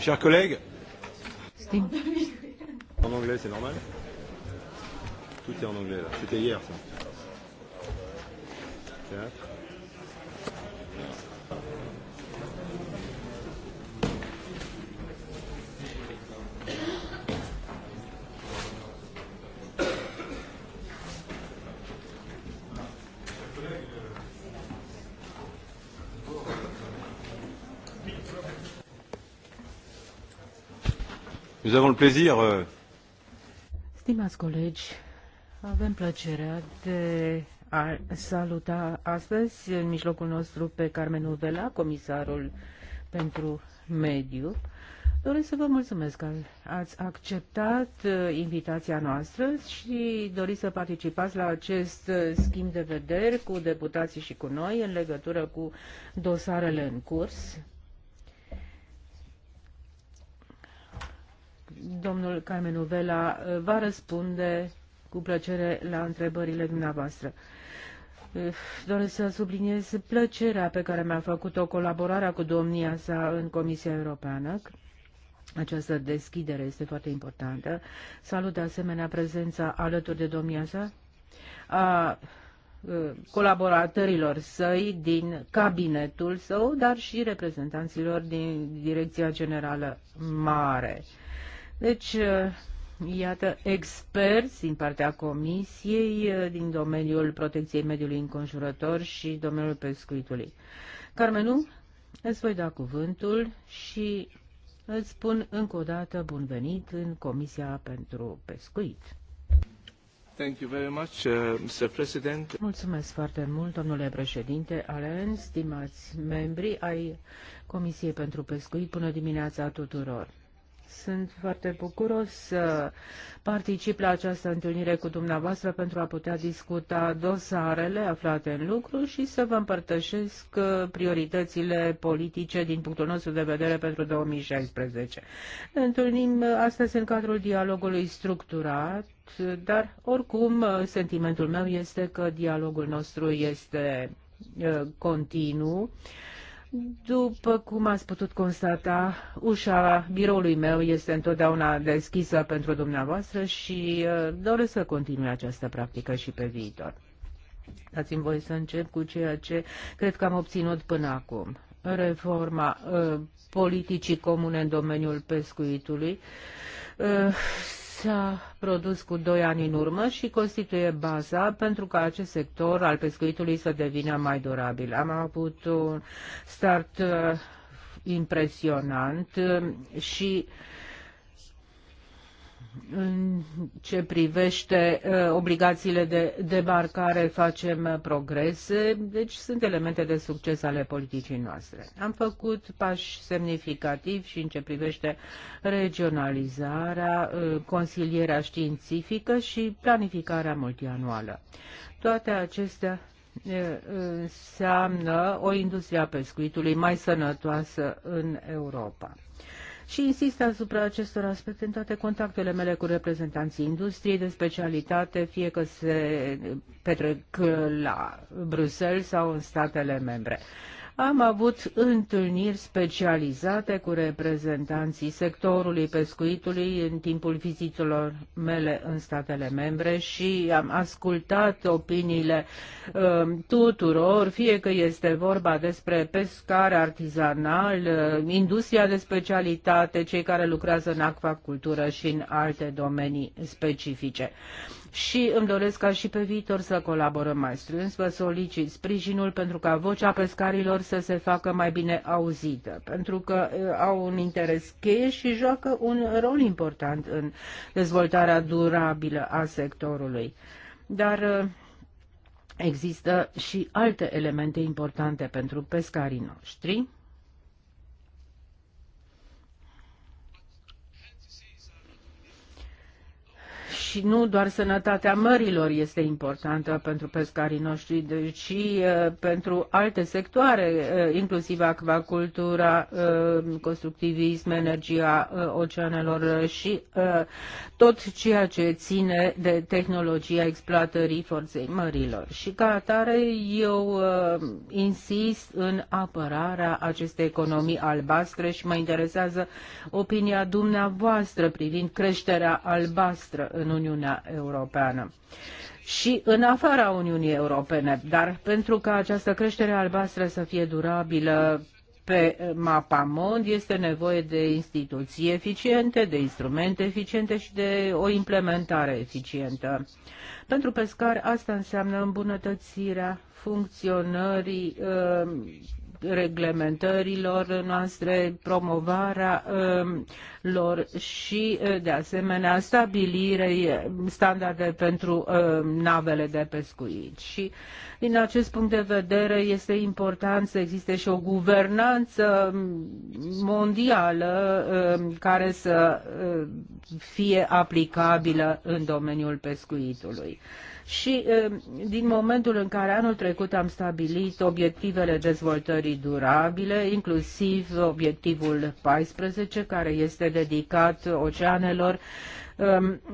chers collègues. En anglais, c'est normal Tout est en anglais, là. C'était hier, ça. Quatre. Nous avons le plaisir. Euh, Stimați colegi, avem plăcerea de a saluta astăzi în mijlocul nostru pe Carmen Uvela, comisarul pentru mediu. Doresc să vă mulțumesc că ați acceptat uh, invitația noastră și doriți să participați la acest uh, schimb de vederi cu deputații și cu noi în legătură cu dosarele în curs Domnul Carmenu Vela uh, va răspunde cu plăcere la întrebările dumneavoastră. Uh, doresc să subliniez plăcerea pe care mi-a făcut-o colaborarea cu domnia sa în Comisia Europeană. Această deschidere este foarte importantă. Salut de asemenea prezența alături de domnia sa a uh, colaboratorilor săi din cabinetul său, dar și reprezentanților din Direcția Generală Mare. Deci, uh, iată, experți din partea Comisiei uh, din domeniul protecției mediului înconjurător și domeniul pescuitului. Carmenu, îți voi da cuvântul și îți spun încă o dată bun venit în Comisia pentru Pescuit. Thank you very much, uh, Mr. President. Mulțumesc foarte mult, domnule președinte Alen, stimați membri ai Comisiei pentru Pescuit. Bună dimineața tuturor! Sunt foarte bucuros să particip la această întâlnire cu dumneavoastră pentru a putea discuta dosarele aflate în lucru și să vă împărtășesc uh, prioritățile politice din punctul nostru de vedere pentru 2016. Ne întâlnim uh, astăzi în cadrul dialogului structurat, dar oricum uh, sentimentul meu este că dialogul nostru este continuu după cum ați putut constata, ușa biroului meu este întotdeauna deschisă pentru dumneavoastră și uh, doresc să continui această practică și pe viitor. Dați-mi voi să încep cu ceea ce cred că am obținut până acum. Reforma uh, politicii comune în domeniul pescuitului. Uh, s-a produs cu doi ani în urmă și constituie baza pentru ca acest sector al pescuitului să devină mai durabil. Am avut un start uh, impresionant uh, și în ce privește uh, obligațiile de debarcare, facem uh, progrese, deci sunt elemente de succes ale politicii noastre. Am făcut pași semnificativi și în ce privește regionalizarea, uh, consilierea științifică și planificarea multianuală. Toate acestea înseamnă o industrie a pescuitului mai sănătoasă în Europa și insist asupra acestor aspecte în toate contactele mele cu reprezentanții industriei de specialitate, fie că se petrec la Bruxelles sau în statele membre. Am avut întâlniri specializate cu reprezentanții sectorului pescuitului în timpul vizitelor mele în statele membre și am ascultat opiniile um, tuturor, fie că este vorba despre pescare artizanal, um, industria de specialitate, cei care lucrează în acvacultură și în alte domenii specifice și îmi doresc ca și pe viitor să colaborăm mai strâns. Vă solicit sprijinul pentru ca vocea pescarilor să se facă mai bine auzită, pentru că au un interes cheie și joacă un rol important în dezvoltarea durabilă a sectorului. Dar există și alte elemente importante pentru pescarii noștri. și nu doar sănătatea mărilor este importantă pentru pescarii noștri, ci deci uh, pentru alte sectoare, uh, inclusiv acvacultura, uh, constructivism, energia oceanelor și tot ceea ce ține de tehnologia exploatării forței mărilor. Și ca atare eu insist în apărarea acestei economii albastre și mă interesează opinia dumneavoastră privind creșterea albastră în Uniunea Europeană și în afara Uniunii Europene. Dar pentru ca această creștere albastră să fie durabilă pe mapa mond, este nevoie de instituții eficiente, de instrumente eficiente și de o implementare eficientă. Pentru pescar asta înseamnă îmbunătățirea funcționării uh, reglementărilor noastre, promovarea um, lor și, uh, de asemenea, stabilirei standarde pentru um, navele de pescuit. Și, din acest punct de vedere, este important să existe și o guvernanță mondială um, care să uh, fie aplicabilă în domeniul pescuitului și din momentul în care anul trecut am stabilit obiectivele dezvoltării durabile, inclusiv obiectivul 14, care este dedicat oceanelor,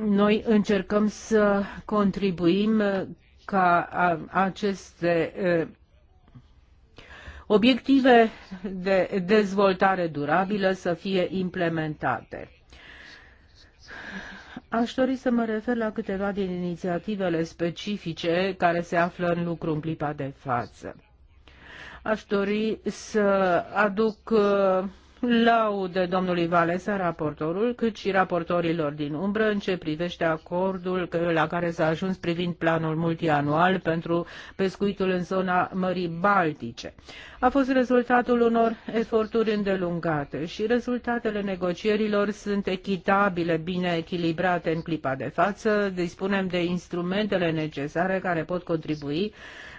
noi încercăm să contribuim ca aceste obiective de dezvoltare durabilă să fie implementate. Aș dori să mă refer la câteva din inițiativele specifice care se află în lucru în clipa de față. Aș dori să aduc uh, laude domnului Valesa, raportorul, cât și raportorilor din umbră în ce privește acordul la care s-a ajuns privind planul multianual pentru pescuitul în zona Mării Baltice. A fost rezultatul unor eforturi îndelungate și rezultatele negocierilor sunt echitabile, bine echilibrate în clipa de față. Dispunem de instrumentele necesare care pot contribui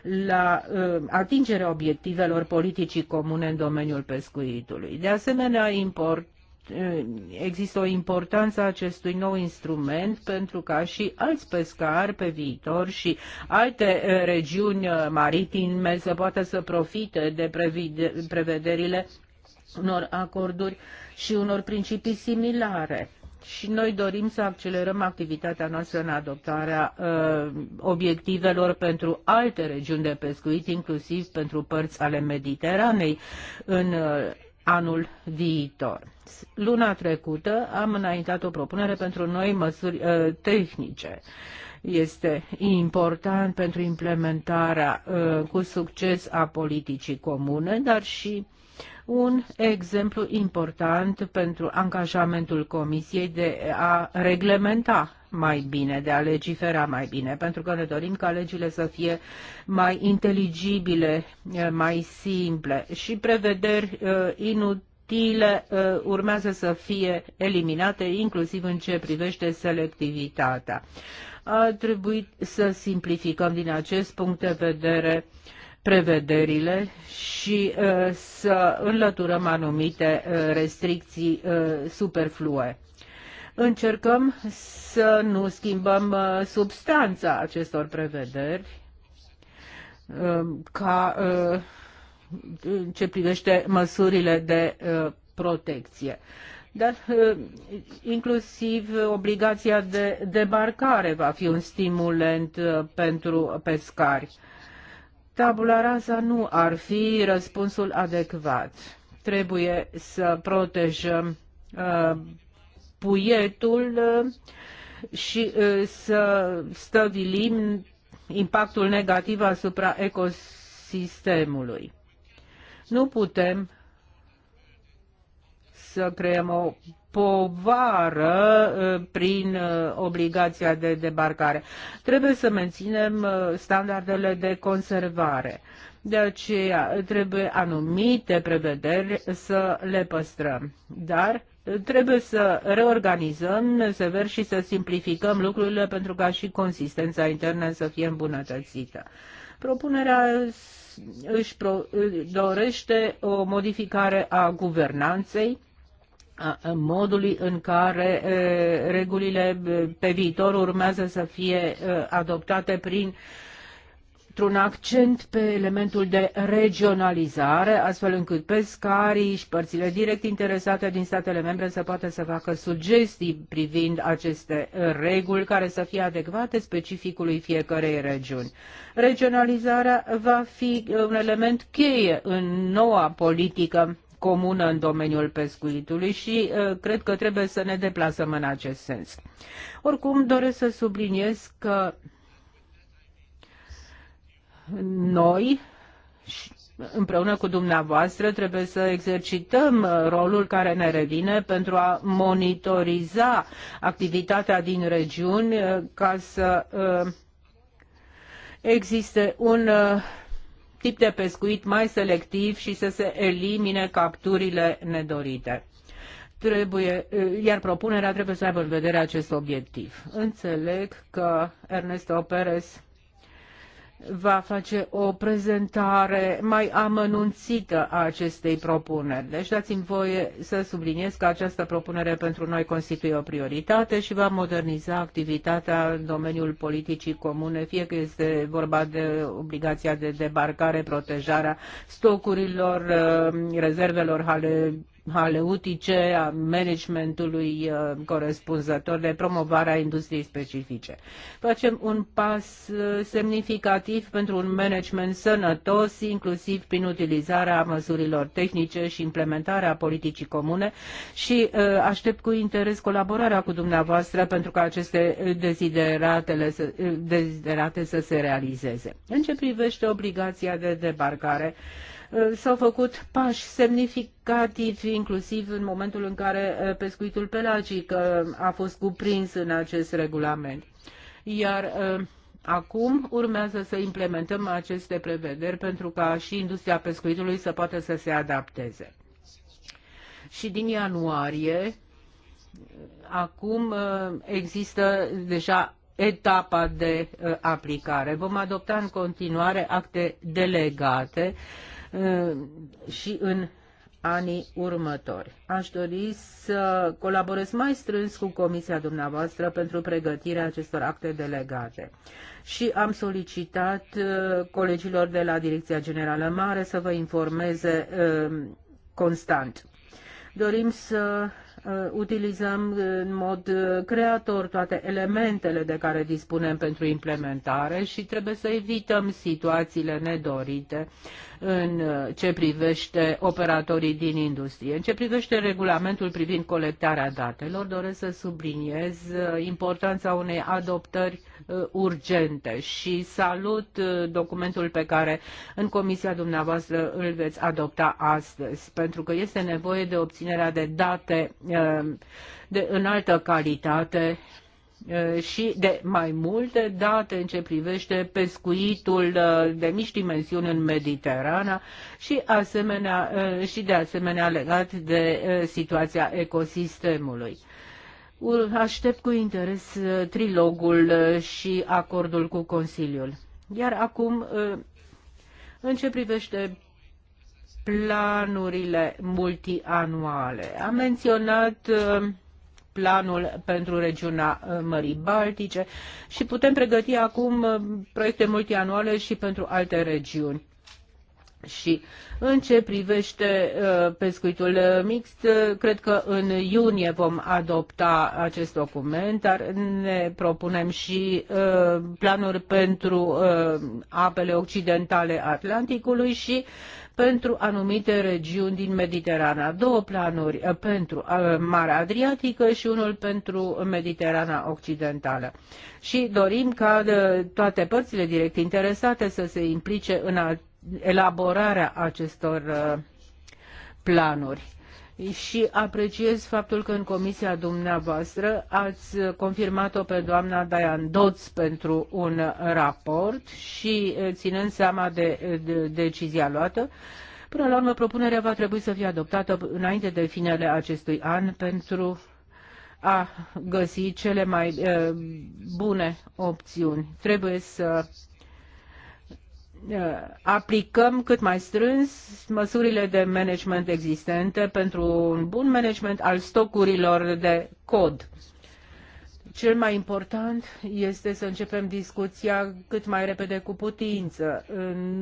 la uh, atingerea obiectivelor politicii comune în domeniul pescuitului. De asemenea, import uh, există o importanță a acestui nou instrument pentru ca și alți pescari pe viitor și alte uh, regiuni maritime să poată să profite de prevederile unor acorduri și unor principii similare și noi dorim să accelerăm activitatea noastră în adoptarea uh, obiectivelor pentru alte regiuni de pescuit, inclusiv pentru părți ale Mediteranei în uh, anul viitor. Luna trecută am înaintat o propunere pentru noi măsuri uh, tehnice. Este important pentru implementarea uh, cu succes a politicii comune, dar și un exemplu important pentru angajamentul Comisiei de a reglementa mai bine, de a legifera mai bine, pentru că ne dorim ca legile să fie mai inteligibile, mai simple și prevederi uh, inutile uh, urmează să fie eliminate, inclusiv în ce privește selectivitatea. A trebuit să simplificăm din acest punct de vedere uh, prevederile și uh, să înlăturăm anumite uh, restricții uh, superflue. Încercăm să nu schimbăm substanța acestor prevederi ca ce privește măsurile de protecție dar inclusiv obligația de debarcare va fi un stimulent pentru pescari. Tabula rasa nu ar fi răspunsul adecvat. Trebuie să protejăm uh, puietul uh, și uh, să stăvilim impactul negativ asupra ecosistemului. Nu putem să creăm o povară uh, prin uh, obligația de debarcare. Trebuie să menținem uh, standardele de conservare. De aceea trebuie anumite prevederi să le păstrăm. Dar trebuie să reorganizăm sever și să simplificăm lucrurile pentru ca și consistența internă să fie îmbunătățită. Propunerea își dorește o modificare a guvernanței modului în care regulile pe viitor urmează să fie adoptate prin un accent pe elementul de regionalizare, astfel încât pescarii și părțile direct interesate din statele membre să poată să facă sugestii privind aceste reguli care să fie adecvate specificului fiecarei regiuni. Regionalizarea va fi un element cheie în noua politică comună în domeniul pescuitului și uh, cred că trebuie să ne deplasăm în acest sens. Oricum, doresc să subliniez că noi împreună cu dumneavoastră trebuie să exercităm uh, rolul care ne revine pentru a monitoriza activitatea din regiuni uh, ca să existe un tip de pescuit mai selectiv și să se elimine capturile nedorite. Trebuie, iar propunerea trebuie să aibă în vedere acest obiectiv. Înțeleg că Ernesto Perez va face o prezentare mai amănunțită a acestei propuneri. Deci dați-mi voie să subliniez că această propunere pentru noi constituie o prioritate și va moderniza activitatea în domeniul politicii comune, fie că este vorba de obligația de debarcare, protejarea stocurilor, uh, rezervelor ale aleutice, a managementului uh, corespunzător de promovare a industriei specifice. Facem un pas uh, semnificativ pentru un management sănătos, inclusiv prin utilizarea măsurilor tehnice și implementarea politicii comune și uh, aștept cu interes colaborarea cu dumneavoastră pentru ca aceste dezideratele să, deziderate să se realizeze. În ce privește obligația de debarcare, Uh, s-au făcut pași semnificativi, inclusiv în momentul în care uh, pescuitul pelagic uh, a fost cuprins în acest regulament. Iar Acum urmează să implementăm aceste prevederi pentru ca și industria pescuitului să poată să se adapteze. Și din ianuarie, acum există deja etapa de aplicare. Vom adopta în continuare acte delegate și în anii următori. Aș dori să colaborez mai strâns cu comisia dumneavoastră pentru pregătirea acestor acte delegate. Și am solicitat uh, colegilor de la Direcția Generală Mare să vă informeze uh, constant. Dorim să uh, utilizăm în mod creator toate elementele de care dispunem pentru implementare și trebuie să evităm situațiile nedorite în uh, ce privește operatorii din industrie. În ce privește regulamentul privind colectarea datelor, doresc să subliniez uh, importanța unei adoptări uh, urgente și salut documentul pe care în comisia dumneavoastră îl veți adopta astăzi, pentru că este nevoie de obținerea de date de înaltă calitate și de mai multe date în ce privește pescuitul de mici dimensiuni în Mediterana și, asemenea, și de asemenea legat de situația ecosistemului. Aștept cu interes trilogul și acordul cu Consiliul. Iar acum, în ce privește planurile multianuale, am menționat planul pentru regiunea uh, Mării Baltice și putem pregăti acum uh, proiecte multianuale și pentru alte regiuni. Și în ce privește uh, pescuitul mixt, cred că în iunie vom adopta acest document, dar ne propunem și planuri pentru apele occidentale Atlanticului și pentru anumite regiuni din Mediterana. Două planuri uh, pentru uh, Marea Adriatică și unul pentru Mediterana Occidentală. Și dorim ca uh, toate părțile direct interesate să se implice în elaborarea acestor planuri și apreciez faptul că în comisia dumneavoastră ați confirmat-o pe doamna Diane Dodds pentru un raport și eh, ținând seama de, de decizia luată, Până la urmă, propunerea va trebui să fie adoptată înainte de finele acestui an pentru a găsi cele mai uh, bune opțiuni. Trebuie să Uh, aplicăm cât mai strâns măsurile de management existente pentru un bun management al stocurilor de cod. Cel mai important este să începem discuția cât mai repede cu putință.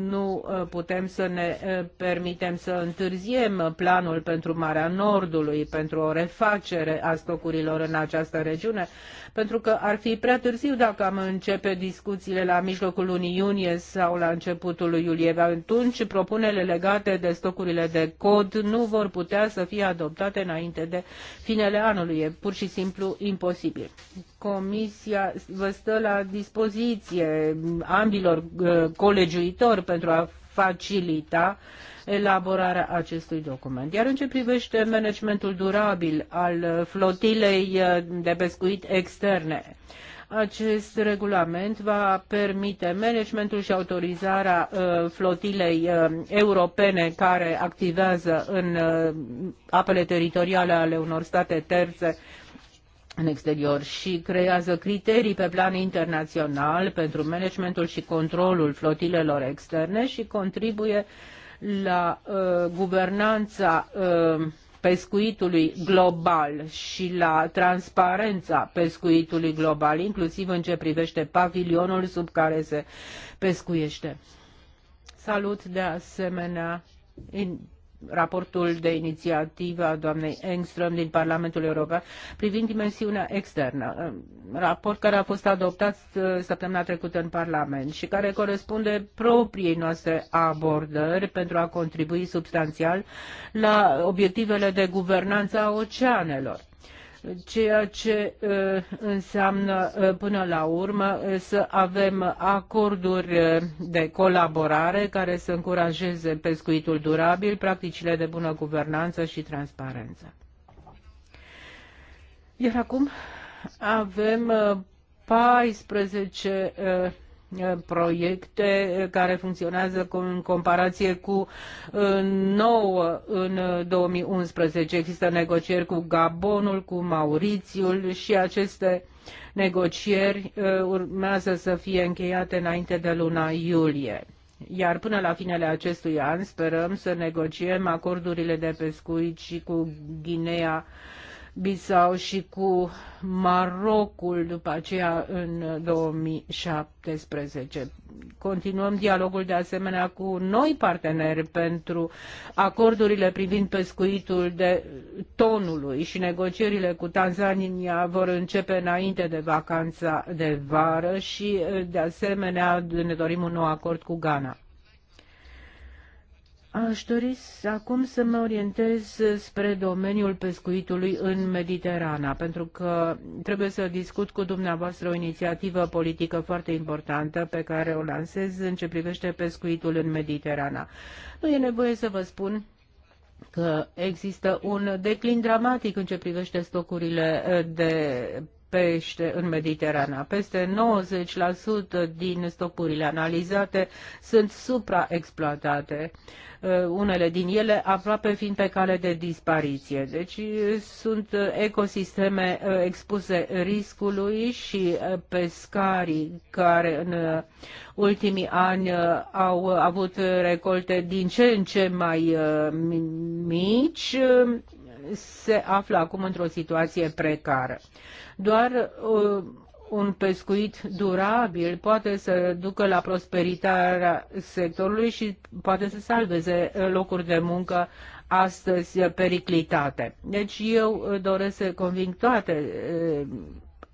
Nu uh, putem să ne uh, permitem să întârziem planul pentru Marea Nordului, pentru o refacere a stocurilor în această regiune, pentru că ar fi prea târziu dacă am începe discuțiile la mijlocul lunii iunie sau la începutul lui iulie. Atunci propunele legate de stocurile de cod nu vor putea să fie adoptate înainte de finele anului. E pur și simplu imposibil. Comisia vă stă la dispoziție ambilor uh, colegiuitori pentru a facilita elaborarea acestui document. Iar în ce privește managementul durabil al uh, flotilei uh, de pescuit externe, acest regulament va permite managementul și autorizarea flotilei europene care activează în apele teritoriale ale unor state terțe în exterior și creează criterii pe plan internațional pentru managementul și controlul flotilelor externe și contribuie la uh, guvernanța uh, pescuitului global și la transparența pescuitului global, inclusiv în ce privește pavilionul sub care se pescuiește. Salut de asemenea raportul de inițiativă a doamnei Engström din Parlamentul European privind dimensiunea externă, raport care a fost adoptat uh, săptămâna trecută în Parlament și care corespunde propriei noastre abordări pentru a contribui substanțial la obiectivele de guvernanță a oceanelor ceea ce uh, înseamnă uh, până la urmă uh, să avem acorduri de colaborare care să încurajeze pescuitul durabil, practicile de bună guvernanță și transparență. Iar acum avem 14 proiecte care funcționează în comparație cu 9 uh, în 2011. Uh, Există negocieri cu Gabonul, cu Maurițiul și aceste negocieri uh, urmează să fie încheiate înainte de luna iulie iar până la finele acestui an sperăm să negociem acordurile de pescuit și cu Guinea Bissau și cu Marocul după aceea în 2017. Continuăm dialogul de asemenea cu noi parteneri pentru acordurile privind pescuitul de tonului și negocierile cu Tanzania vor începe înainte de vacanța de vară și de asemenea ne dorim un nou acord cu Ghana. Aș dori acum să mă orientez spre domeniul pescuitului în Mediterana, pentru că trebuie să discut cu dumneavoastră o inițiativă politică foarte importantă pe care o lansez în ce privește pescuitul în Mediterana. Nu e nevoie să vă spun că există un declin dramatic în ce privește stocurile eh, de pește în Mediterana. Peste 90% din stocurile analizate sunt supraexploatate, uh, unele din ele aproape fiind pe cale de dispariție. Deci uh, sunt ecosisteme uh, expuse riscului și pescarii care în ultimii ani au avut recolte din ce în ce mai mici se află acum într-o situație precară. Doar uh, un pescuit durabil poate să ducă la prosperitatea sectorului și poate să salveze uh, locuri de muncă astăzi periclitate. Deci eu uh, doresc să conving toate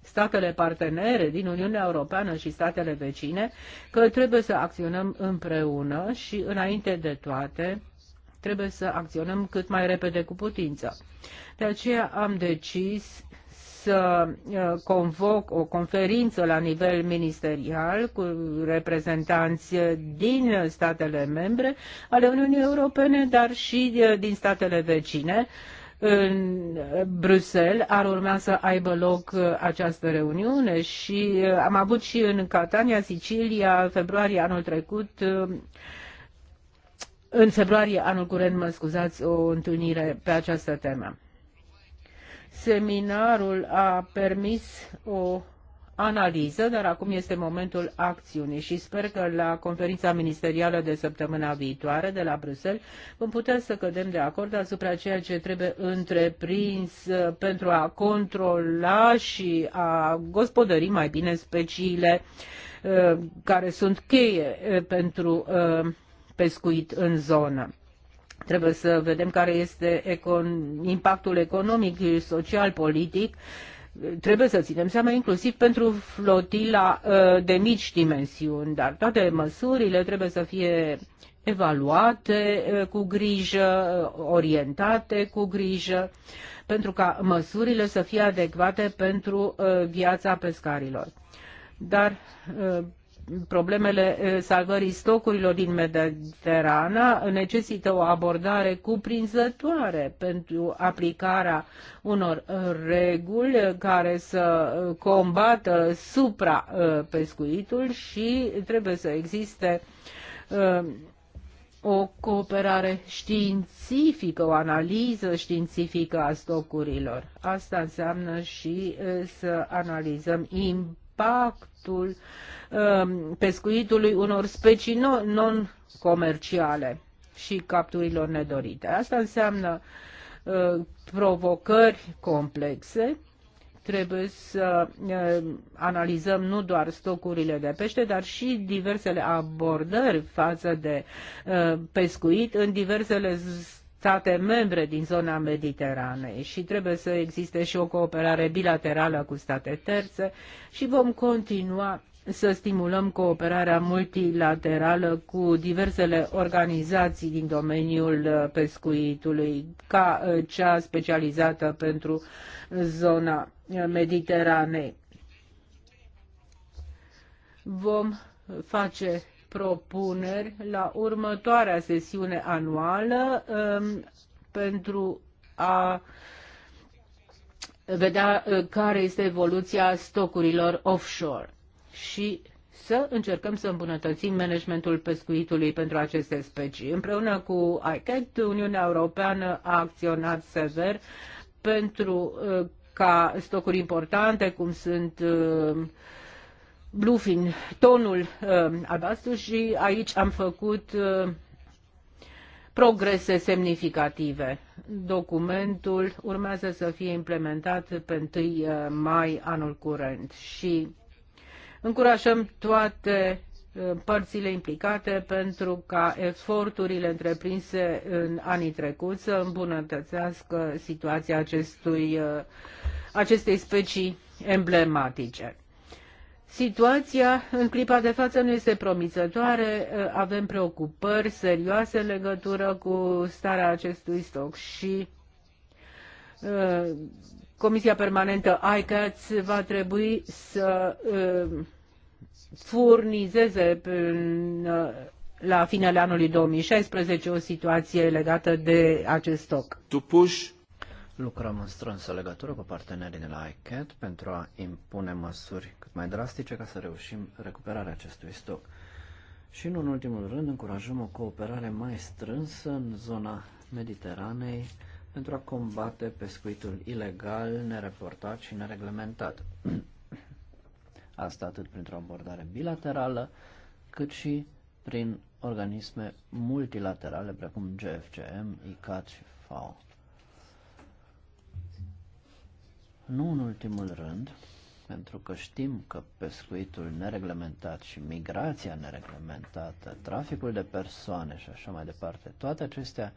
statele partenere din Uniunea Europeană și statele vecine că trebuie să acționăm împreună și înainte de toate Trebuie să acționăm cât mai repede cu putință. De aceea am decis să uh, convoc o conferință la nivel ministerial cu reprezentanți din statele membre ale Uniunii Europene, dar și uh, din statele vecine. În Bruxelles ar urma să aibă loc uh, această reuniune și am avut și în Catania, Sicilia, februarie anul trecut în februarie anul curent, mă scuzați, o întâlnire pe această temă. Seminarul a permis o analiză, dar acum este momentul acțiunii și sper că la conferința ministerială de săptămâna viitoare de la Bruxelles vom putea să cădem de acord asupra ceea ce trebuie întreprins pentru a controla și a gospodări mai bine speciile uh, care sunt cheie uh, pentru uh, pescuit în zonă. Trebuie să vedem care este econ- impactul economic, social, politic. Trebuie să ținem seama inclusiv pentru flotila ă, de mici dimensiuni, dar toate măsurile trebuie să fie evaluate ă, cu grijă, orientate cu grijă, pentru ca măsurile să fie adecvate pentru ă, viața pescarilor. Dar problemele salvării stocurilor din Mediterana necesită o abordare cuprinzătoare pentru aplicarea unor reguli care să combată suprapescuitul și trebuie să existe o cooperare științifică, o analiză științifică a stocurilor. Asta înseamnă și să analizăm impactul impactul um, pescuitului unor specii non-comerciale și capturilor nedorite. Asta înseamnă uh, provocări complexe. Trebuie să uh, analizăm nu doar stocurile de pește, dar și diversele abordări față de uh, pescuit în diversele state membre din zona Mediteranei și trebuie să existe și o cooperare bilaterală cu state terțe și vom continua să stimulăm cooperarea multilaterală cu diversele organizații din domeniul pescuitului, ca ă, cea specializată pentru zona Mediteranei. Vom face propuneri la următoarea sesiune anuală um, pentru a vedea uh, care este evoluția stocurilor offshore și să încercăm să îmbunătățim managementul pescuitului pentru aceste specii. Împreună cu ICAT, Uniunea Europeană a acționat sever pentru uh, ca stocuri importante, cum sunt uh, Bluefin, tonul uh, albastru și aici am făcut uh, progrese semnificative. Documentul urmează să fie implementat pe 1 uh, mai anul curent și încurajăm toate părțile implicate pentru ca eforturile întreprinse în anii trecuți să îmbunătățească situația acestui, acestei specii emblematice. Situația în clipa de față nu este promițătoare, avem preocupări serioase în legătură cu starea acestui stoc și uh, Comisia Permanentă ICATS va trebui să uh, furnizeze până la finele anului 2016 o situație legată de acest stoc. Lucrăm în strânsă legătură cu partenerii de la ICAT pentru a impune măsuri cât mai drastice ca să reușim recuperarea acestui stoc. Și în ultimul rând încurajăm o cooperare mai strânsă în zona Mediteranei pentru a combate pescuitul ilegal, nereportat și nereglementat. Asta atât printr-o abordare bilaterală, cât și prin organisme multilaterale precum GFCM, ICAT și FAO. Nu în ultimul rând, pentru că știm că pescuitul nereglementat și migrația nereglementată, traficul de persoane și așa mai departe, toate acestea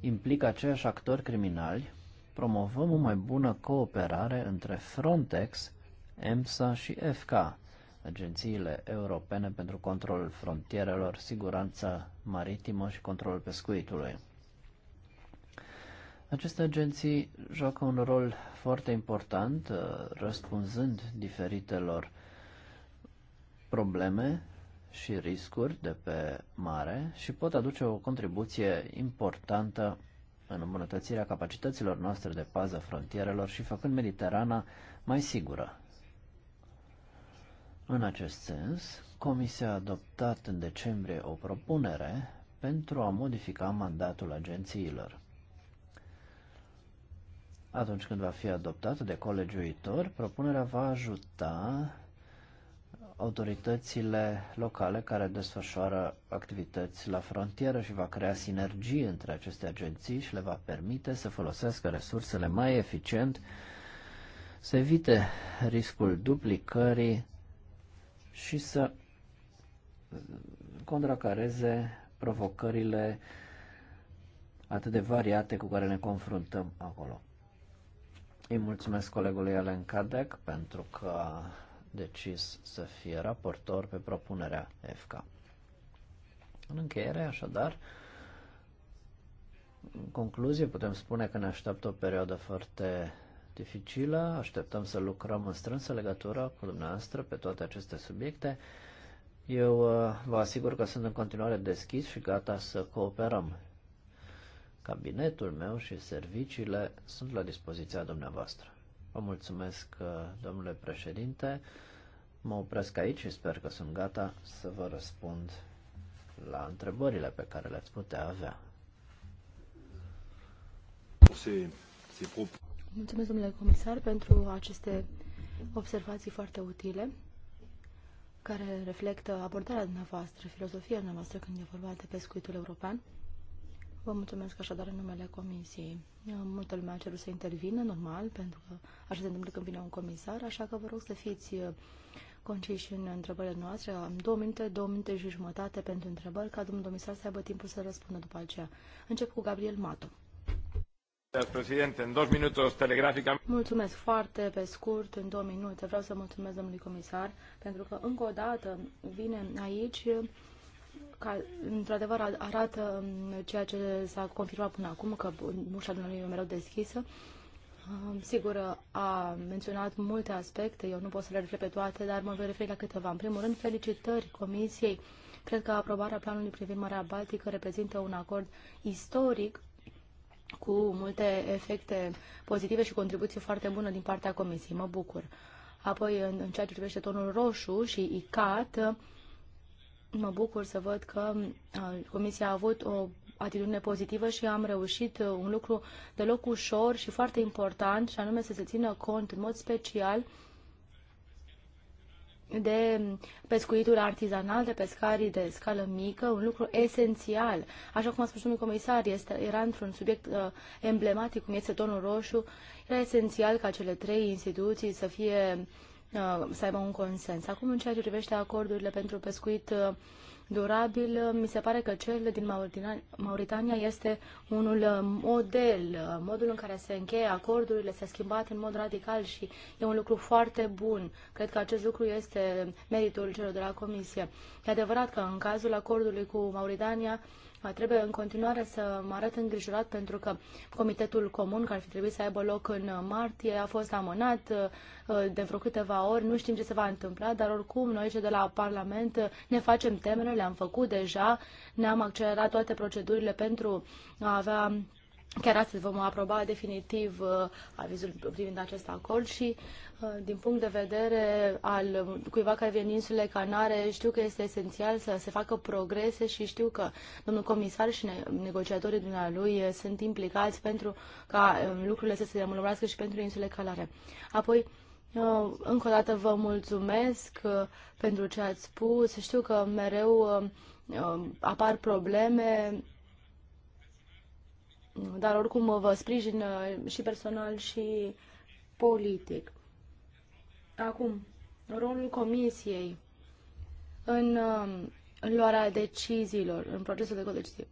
implică aceiași actori criminali, promovăm o mai bună cooperare între Frontex, EMSA și FK, agențiile europene pentru controlul frontierelor, siguranța maritimă și controlul pescuitului. Aceste agenții joacă un rol foarte important uh, răspunzând diferitelor probleme și riscuri de pe mare și pot aduce o contribuție importantă în îmbunătățirea capacităților noastre de pază frontierelor și făcând Mediterana mai sigură. În acest sens, Comisia a adoptat în decembrie o propunere pentru a modifica mandatul agențiilor. Atunci când va fi adoptată de uitor, propunerea va ajuta autoritățile locale care desfășoară activități la frontieră și va crea sinergii între aceste agenții și le va permite să folosească resursele mai eficient, să evite riscul duplicării și să contracareze provocările atât de variate cu care ne confruntăm acolo. Îi mulțumesc colegului alen Cadec pentru că a decis să fie raportor pe propunerea FK. În încheiere, așadar, în concluzie putem spune că ne așteaptă o perioadă foarte dificilă, așteptăm să lucrăm în strânsă legătură cu dumneavoastră pe toate aceste subiecte. Eu uh, vă asigur că sunt în continuare deschis și gata să cooperăm. Cabinetul meu și serviciile sunt la dispoziția dumneavoastră. Vă mulțumesc, uh, domnule președinte. Mă opresc aici și sper că sunt gata să vă răspund la întrebările pe care le-ați putea avea. Mulțumesc, domnule comisar, pentru aceste observații foarte utile care reflectă abordarea dumneavoastră, filozofia dumneavoastră când e vorba de pescuitul european. Vă mulțumesc așadar în numele Comisiei. Multă lume a cerut să intervină, normal, pentru că așa se întâmplă când vine un comisar, așa că vă rog să fiți uh, conciși în întrebările noastre. Am două minute, două minute și jumătate pentru întrebări, ca domnul comisar să aibă timpul să răspundă după aceea. Încep cu Gabriel Mato. Președinte, în două minute telegrafică. Mulțumesc foarte pe scurt, în două minute. Vreau să mulțumesc domnului comisar, pentru că încă o dată vine aici într-adevăr arată um, ceea ce s-a confirmat până acum, că ușa dumneavoastră e mereu deschisă. Um, sigur, a menționat multe aspecte, eu nu pot să le refer pe toate, dar mă voi referi la câteva. În primul rând, felicitări Comisiei. Cred că aprobarea planului privind Marea Baltică reprezintă un acord istoric cu multe efecte pozitive și contribuție foarte bună din partea Comisiei. Mă bucur. Apoi, în, în ceea ce privește tonul roșu și ICAT, Mă bucur să văd că uh, Comisia a avut o atitudine pozitivă și am reușit uh, un lucru deloc ușor și foarte important, și anume să se țină cont în mod special de pescuitul artizanal, de pescarii de scală mică, un lucru esențial. Așa cum a spus domnul comisar, este, era într-un subiect uh, emblematic, cum este tonul roșu, era esențial ca cele trei instituții să fie uh, Uh, să aibă un consens. Acum, în ceea ce privește acordurile pentru pescuit uh, durabil, uh, mi se pare că cel din Mauritania este unul model. Modul în care se încheie acordurile s-a schimbat în mod radical și e un lucru foarte bun. Cred că acest lucru este meritul celor de la Comisie. E adevărat că în cazul acordului cu Mauritania, Trebuie în continuare să mă arăt îngrijorat pentru că Comitetul Comun, care ar fi trebuit să aibă loc în martie, a fost amânat uh, de vreo câteva ori. Nu știm ce se va întâmpla, dar oricum noi cei de la Parlament uh, ne facem temere, le-am făcut deja, ne-am accelerat toate procedurile pentru a avea Chiar astăzi vom aproba definitiv uh, avizul privind acest acord și Eh, din punct de vedere al cuiva care vine din insulele Canare, știu că este esențial să se facă progrese și știu că domnul comisar și negociatorii dumnealui eh, sunt implicați pentru ca eh, lucrurile să se demulorească și pentru insulele Canare. Apoi, încă o dată vă mulțumesc pentru ce ați spus. Știu că mereu apar probleme, dar oricum vă sprijin și personal și politic. Acum, rolul Comisiei în, um, în luarea deciziilor, în procesul de codecizie.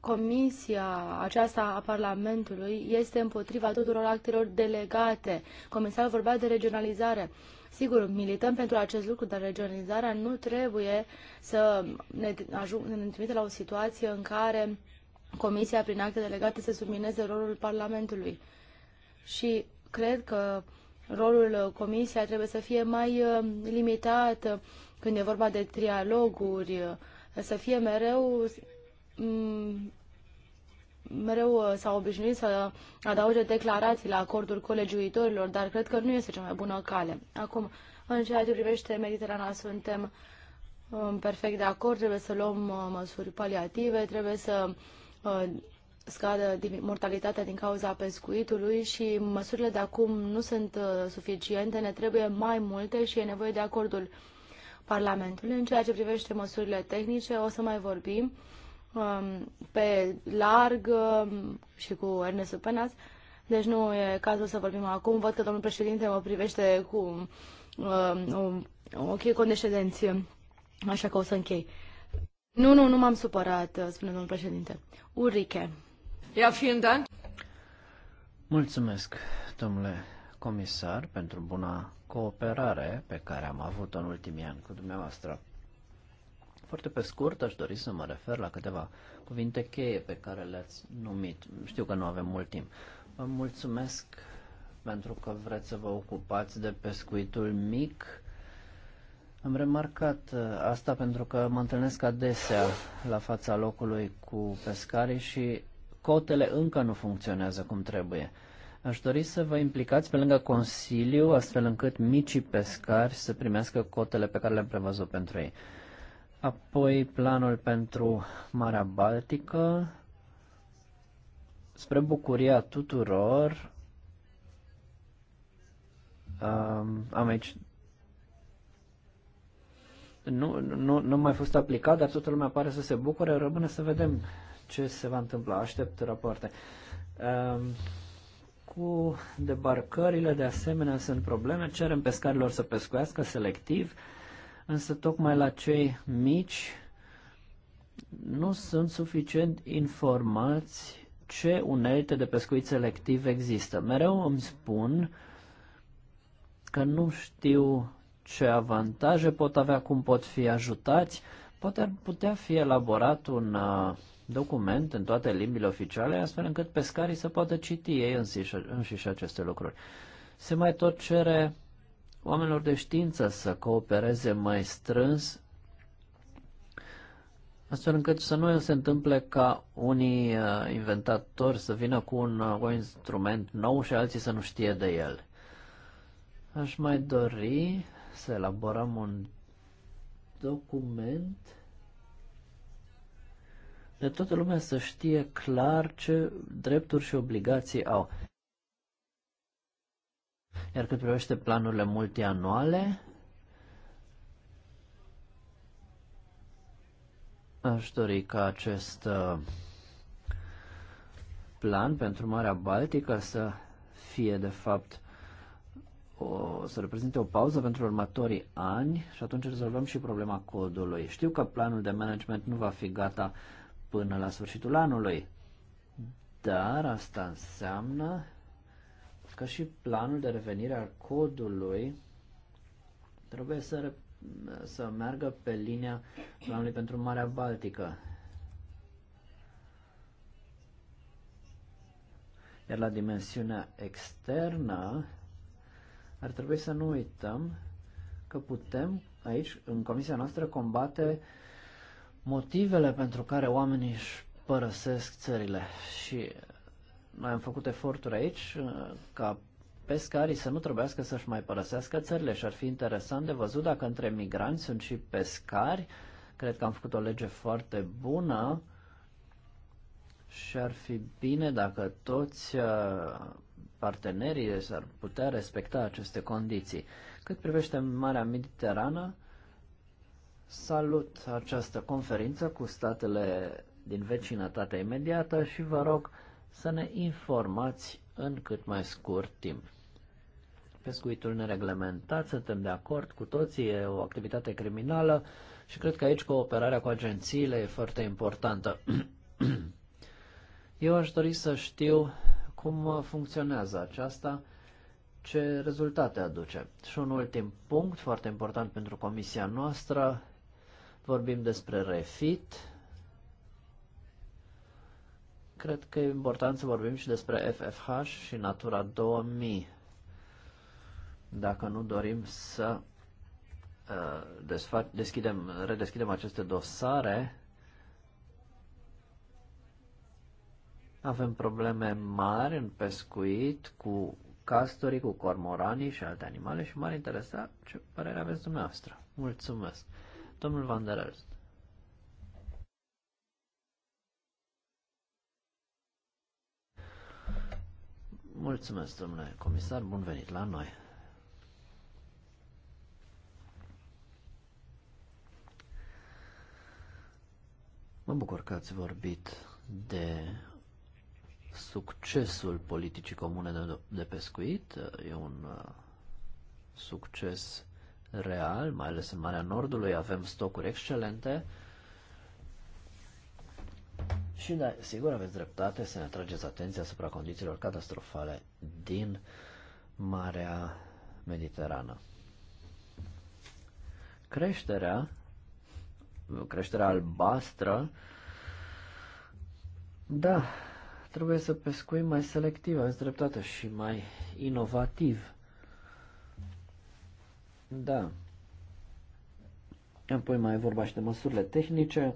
Comisia aceasta a Parlamentului este împotriva tuturor actelor delegate. Comisarul vorbea de regionalizare. Sigur, milităm pentru acest lucru, dar regionalizarea nu trebuie să ne, ajung, ne trimite la o situație în care Comisia, prin acte delegate, să submineze rolul Parlamentului. Și cred că rolul comisiei trebuie să fie mai uh, limitat când e vorba de trialoguri, uh, să fie mereu mm, mereu uh, s-au obișnuit să adauge declarații la acordul colegiuitorilor, dar cred că nu este cea mai bună cale. Acum, în ceea ce privește Mediterana, suntem um, perfect de acord, trebuie să luăm măsuri paliative, trebuie să scadă mortalitatea din cauza pescuitului și măsurile de acum nu sunt uh, suficiente, ne trebuie mai multe și e nevoie de acordul Parlamentului. În ceea ce privește măsurile tehnice, o să mai vorbim um, pe larg um, și cu Ernest Penas, deci nu e cazul să vorbim acum. Văd că domnul președinte mă privește cu um, o ochii condescendenți, așa că o să închei. Nu, nu, nu m-am supărat, uh, spune domnul președinte. Urike. Ja, vielen Dank. Mulțumesc, domnule comisar, pentru buna cooperare pe care am avut-o în ultimii ani cu dumneavoastră. Foarte pe scurt, aș dori să mă refer la câteva cuvinte cheie pe care le-ați numit. Știu că nu avem mult timp. Vă mulțumesc pentru că vreți să vă ocupați de pescuitul mic. Am remarcat uh, asta pentru că mă întâlnesc adesea la fața locului cu pescarii și cotele încă nu funcționează cum trebuie. Aș dori să vă implicați pe lângă Consiliu, astfel încât micii pescari să primească cotele pe care le-am prevăzut pentru ei. Apoi planul pentru Marea Baltică. Spre bucuria tuturor, um, am aici nu, nu, nu mai fost aplicat, dar toată lumea pare să se bucure. Rămâne să vedem ce se va întâmpla. Aștept rapoarte. Ehm, cu debarcările, de asemenea, sunt probleme. Cerem pescarilor să pescuiască selectiv, însă tocmai la cei mici nu sunt suficient informați ce unelte de pescuit selectiv există. Mereu îmi spun că nu știu ce avantaje pot avea, cum pot fi ajutați, poate ar putea fi elaborat un uh, document în toate limbile oficiale, astfel încât pescarii să poată citi ei înșiși, înșiși aceste lucruri. Se mai tot cere oamenilor de știință să coopereze mai strâns, astfel încât să nu se întâmple ca unii uh, inventatori să vină cu un, uh, un instrument nou și alții să nu știe de el. Aș mai dori să elaborăm un document de toată lumea să știe clar ce drepturi și obligații au. Iar cât privește planurile multianuale, aș dori ca acest uh, plan pentru Marea Baltică să fie de fapt o, să reprezinte o pauză pentru următorii ani și atunci rezolvăm și problema codului. Știu că planul de management nu va fi gata până la sfârșitul anului. Dar asta înseamnă că și planul de revenire al codului trebuie să, să meargă pe linia planului pentru Marea Baltică. Iar la dimensiunea externă ar trebui să nu uităm că putem aici, în comisia noastră, combate motivele pentru care oamenii își părăsesc țările și noi am făcut eforturi aici uh, ca pescarii să nu trebuiască să-și mai părăsească țările și ar fi interesant de văzut dacă între migranți sunt și pescari. Cred că am făcut o lege foarte bună și ar fi bine dacă toți uh, partenerii s-ar putea respecta aceste condiții. Cât privește Marea Mediterană, Salut această conferință cu statele din vecinătatea imediată și vă rog să ne informați în cât mai scurt timp. Pescuitul nereglementat, suntem de acord cu toții, e o activitate criminală și cred că aici cooperarea cu agențiile e foarte importantă. Eu aș dori să știu cum funcționează aceasta, ce rezultate aduce. Și un ultim punct foarte important pentru comisia noastră vorbim despre refit. Cred că e important să vorbim și despre FFH și Natura 2000. Dacă nu dorim să uh, deschidem, redeschidem aceste dosare, avem probleme mari în pescuit cu castorii, cu cormoranii și alte animale și m-ar interesa ce părere aveți dumneavoastră. Mulțumesc! Domnul Van der Elst. Mulțumesc, domnule comisar, bun venit la noi. Mă bucur că ați vorbit de succesul politicii comune de, pescuit. E un uh, succes real, mai ales în Marea Nordului avem stocuri excelente. Și da, sigur aveți dreptate să ne atrageți atenția asupra condițiilor catastrofale din Marea Mediterană. Creșterea, creșterea albastră, da, trebuie să pescuim mai selectiv, aveți dreptate, și mai inovativ. Da. Apoi mai e vorba și de măsurile tehnice.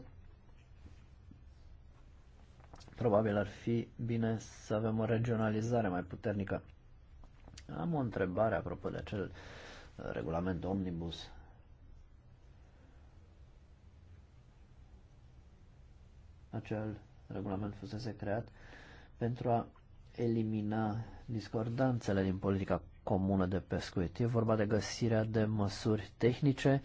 Probabil ar fi bine să avem o regionalizare mai puternică. Am o întrebare apropo de acel uh, regulament omnibus. Acel regulament fusese creat pentru a elimina discordanțele din politica comună de pescuit. E vorba de găsirea de măsuri tehnice,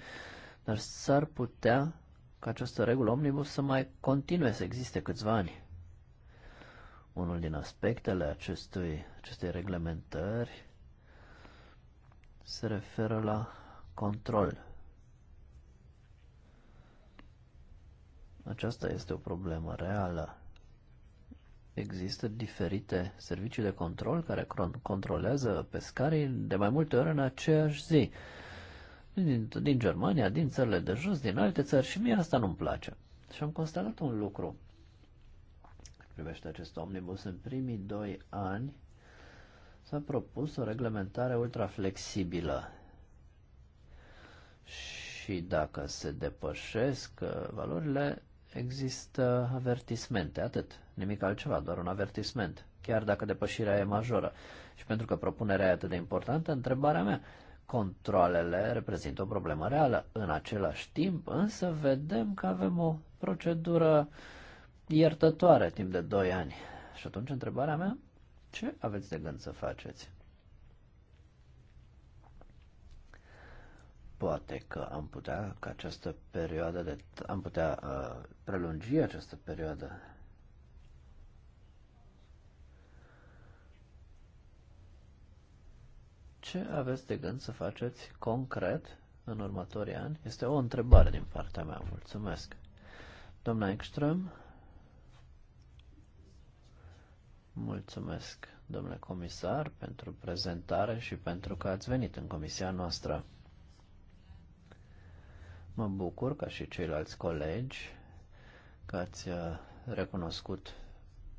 dar s-ar putea ca această regulă omnibus să mai continue să existe câțiva ani. Unul din aspectele acestui, acestei reglementări se referă la control. Aceasta este o problemă reală. Există diferite servicii de control care controlează pescarii de mai multe ori în aceeași zi. Din, din Germania, din țările de jos, din alte țări și mie asta nu-mi place. Și am constatat un lucru. Privește acest omnibus, în primii doi ani s-a propus o reglementare ultraflexibilă. Și dacă se depășesc uh, valorile, există avertismente, atât nimic altceva, doar un avertisment, chiar dacă depășirea e majoră. Și pentru că propunerea e atât de importantă, întrebarea mea, controlele reprezintă o problemă reală. În același timp, însă, vedem că avem o procedură iertătoare timp de 2 ani. Și atunci, întrebarea mea, ce aveți de gând să faceți? Poate că am putea, ca această perioadă de, am putea uh, prelungi această perioadă Ce aveți de gând să faceți concret în următorii ani? Este o întrebare din partea mea. Mulțumesc. Domnul Ekström? Mulțumesc, domnule comisar, pentru prezentare și pentru că ați venit în comisia noastră. Mă bucur, ca și ceilalți colegi, că ați uh, recunoscut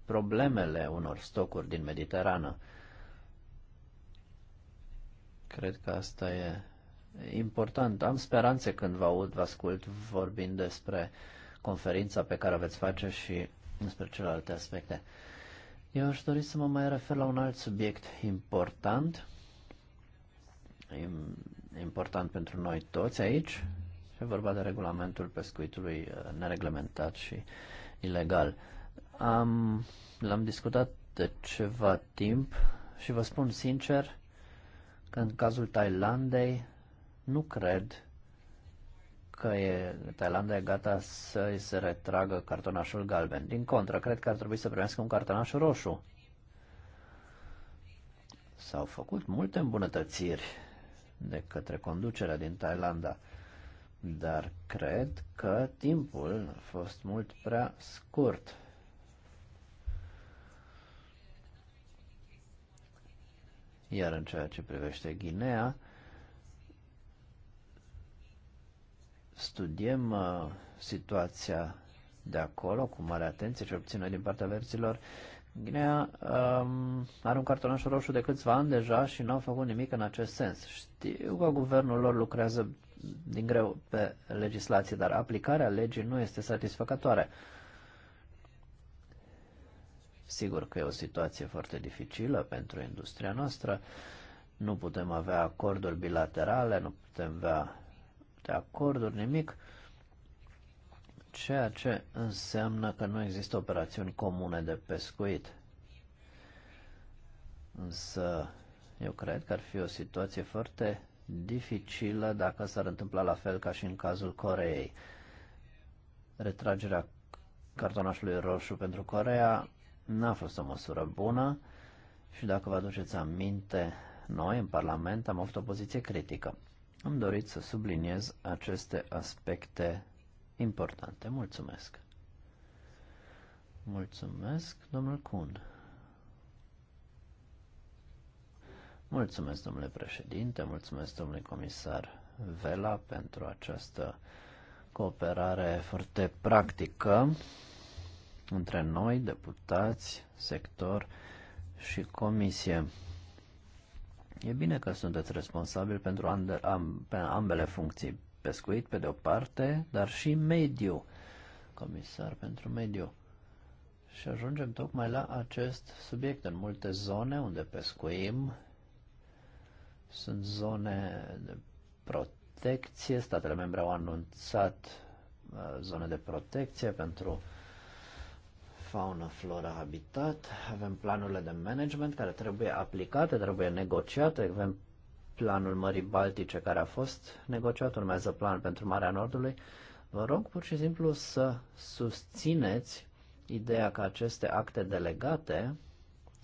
problemele unor stocuri din Mediterană. Cred că asta e important. Am speranțe când vă aud, vă ascult vorbind despre conferința pe care o veți face și despre celelalte aspecte. Eu aș dori să mă mai refer la un alt subiect important, important pentru noi toți aici, e vorba de regulamentul pescuitului uh, nereglementat și ilegal. Am, l-am discutat de ceva timp și vă spun sincer, că în cazul Thailandei nu cred că e, Thailanda e gata să îi se retragă cartonașul galben. Din contră, cred că ar trebui să primească un cartonaș roșu. S-au făcut multe îmbunătățiri de către conducerea din Thailanda, dar cred că timpul a fost mult prea scurt. Iar în ceea ce privește Guinea, studiem uh, situația de acolo cu mare atenție, ce obțină din partea verților. Guinea um, are un cartonaș roșu de câțiva ani deja și n-au făcut nimic în acest sens. Știu că guvernul lor lucrează din greu pe legislație, dar aplicarea legii nu este satisfăcătoare. Uh, Sigur că e o situație foarte dificilă pentru industria noastră. Nu putem avea acorduri bilaterale, nu putem avea de acorduri, nimic, ceea ce înseamnă că nu există operațiuni comune de pescuit. Însă eu cred că ar fi o situație foarte dificilă dacă s-ar întâmpla la fel ca și în cazul Coreei. Retragerea cartonașului roșu pentru Corea N-a fost o măsură bună și dacă vă aduceți aminte, noi în Parlament am avut o poziție critică. Am dorit să subliniez aceste aspecte importante. Mulțumesc! Mulțumesc, domnul Kuhn. Mulțumesc, domnule președinte, mulțumesc, domnule comisar Vela, pentru această cooperare foarte practică între noi, deputați, sector și comisie. E bine că sunteți responsabili pentru ambele funcții, pescuit pe de o parte, dar și mediu, comisar pentru mediu. Și ajungem tocmai la acest subiect. În multe zone unde pescuim sunt zone de protecție, statele membre au anunțat uh, zone de protecție pentru uh, faună, flora, habitat, avem planurile de management care trebuie aplicate, trebuie negociate, avem planul Mării Baltice care a fost negociat, urmează plan pentru Marea Nordului. Vă rog pur și simplu să susțineți ideea că aceste acte delegate,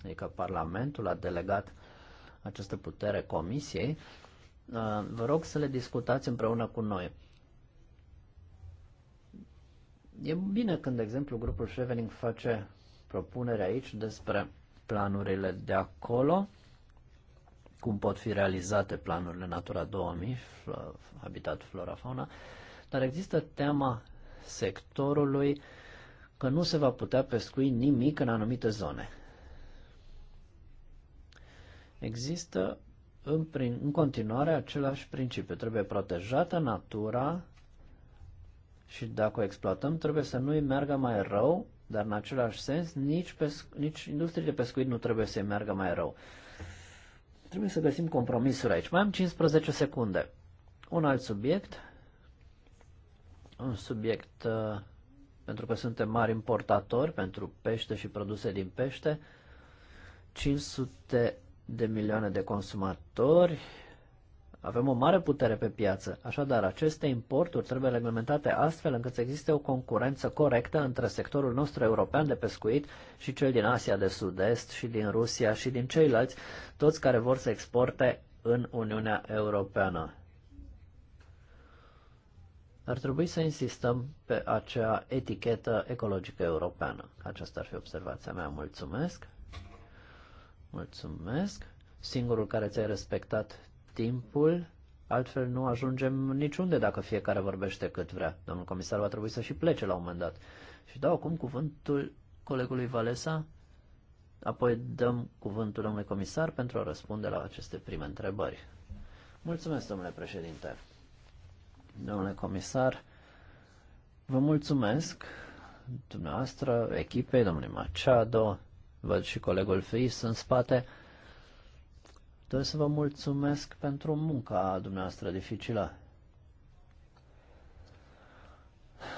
adică Parlamentul a delegat această putere Comisiei, uh, vă rog să le discutați împreună cu noi. E bine când, de exemplu, grupul Chevening face propunere aici despre planurile de acolo, cum pot fi realizate planurile Natura 2000, Habitat, Flora, Fauna, dar există teama sectorului că nu se va putea pescui nimic în anumite zone. Există în, prin, în continuare același principiu. Trebuie protejată natura și dacă o exploatăm, trebuie să nu-i meargă mai rău, dar în același sens nici, pesc- nici industriile de pescuit nu trebuie să-i meargă mai rău. Trebuie să găsim compromisuri aici. Mai am 15 secunde. Un alt subiect, un subiect uh, pentru că suntem mari importatori pentru pește și produse din pește, 500 de milioane de consumatori, avem o mare putere pe piață, așadar aceste importuri trebuie reglementate astfel încât să existe o concurență corectă între sectorul nostru european de pescuit și cel din Asia de Sud-Est și din Rusia și din ceilalți, toți care vor să exporte în Uniunea Europeană. Ar trebui să insistăm pe acea etichetă ecologică europeană. Aceasta ar fi observația mea. Mulțumesc! Mulțumesc! Singurul care ți-ai respectat timpul, altfel nu ajungem niciunde dacă fiecare vorbește cât vrea. Domnul comisar va trebui să și plece la un moment dat. Și dau acum cuvântul colegului Valesa, apoi dăm cuvântul domnului comisar pentru a răspunde la aceste prime întrebări. Mulțumesc, domnule președinte. Domnule comisar, vă mulțumesc dumneavoastră, echipei, domnului Machado, văd și colegul Fris în spate, Doresc să vă mulțumesc pentru munca dumneavoastră dificilă.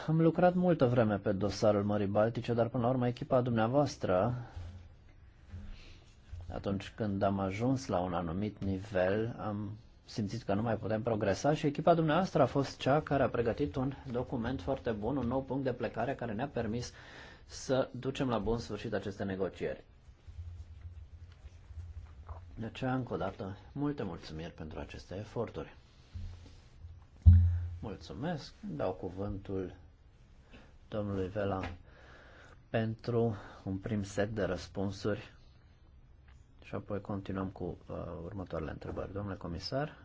Am lucrat multă vreme pe dosarul Mării Baltice, dar până la urmă echipa dumneavoastră, atunci când am ajuns la un anumit nivel, am simțit că nu mai putem progresa și echipa dumneavoastră a fost cea care a pregătit un document foarte bun, un nou punct de plecare care ne-a permis să ducem la bun sfârșit aceste negocieri. De aceea, încă o dată, multe mulțumiri pentru aceste eforturi. Mulțumesc, dau cuvântul domnului Vela pentru un prim set de răspunsuri și apoi continuăm cu uh, următoarele întrebări. Domnule comisar,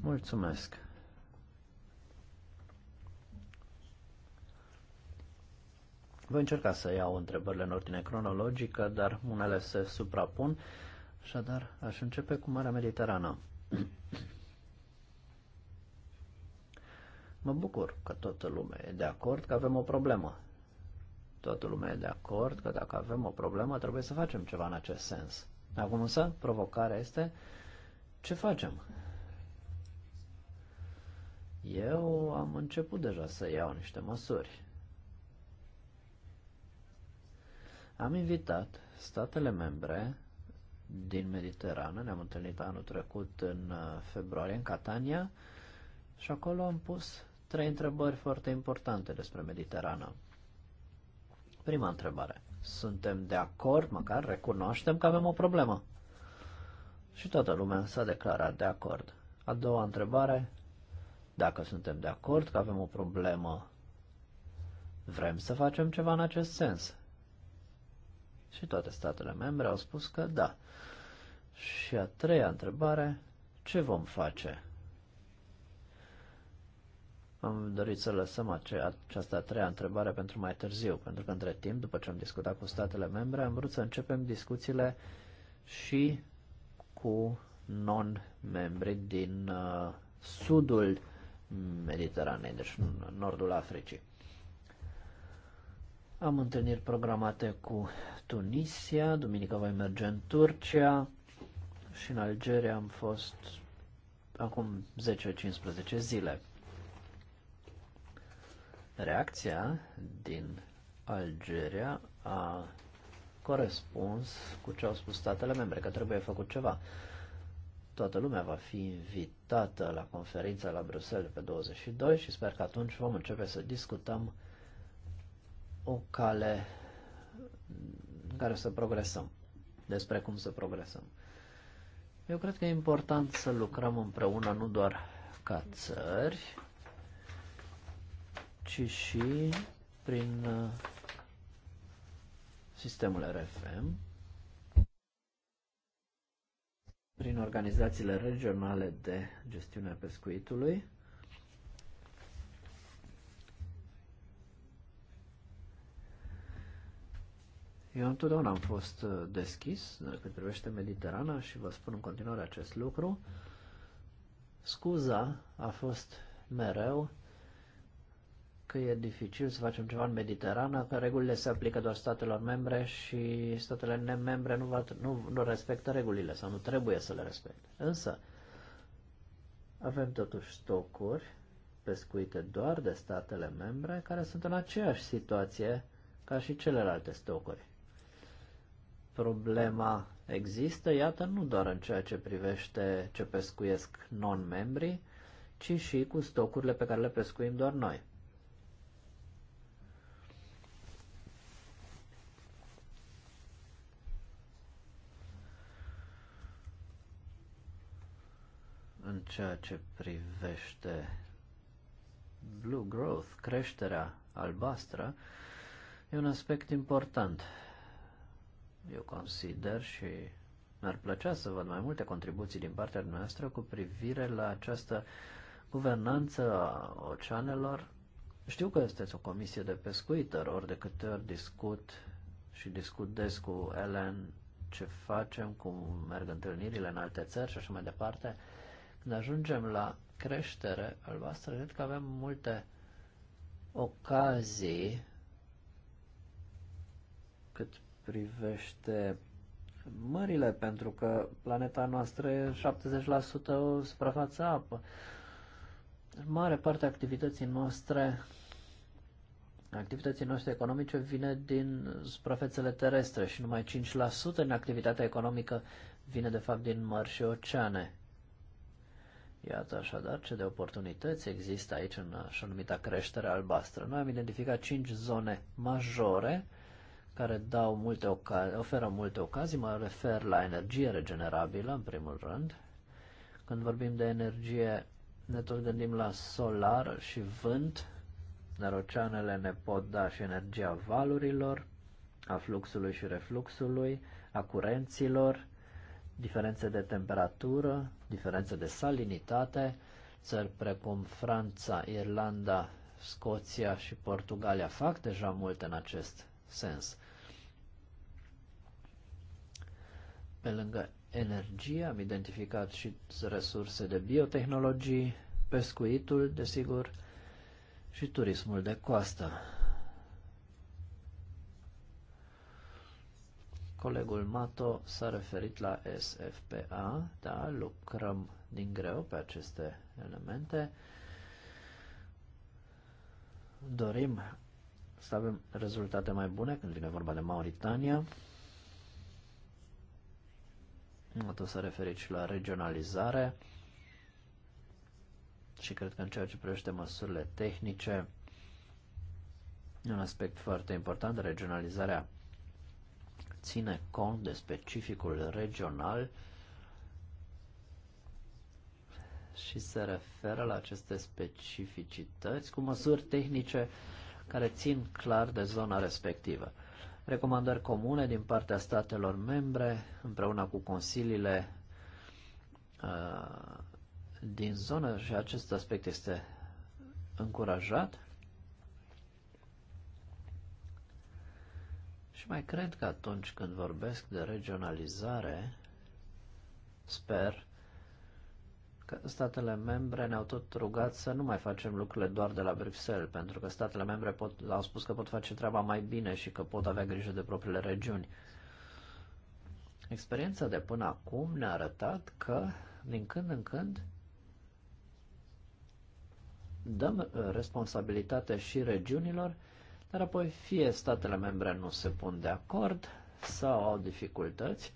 mulțumesc. Voi încerca să iau întrebările în ordine cronologică, dar unele se suprapun, așadar aș începe cu Marea Mediterană. Mă bucur că toată lumea e de acord că avem o problemă. Toată lumea e de acord că dacă avem o problemă trebuie să facem ceva în acest sens. Acum însă provocarea este ce facem? Eu am început deja să iau niște măsuri. Am invitat statele membre din Mediterană, ne-am întâlnit anul trecut în uh, februarie în Catania și acolo am pus trei întrebări foarte importante despre Mediterană. Prima întrebare. Suntem de acord, măcar recunoaștem că avem o problemă. Și toată lumea s-a declarat de acord. A doua întrebare. Dacă suntem de acord că avem o problemă, vrem să facem ceva în acest sens. Și toate statele membre au spus că da. Și a treia întrebare, ce vom face? Am dorit să lăsăm ace- această a treia întrebare pentru mai târziu, pentru că între timp, după ce am discutat cu statele membre, am vrut să începem discuțiile și cu non-membri din uh, sudul Mediteranei, deci nordul Africii. Am întâlniri programate cu Tunisia, duminică voi merge în Turcia și în Algeria am fost acum 10-15 zile. Reacția din Algeria a corespuns cu ce au spus statele membre, că trebuie făcut ceva. Toată lumea va fi invitată la conferința la Bruxelles pe 22 și sper că atunci vom începe să discutăm o cale în care să progresăm, despre cum să progresăm. Eu cred că e important să lucrăm împreună, nu doar ca țări, ci și prin uh, sistemul RFM, prin organizațiile regionale de gestiune a pescuitului, Eu întotdeauna am fost uh, deschis când privește Mediterana și vă spun în continuare acest lucru. Scuza a fost mereu că e dificil să facem ceva în Mediterana, că regulile se aplică doar statelor membre și statele nemembre nu, va, nu, nu respectă regulile sau nu trebuie să le respecte. Însă, avem totuși stocuri pescuite doar de statele membre care sunt în aceeași situație ca și celelalte stocuri problema există, iată, nu doar în ceea ce privește ce pescuiesc non-membrii, ci și cu stocurile pe care le pescuim doar noi. În ceea ce privește blue growth, creșterea albastră, e un aspect important eu consider și mi-ar plăcea să văd mai multe contribuții din partea noastră cu privire la această guvernanță a oceanelor. Știu că sunteți o comisie de pescuit, dar ori de câte ori discut și discut des cu Ellen ce facem, cum merg întâlnirile în alte țări și așa mai departe. Când ajungem la creștere albastră, cred că avem multe ocazii cât privește mările, pentru că planeta noastră e 70% suprafață apă. Mare parte a activității noastre, activității noastre economice vine din suprafețele terestre și numai 5% din activitatea economică vine de fapt din mări și oceane. Iată așadar ce de oportunități există aici în așa numita creștere albastră. Noi am identificat 5 zone majore care dau multe ocazii, oferă multe ocazii, mă refer la energie regenerabilă, în primul rând. Când vorbim de energie, ne tot gândim la solar și vânt, dar oceanele ne pot da și energia valurilor, a fluxului și refluxului, a curenților, diferențe de temperatură, diferențe de salinitate, țări precum Franța, Irlanda, Scoția și Portugalia fac deja multe în acest sens. Pe lângă energie am identificat și resurse de biotehnologii, pescuitul, desigur, și turismul de coastă. Colegul Mato s-a referit la SFPA, da, lucrăm din greu pe aceste elemente. Dorim să avem rezultate mai bune când vine vorba de Mauritania tot să referiți și la regionalizare și cred că în ceea ce privește măsurile tehnice, un aspect foarte important, regionalizarea ține cont de specificul regional și se referă la aceste specificități cu măsuri tehnice care țin clar de zona respectivă recomandări comune din partea statelor membre împreună cu consiliile uh, din zonă și acest aspect este încurajat. Și mai cred că atunci când vorbesc de regionalizare, sper că statele membre ne-au tot rugat să nu mai facem lucrurile doar de la Bruxelles, pentru că statele membre pot, au spus că pot face treaba mai bine și că pot avea grijă de propriile regiuni. Experiența de până acum ne-a arătat că, din când în când, dăm uh, responsabilitate și regiunilor, dar apoi fie statele membre nu se pun de acord sau au dificultăți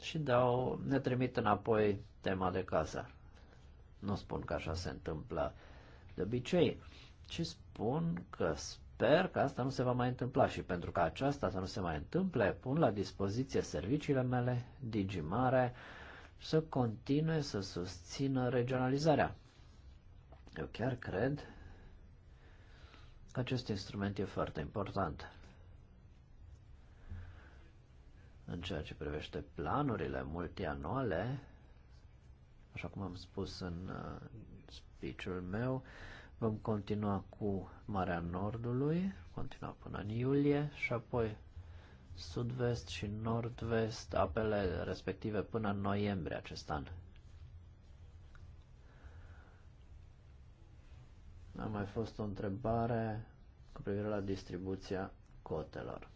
și dau, ne trimit înapoi tema de casă. Nu spun că așa se întâmplă de obicei, ci spun că sper că asta nu se va mai întâmpla și pentru că aceasta să nu se mai întâmple, pun la dispoziție serviciile mele Digimare să continue să susțină regionalizarea. Eu chiar cred că acest instrument e foarte important. În ceea ce privește planurile multianuale, Așa cum am spus în uh, speech-ul meu, vom continua cu Marea Nordului, continua până în iulie și apoi sud-vest și nord-vest, apele respective până în noiembrie acest an. A mai fost o întrebare cu privire la distribuția cotelor.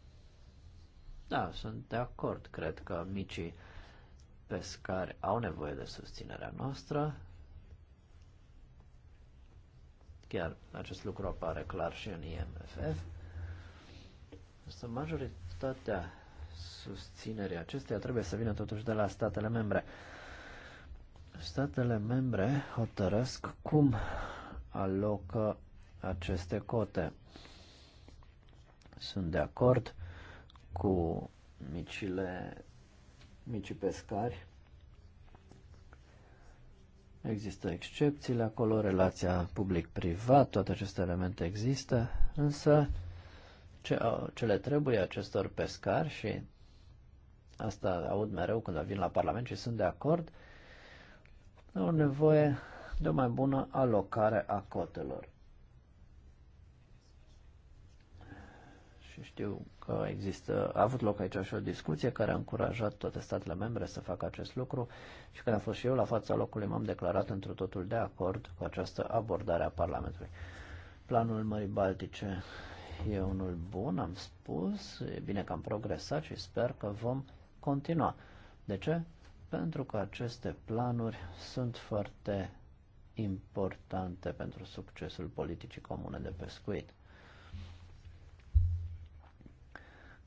Da, sunt de acord. Cred că micii pescari au nevoie de susținerea noastră. Chiar acest lucru apare clar și în IMFF. Însă majoritatea susținerii acesteia trebuie să vină totuși de la statele membre. Statele membre hotărăsc cum alocă aceste cote. Sunt de acord cu micile micii pescari. Există excepțiile acolo, relația public-privat, toate aceste elemente există, însă ce, ce le trebuie acestor pescari și asta aud mereu când vin la Parlament și sunt de acord, au nevoie de o mai bună alocare a cotelor. Și știu că există, a avut loc aici și o discuție care a încurajat toate statele membre să facă acest lucru și când am fost și eu la fața locului m-am declarat într totul de acord cu această abordare a Parlamentului. Planul Mării Baltice e unul bun, am spus, e bine că am progresat și sper că vom continua. De ce? Pentru că aceste planuri sunt foarte importante pentru succesul politicii comune de pescuit.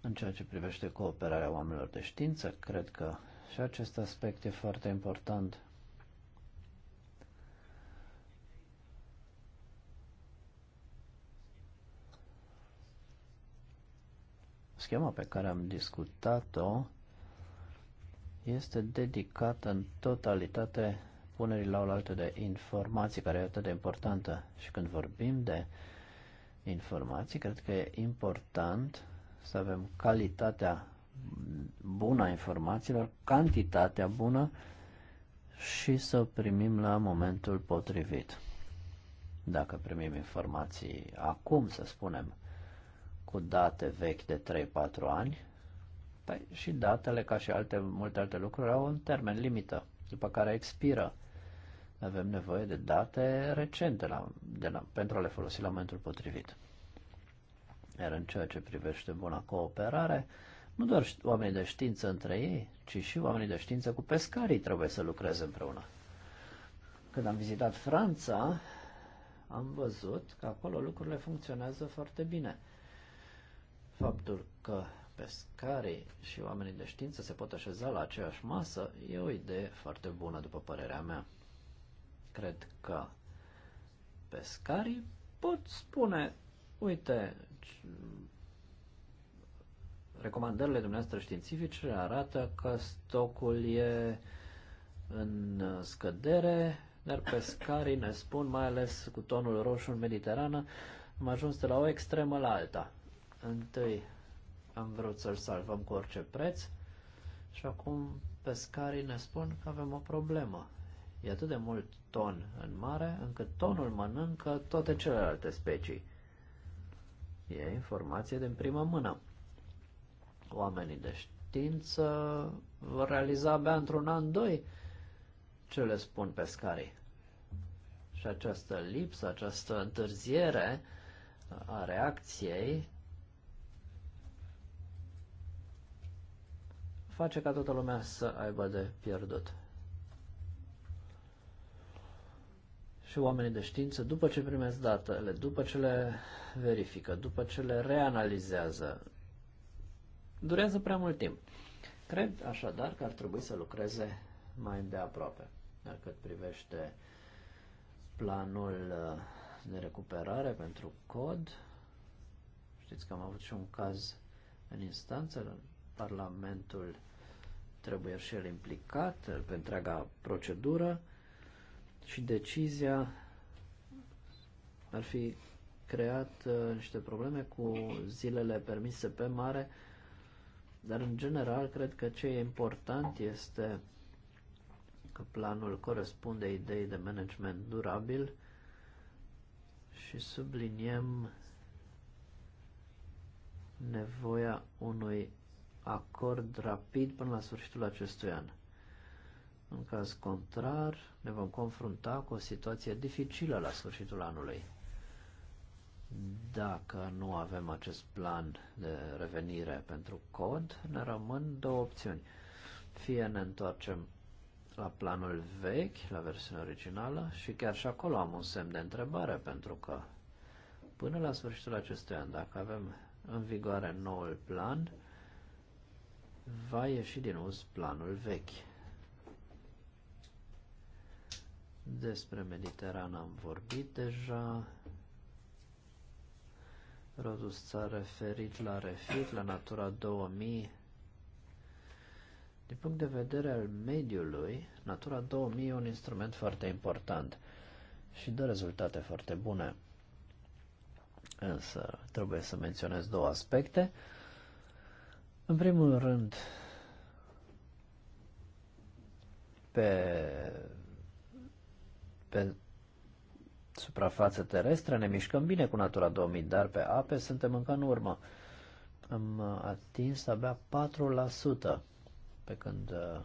În ceea ce privește cooperarea oamenilor de știință, cred că și acest aspect e foarte important. Schema pe care am discutat-o este dedicată în totalitate punerii la oaltă de informații, care e atât de importantă. Și când vorbim de informații, cred că e important să avem calitatea bună a informațiilor, cantitatea bună și să o primim la momentul potrivit. Dacă primim informații acum, să spunem, cu date vechi de 3-4 ani, păi și datele, ca și alte, multe alte lucruri, au un termen limită, după care expiră. Avem nevoie de date recente la, de la, pentru a le folosi la momentul potrivit. Iar în ceea ce privește buna cooperare, nu doar oamenii de știință între ei, ci și oamenii de știință cu pescarii trebuie să lucreze împreună. Când am vizitat Franța, am văzut că acolo lucrurile funcționează foarte bine. Faptul că pescarii și oamenii de știință se pot așeza la aceeași masă e o idee foarte bună, după părerea mea. Cred că pescarii pot spune, uite, recomandările dumneavoastră științifice arată că stocul e în scădere, dar pescarii ne spun, mai ales cu tonul roșu în Mediterană, am ajuns de la o extremă la alta. Întâi am vrut să-l salvăm cu orice preț și acum pescarii ne spun că avem o problemă. E atât de mult ton în mare încât tonul mănâncă toate celelalte specii. E informație din primă mână. Oamenii de știință vor realiza abia într-un an, doi ce le spun pescarii. Și această lipsă, această întârziere a reacției face ca toată lumea să aibă de pierdut. și oamenii de știință, după ce primesc datele, după ce le verifică, după ce le reanalizează, durează prea mult timp. Cred așadar că ar trebui să lucreze mai îndeaproape. Dar cât privește planul uh, de recuperare pentru cod, știți că am avut și un caz în instanță, Parlamentul trebuie și el implicat uh, pe întreaga procedură, și decizia ar fi creat uh, niște probleme cu zilele permise pe mare, dar în general cred că ce e important este că planul corespunde idei de management durabil și subliniem nevoia unui acord rapid până la sfârșitul acestui an. În caz contrar, ne vom confrunta cu o situație dificilă la sfârșitul anului. Dacă nu avem acest plan de revenire pentru cod, ne rămân două opțiuni. Fie ne întoarcem la planul vechi, la versiunea originală, și chiar și acolo am un semn de întrebare, pentru că până la sfârșitul acestui an, dacă avem în vigoare noul plan, va ieși din uz planul vechi. Despre Mediterana am vorbit deja. Rodus s-a referit la refit, la Natura 2000. Din punct de vedere al mediului, Natura 2000 e un instrument foarte important și dă rezultate foarte bune. Însă trebuie să menționez două aspecte. În primul rând, pe pe suprafață terestră ne mișcăm bine cu Natura 2000, dar pe ape suntem încă în urmă. Am uh, atins abia 4%, pe când uh,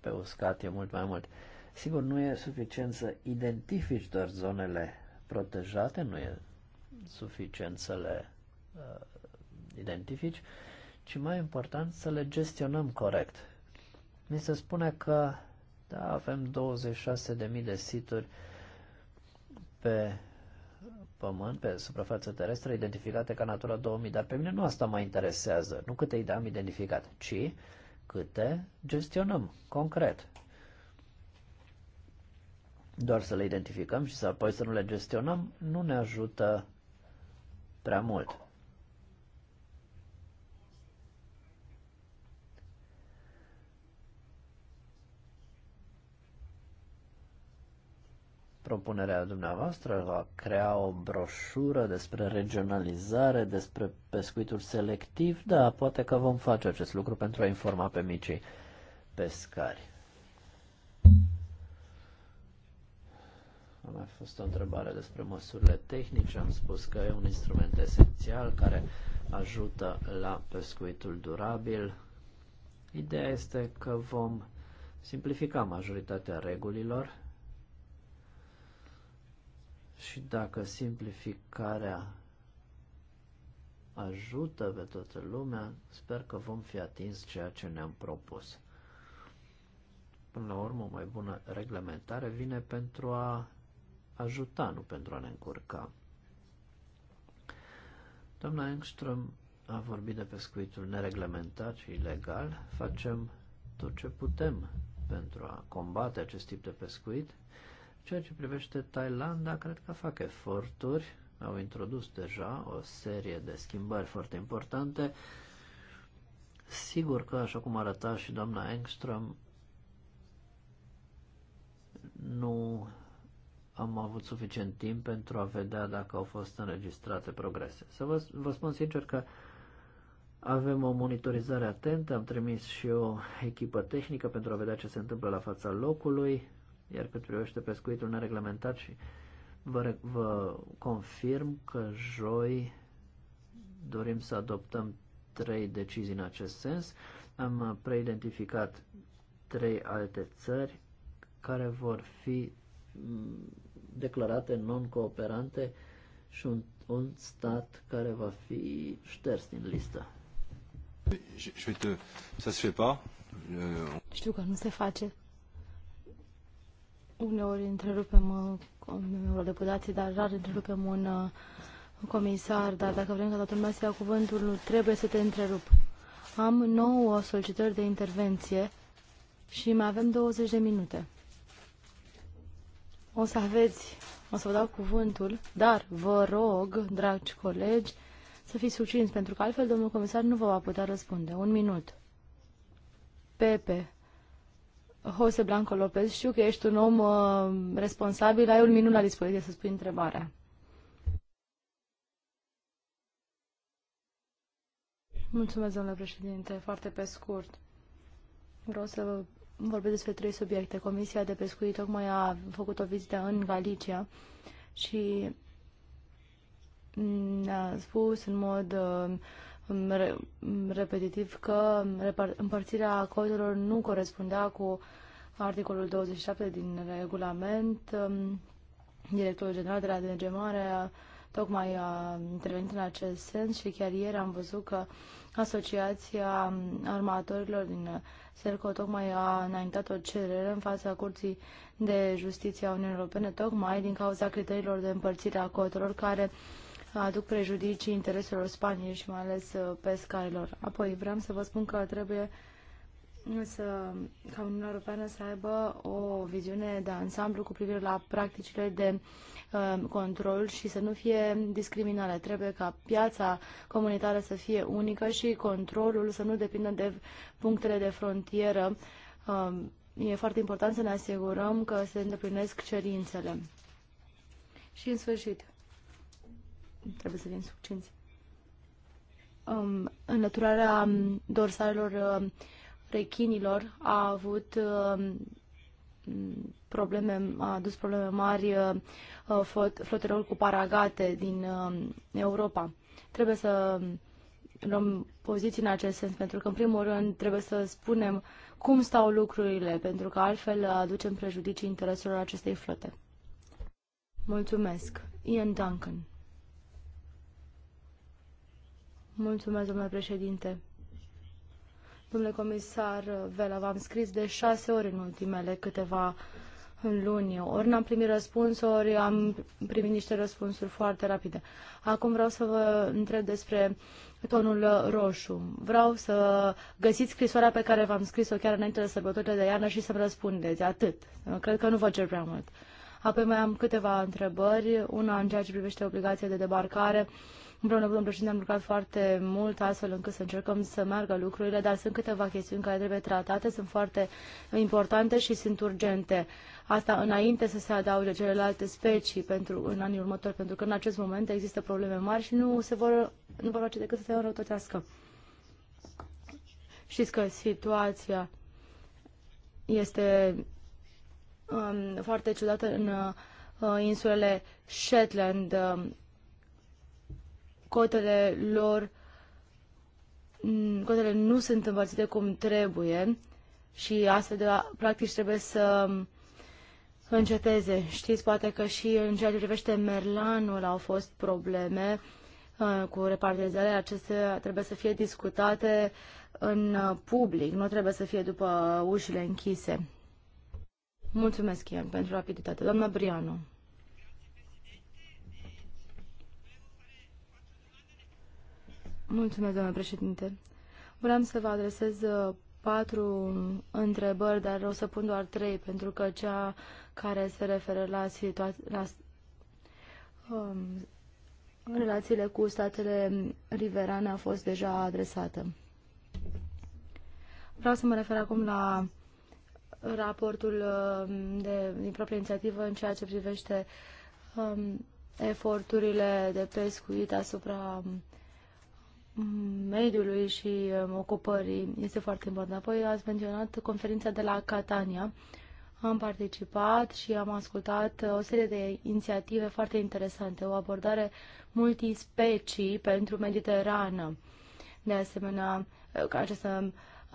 pe uscat e mult mai mult. Sigur, nu e suficient să identifici doar zonele protejate, nu e suficient să le uh, identifici, ci mai important să le gestionăm corect. Mi se spune că da, avem 26.000 de situri pe pământ, pe suprafață terestră, identificate ca Natura 2000, dar pe mine nu asta mă interesează, nu câte idei am identificat, ci câte gestionăm concret. Doar să le identificăm și să apoi să nu le gestionăm nu ne ajută prea mult. propunerea dumneavoastră va crea o broșură despre regionalizare, despre pescuitul selectiv, da, poate că vom face acest lucru pentru a informa pe micii pescari. A mai fost o întrebare despre măsurile tehnice. Am spus că e un instrument esențial care ajută la pescuitul durabil. Ideea este că vom simplifica majoritatea regulilor și dacă simplificarea ajută pe toată lumea, sper că vom fi atins ceea ce ne-am propus. Până la urmă, o mai bună reglementare vine pentru a ajuta, nu pentru a ne încurca. Doamna Engström a vorbit de pescuitul nereglementat și ilegal. Facem tot ce putem pentru a combate acest tip de pescuit ceea ce privește Thailanda, cred că fac eforturi, au introdus deja o serie de schimbări foarte importante. Sigur că, așa cum arăta și doamna Engström, nu am avut suficient timp pentru a vedea dacă au fost înregistrate progrese. Să vă, vă spun sincer că avem o monitorizare atentă, am trimis și o echipă tehnică pentru a vedea ce se întâmplă la fața locului, iar cât privește pescuitul nereglementat și vă, vă confirm că joi dorim să adoptăm trei decizii în acest sens. Am preidentificat trei alte țări care vor fi mm, declarate non-cooperante și un, un stat care va fi șters din listă. Je, je te... Ça se fait pas. Știu că nu se face. Uneori întrerupem uh, deputație, dar rar întrerupem un uh, comisar, dar dacă vrem ca toată lumea să ia cuvântul, trebuie să te întrerup. Am 9 solicitări de intervenție și mai avem 20 de minute. O să aveți, o să vă dau cuvântul, dar vă rog, dragi colegi, să fiți sucinți, pentru că altfel domnul comisar nu vă va putea răspunde. Un minut. Pepe, Jose Blanco Lopez, știu că ești un om uh, responsabil, ai un minut la dispoziție să spui întrebarea. Mulțumesc, domnule președinte. Foarte pe scurt. Vreau să vorbesc despre trei subiecte. Comisia de pescuit tocmai a făcut o vizită în Galicia și ne-a spus în mod uh, repetitiv că împărțirea cotelor nu corespundea cu articolul 27 din regulament. Directorul general de la DNG Mare tocmai a intervenit în acest sens și chiar ieri am văzut că Asociația Armatorilor din Serco tocmai a înaintat o cerere în fața Curții de Justiție a Uniunii Europene, tocmai din cauza criteriilor de împărțire a cotelor care uh, aduc prejudicii intereselor Spaniei și mai ales uh, pescarilor. Apoi vreau să vă spun că trebuie să, ca Uniunea Europeană să aibă o viziune de ansamblu cu privire la practicile de uh, control și să nu fie discriminare. Trebuie ca piața comunitară să fie unică și controlul să nu depindă de punctele de frontieră. Uh, e foarte important să ne asigurăm că se îndeplinesc cerințele. Și în sfârșit, trebuie să fim succinți. Um, înlăturarea um, dorsalelor uh, rechinilor a avut uh, probleme, a adus probleme mari uh, uh flot, flotelor cu paragate din uh, Europa. Trebuie să luăm poziții în acest sens, pentru că, în primul rând, trebuie să spunem cum stau lucrurile, pentru că altfel aducem prejudicii intereselor acestei flote. Mulțumesc. Ian Duncan. Mulțumesc, domnule președinte. Domnule comisar Vela, v-am scris de șase ori în ultimele câteva în luni. Ori n-am primit răspuns, ori am primit niște răspunsuri foarte rapide. Acum vreau să vă întreb despre tonul roșu. Vreau să găsiți scrisoarea pe care v-am scris-o chiar înainte de sărbătorile de iarnă și să-mi răspundeți. Atât. Cred că nu vă cer prea mult. Apoi mai am câteva întrebări. Una în ceea ce privește obligația de debarcare Împreună cu domnul președinte am lucrat foarte mult astfel încât să încercăm să meargă lucrurile, dar sunt câteva chestiuni care trebuie tratate, sunt foarte importante și sunt urgente. Asta înainte să se adauge celelalte specii pentru, în anii următori, pentru că în acest moment există probleme mari și nu, se vor, nu vor face decât să se înrăutățească. Știți că situația este um, foarte ciudată în uh, insulele Shetland. Uh, cotele lor mm, cotele nu sunt împărțite cum trebuie și astfel de practic trebuie mm, să înceteze. Știți, poate că și în ceea ce privește Merlanul au fost probleme uh, cu repartizarea acestea trebuie să fie discutate în uh, public, nu trebuie să fie după ușile închise. Mulțumesc, Ian, pentru rapiditate. Doamna Briano. Mulțumesc, doamnă președinte. Vreau să vă adresez uh, patru întrebări, dar o să pun doar trei, pentru că cea care se referă la, situa- la um, relațiile cu statele riverane a fost deja adresată. Vreau să mă refer acum la raportul um, de, din proprie inițiativă în ceea ce privește um, eforturile de pescuit asupra um, mediului și um, ocupării este foarte important. Apoi ați menționat conferința de la Catania. Am participat și am ascultat uh, o serie de inițiative foarte interesante, o abordare multispecii pentru Mediterană. De asemenea, uh, ca această um,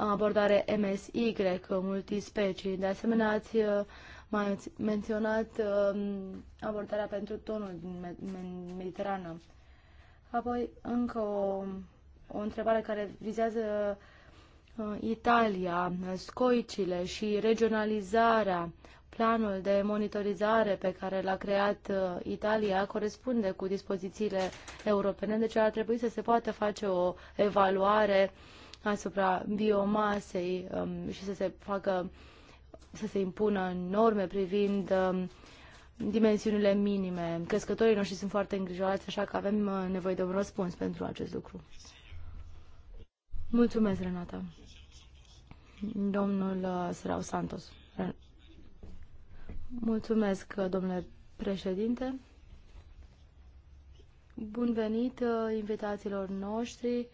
abordare MSY, multispecii. De asemenea, ați uh, mai menționat um, abordarea pentru tonul din Mediterană. Apoi încă o, o întrebare care vizează uh, Italia, scoicile și regionalizarea. Planul de monitorizare pe care l-a creat uh, Italia corespunde cu dispozițiile europene, deci ar trebui să se poată face o evaluare asupra biomasei um, și să se facă să se impună norme privind um, dimensiunile minime. Crescătorii noștri sunt foarte îngrijorați, așa că avem uh, nevoie de un răspuns pentru acest lucru. Mulțumesc, Renata. Domnul uh, Serau Santos. Mulțumesc, uh, domnule președinte. Bun venit invitațiilor noștri,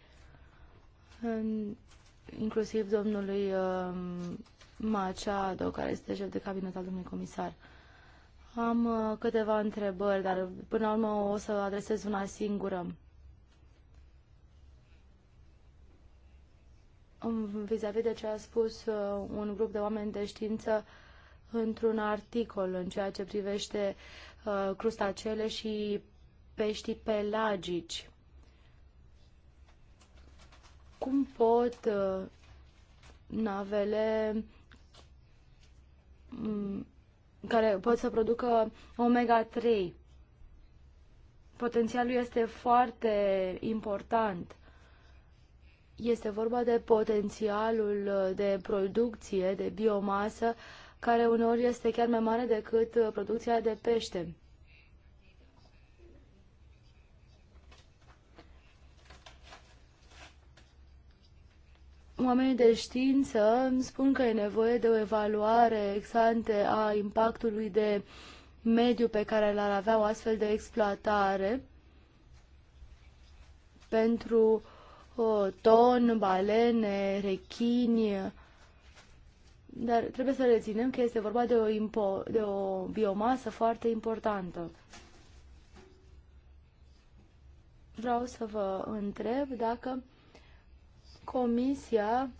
inclusiv domnului um, Machado, care este șef de cabinet al domnului comisar. Am uh, câteva întrebări, dar până la urmă o să adresez una singură. Vis-a-vis -vis de ce a spus uh, un grup de oameni de știință într-un articol în ceea ce privește uh, crustacele și peștii pelagici. Cum pot navele care pot să producă omega-3. Potențialul este foarte important. Este vorba de potențialul de producție de biomasă, care uneori este chiar mai mare decât producția de pește. oamenii de știință îmi spun că e nevoie de o evaluare exante a impactului de mediu pe care l-ar avea o astfel de exploatare pentru uh, ton, balene, rechini, dar trebuie să reținem că este vorba de o, impo, de o biomasă foarte importantă. Vreau să vă întreb dacă Comisia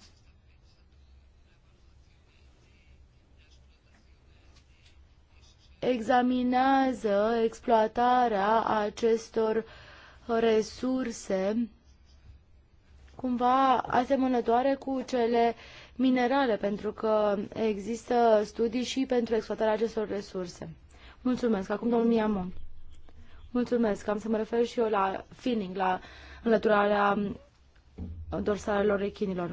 examinează exploatarea acestor resurse cumva asemănătoare cu cele minerale, pentru că există studii și pentru exploatarea acestor resurse. Mulțumesc. Acum domnul Miamon. Mulțumesc. Am să mă refer și eu la finning, la înlăturarea dorsalelor echinilor.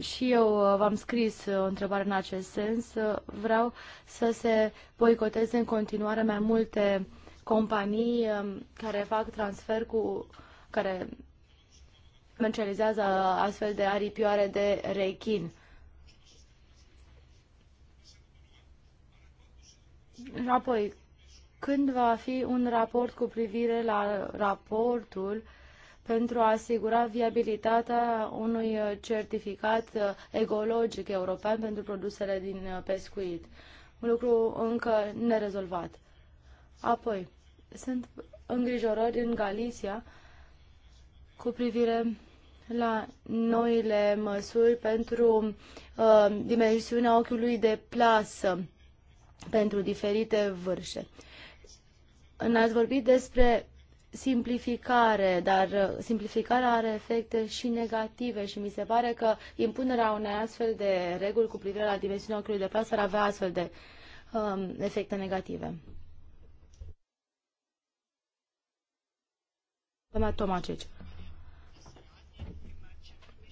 Și eu uh, v-am scris uh, o întrebare în acest sens. Uh, vreau să se boicoteze în continuare mai multe companii um, care fac transfer cu care comercializează astfel de aripioare de rechin. Și apoi, când va fi un raport cu privire la raportul uh, pentru a asigura viabilitatea unui certificat ecologic european pentru produsele din uh, pescuit. Un lucru încă nerezolvat. Apoi, sunt îngrijorări în Galicia cu privire la noile măsuri pentru uh, dimensiunea ochiului de plasă pentru diferite vârșe. N-ați vorbit despre simplificare, dar uh, simplificarea are efecte și negative și mi se pare că impunerea unei astfel de reguli cu privire la dimensiunea ochiului de plasă ar avea astfel de um, efecte negative. Doamna Tomacic.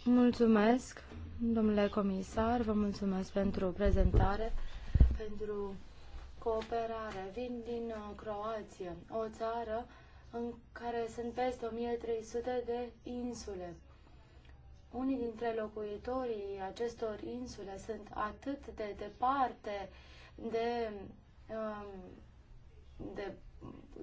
Mulțumesc, domnule comisar, vă mulțumesc pentru prezentare, pentru cooperare. Vin din uh, Croația, o țară în care sunt peste 1300 de insule. Unii dintre locuitorii acestor insule sunt atât de departe de, um, de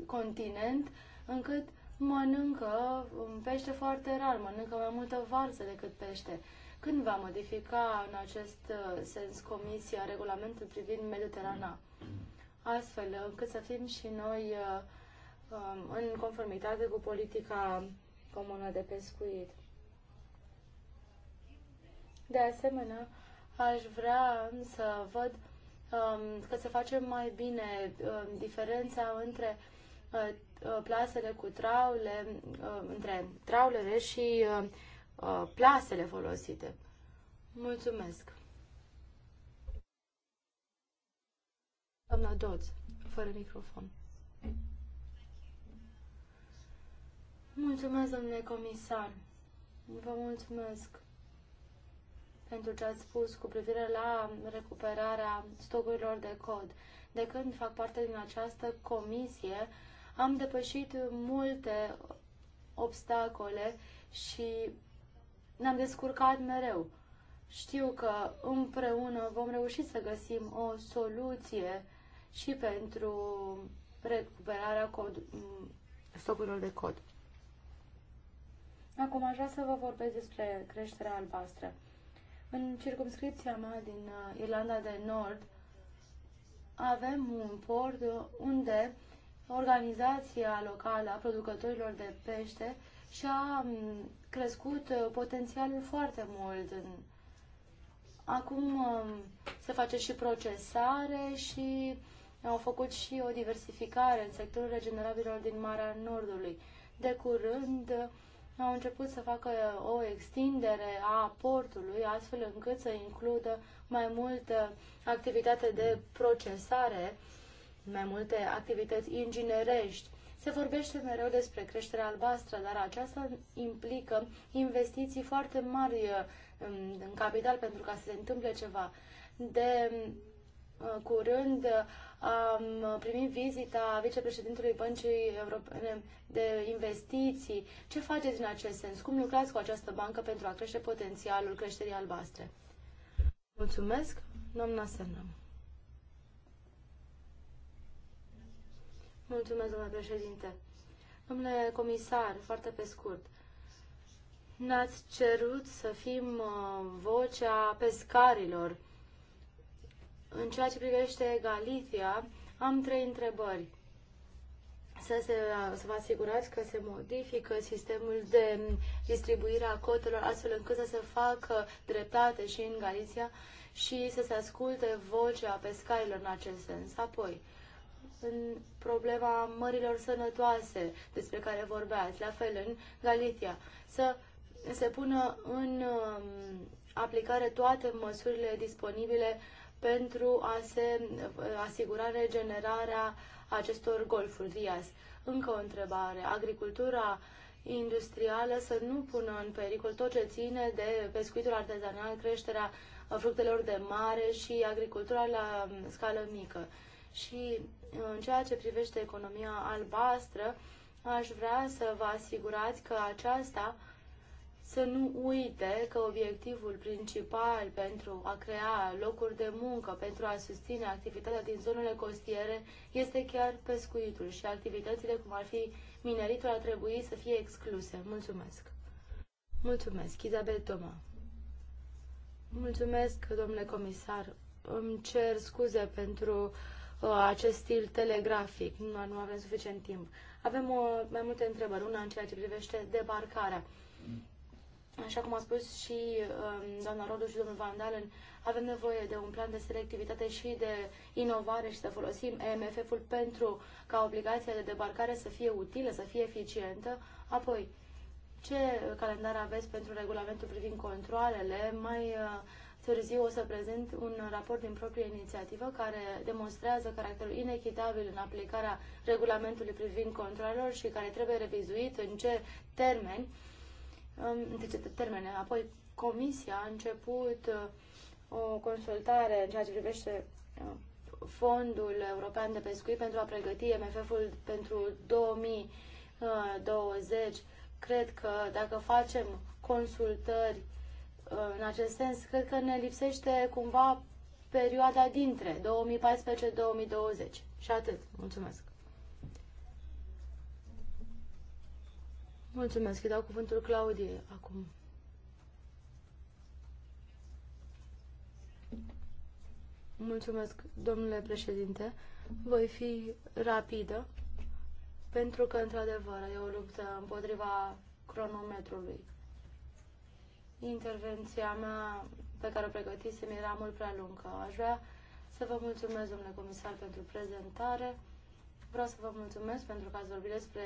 continent încât mănâncă um, pește foarte rar, mănâncă mai multă varză decât pește. Când va modifica în acest uh, sens Comisia regulamentul privind Mediterana? Astfel încât să fim și noi uh, Um, în conformitate cu politica comună de pescuit. De asemenea, aș vrea să văd um, că se face mai bine um, diferența între uh, uh, plasele cu traule, uh, între traulele și plasele folosite. Mulțumesc! Doamna Doț, fără microfon. Mulțumesc, domnule comisar. Vă mulțumesc pentru ce ați spus cu privire la recuperarea stocurilor de cod. De când fac parte din această comisie, am depășit multe obstacole și ne-am descurcat mereu. Știu că împreună vom reuși să găsim o soluție și pentru recuperarea cod, stocurilor de cod. Acum aș vrea să vă vorbesc despre creșterea albastră. În circumscripția mea din uh, Irlanda de Nord avem un port unde organizația locală a producătorilor de pește și-a mm, crescut uh, potențialul foarte mult. Acum um, se face și procesare și au făcut și o diversificare în sectorul regenerabilor din Marea Nordului. De curând, au început să facă o extindere a portului, astfel încât să includă mai multă activitate de procesare, mai multe activități inginerești. Se vorbește mereu despre creșterea albastră, dar aceasta implică investiții foarte mari um, în capital pentru ca să se întâmple ceva. De uh, curând am primit vizita vicepreședintului Băncii Europene de Investiții. Ce faceți în acest sens? Cum lucrați cu această bancă pentru a crește potențialul creșterii albastre? Mulțumesc, doamna Sernam. Mulțumesc, domnule președinte. Domnule comisar, foarte pe scurt, ne-ați cerut să fim uh, vocea pescarilor în ceea ce privește Galicia, am trei întrebări. Să, se, să vă asigurați că se modifică sistemul de distribuire a cotelor astfel încât să se facă dreptate și în Galicia și să se asculte vocea pescarilor în acest sens. Apoi, în problema mărilor sănătoase despre care vorbeați, la fel în Galicia, să se pună în um, aplicare toate măsurile disponibile uh, pentru a se uh, asigura regenerarea acestor golfuri, Diaz, Încă o întrebare. Agricultura industrială să nu pună în pericol tot ce ține de pescuitul artezanal, creșterea fructelor de mare și agricultura la um, scală mică. Și uh, în ceea ce privește economia albastră, aș vrea să vă asigurați că aceasta să nu uite că obiectivul principal pentru a crea locuri de muncă, pentru a susține activitatea din zonele costiere, este chiar pescuitul și activitățile cum ar fi mineritul ar trebui să fie excluse. Mulțumesc! Mulțumesc, Isabel Toma! Mulțumesc, domnule comisar! Îmi cer scuze pentru uh, acest stil telegrafic, nu, nu avem suficient timp. Avem o, uh, mai multe întrebări, una în ceea ce privește debarcarea. Așa cum a spus și um, doamna Rodu și domnul Van Dalen, avem nevoie de un plan de selectivitate și de inovare și să folosim EMF-ul pentru ca obligația de debarcare să fie utilă, să fie eficientă. Apoi, ce calendar aveți pentru regulamentul privind controlele? Mai uh, târziu o să prezint un raport din proprie inițiativă care demonstrează caracterul inechitabil în aplicarea regulamentului privind controlelor și care trebuie revizuit în ce termeni de termene. Apoi, Comisia a început uh, o consultare în ceea ce privește uh, fondul european de pescuit pentru a pregăti MFF-ul pentru 2020. Uh, cred că dacă facem consultări în acest sens, cred că ne lipsește cumva perioada dintre 2014-2020. Și atât. Mulțumesc. Mulțumesc. Îi dau cuvântul Claudiei acum. Mulțumesc, domnule președinte. Voi fi rapidă, pentru că, într-adevăr, e o luptă împotriva cronometrului. Intervenția mea pe care o pregătisem era mult prea lungă. Aș vrea să vă mulțumesc, domnule comisar, pentru prezentare. Vreau să vă mulțumesc pentru că ați vorbit despre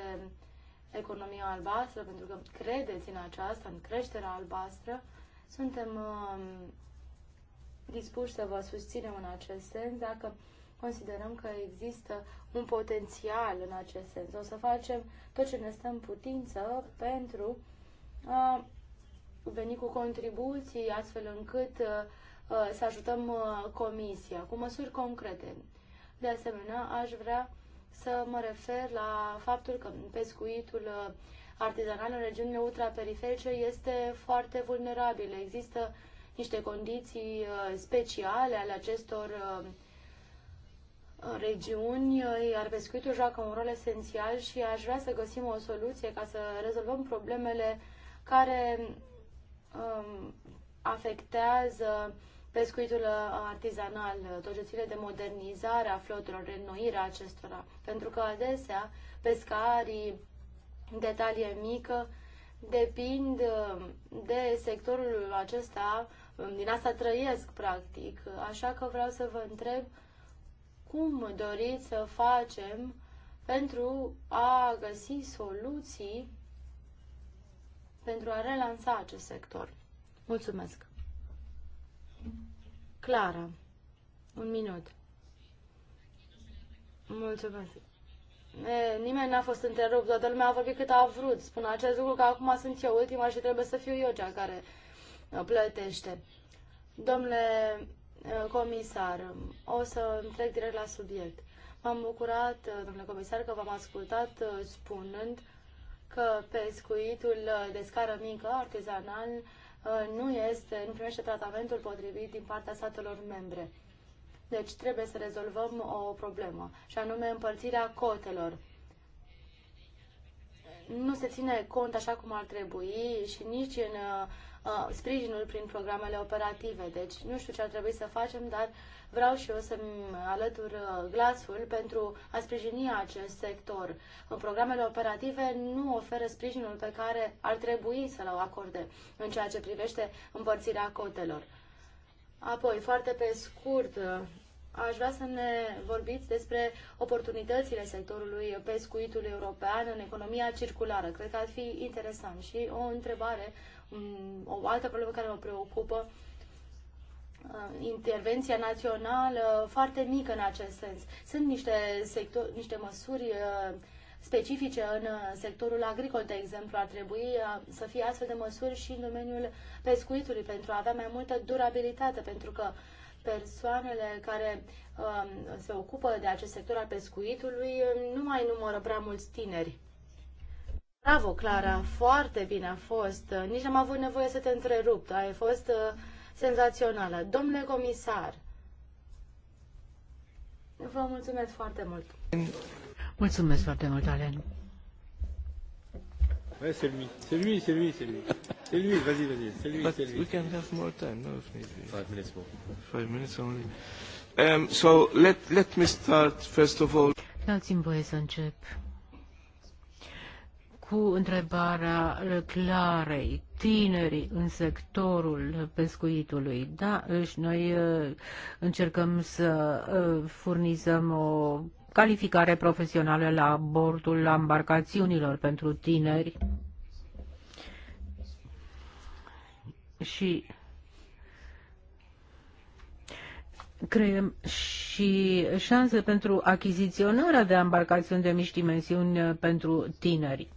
economia albastră, pentru că credeți în aceasta, în creșterea albastră. Suntem uh, dispuși să vă susținem în acest sens dacă considerăm că există un potențial în acest sens. O să facem tot ce ne stă în putință pentru a veni cu contribuții astfel încât uh, să ajutăm uh, comisia cu măsuri concrete. De asemenea, aș vrea să mă refer la faptul că pescuitul uh, artizanal în regiunile ultraperiferice este foarte vulnerabil. Există niște condiții uh, speciale ale acestor uh, regiuni, iar pescuitul joacă un rol esențial și aș vrea să găsim o soluție ca să rezolvăm problemele care um, afectează uh, pescuitul uh, artizanal, uh, tot ce ține de modernizarea flotelor, reînnoirea acestora, pentru că adesea pescarii de talie mică depind uh, de sectorul acesta, um, din asta trăiesc practic, așa că vreau să vă întreb cum doriți să facem pentru a găsi soluții pentru a relansa acest sector. Mulțumesc! Clara, Un minut. Mulțumesc. E, nimeni n-a fost întrerupt, toată lumea a vorbit cât a vrut. Spun acest lucru că acum sunt eu ultima și trebuie să fiu eu cea care uh, plătește. Domnule uh, comisar, o să trec direct la subiect. M-am bucurat, uh, domnule comisar, că v-am ascultat spunând că pescuitul de scară mică, artizanal. Uh, nu este, nu primește tratamentul potrivit din partea statelor membre. Deci trebuie să rezolvăm o problemă, și anume împărțirea cotelor. Nu se ține cont așa cum ar trebui și nici în uh, Uh, sprijinul prin programele operative. Deci nu știu ce ar trebui să facem, dar vreau și eu să-mi alătur uh, glasul pentru a sprijini acest sector. Programele operative nu oferă sprijinul pe care ar trebui să-l acorde în ceea ce privește împărțirea cotelor. Apoi, foarte pe scurt, uh, aș vrea să ne vorbiți despre oportunitățile sectorului pescuitului european în economia circulară. Cred că ar fi interesant și o întrebare uh, Mm, o altă problemă care mă preocupă, uh, intervenția națională foarte mică în acest sens. Sunt niște, sector, niște măsuri uh, specifice în uh, sectorul agricol, de exemplu, ar trebui să fie astfel de măsuri și în domeniul pescuitului pentru a avea mai multă durabilitate, pentru că persoanele care um, se ocupă de acest sector al pescuitului nu mai numără prea mulți tineri. Bravo, Clara, foarte bine a fost. Uh, nici n-am avut nevoie să te întrerup. A fost uh, senzațională. Domnule comisar, vă mulțumesc foarte mult. Mulțumesc foarte mult, Alen. Ouais, c'est lui, c'est lui, c'est lui, c'est lui. C'est lui, vas-y, vas We can have more time, no, Five minutes more. Five minutes only. Um, so let, let me start first of all. Dați-mi voie să încep cu întrebarea clarei, tinerii în sectorul pescuitului. Da, și noi uh, încercăm să uh, furnizăm o calificare profesională la bordul embarcațiunilor pentru tineri. Și creăm și șanse pentru achiziționarea de embarcațiuni de mici dimensiuni uh, pentru tineri.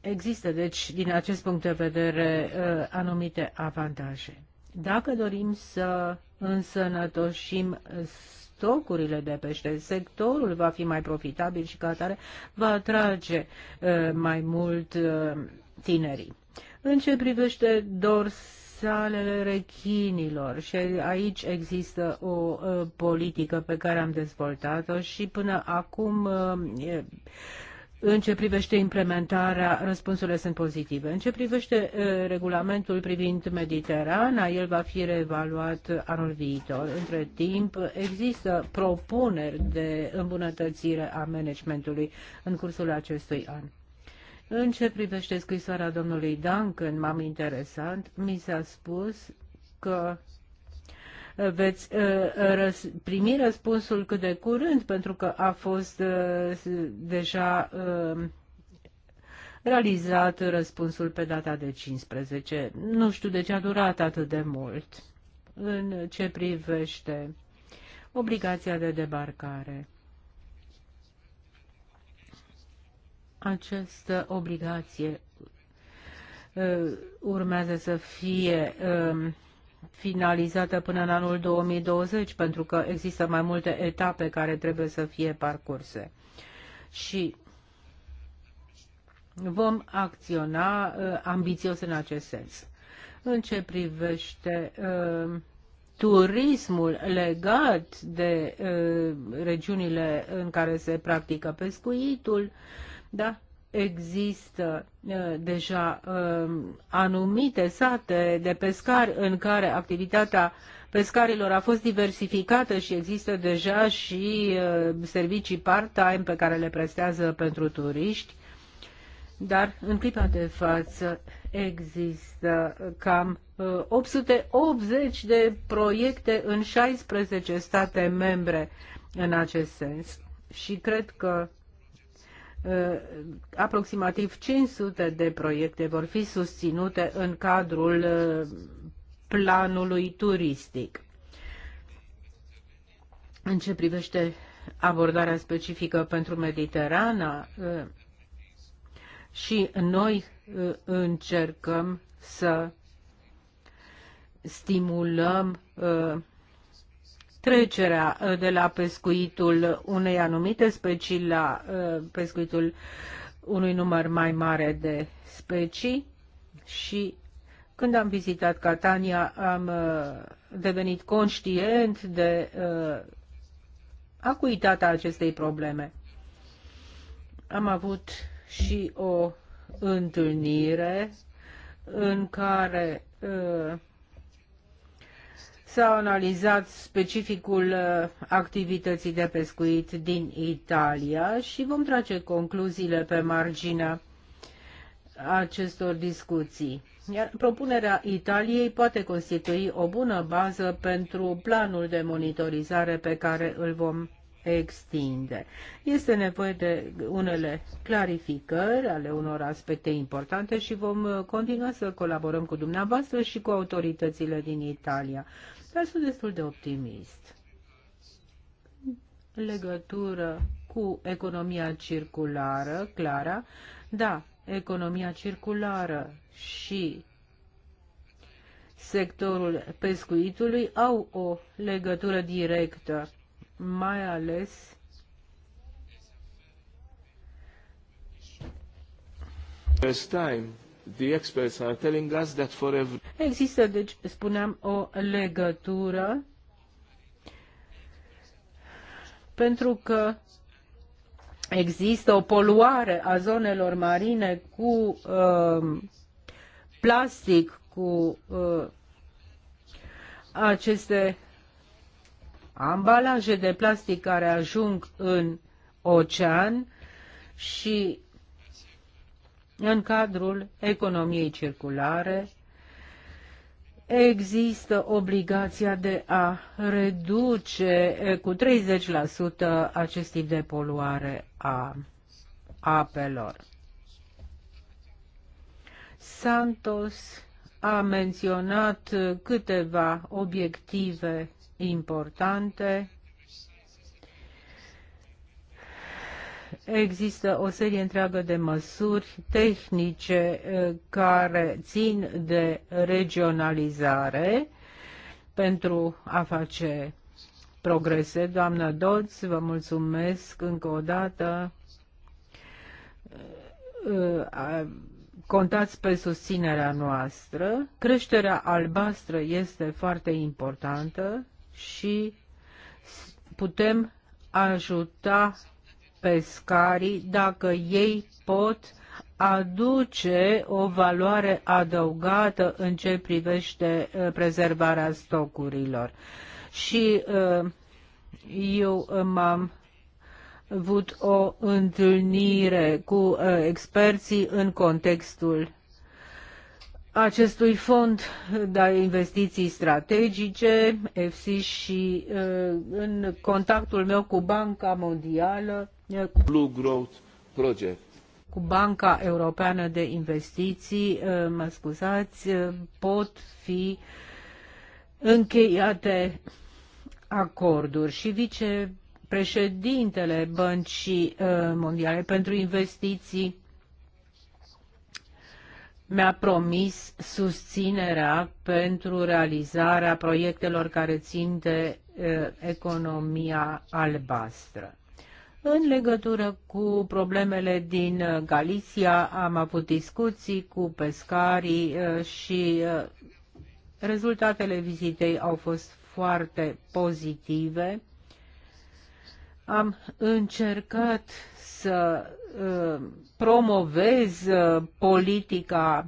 Există, deci, din acest punct de vedere, uh, anumite avantaje. Dacă dorim să însănătoșim stocurile de pește, sectorul va fi mai profitabil și ca atare va atrage uh, mai mult uh, tinerii. În ce privește dorsalele rechinilor, și aici există o politică pe care am dezvoltat-o și până acum în ce privește implementarea, răspunsurile sunt pozitive. În ce privește uh, regulamentul privind Mediterana, el va fi reevaluat anul viitor. Între timp, există propuneri de îmbunătățire a managementului în cursul acestui an. În ce privește scrisoarea domnului Duncan, m-am interesat. mi s-a spus că veți uh, uh, primi răspunsul cât de curând, pentru că a fost uh, deja realizat răspunsul pe data de 15. Nu știu de ce a durat atât de mult în ce privește obligația de debarcare. Această obligație urmează să fie um, finalizată până în anul 2020, pentru că există mai multe etape care trebuie să fie parcurse. Și vom acționa uh, ambițios în acest sens. În ce privește uh, turismul legat de uh, regiunile în care se practică pescuitul, da, există uh, deja um, anumite sate de pescari în care activitatea pescarilor a fost diversificată și există deja și uh, servicii part-time pe care le prestează pentru turiști, dar în clipa de față există cam 880 uh, de proiecte în 16 state membre în acest sens. Și cred că Uh, aproximativ 500 de proiecte vor fi susținute în cadrul uh, planului turistic. În ce privește abordarea specifică pentru Mediterana, uh, și noi încercăm să stimulăm trecerea uh, de la pescuitul unei anumite specii la uh, pescuitul unui număr mai mare de specii și când am vizitat Catania am uh, devenit conștient de acuitatea acestei probleme. Am avut și o întâlnire în care S-a analizat specificul uh, activității de pescuit din Italia și vom trage concluziile pe marginea acestor discuții. Iar propunerea Italiei poate constitui o bună bază pentru planul de monitorizare pe care îl vom extinde. Este nevoie de unele clarificări ale unor aspecte importante și vom uh, continua să colaborăm cu dumneavoastră și cu autoritățile din Italia. Dar sunt destul de optimist în legătură cu economia circulară, Clara. Da, economia circulară și sectorul pescuitului au o legătură directă, mai ales This time The experts are telling us that for every... Există, deci, spuneam, o legătură pentru că există o poluare a zonelor marine cu uh, plastic, cu uh, aceste ambalaje de plastic care ajung în ocean și în cadrul economiei circulare există obligația de a reduce cu 30% acest tip de poluare a apelor. Santos a menționat câteva obiective importante Există o serie întreagă de măsuri tehnice eh, care țin de regionalizare pentru a face progrese. Doamna Dodds, vă mulțumesc încă o dată. Eh, contați pe susținerea noastră. Creșterea albastră este foarte importantă și putem ajuta pescarii dacă ei pot aduce o valoare adăugată în ce privește uh, prezervarea stocurilor. Și uh, eu uh, m-am avut o întâlnire cu experții în contextul acestui fond de investiții strategice, EFSI, și în contactul meu cu Banca Mondială Blue Growth Project. Cu Banca Europeană de Investiții, uh, mă scuzați, uh, pot fi încheiate acorduri și vicepreședintele Băncii uh, Mondiale pentru Investiții mi-a promis susținerea pentru realizarea proiectelor care țin de economia albastră. În legătură cu problemele din uh, Galicia am avut discuții cu pescarii uh, și uh, rezultatele vizitei au fost foarte pozitive. Am încercat să promovez politica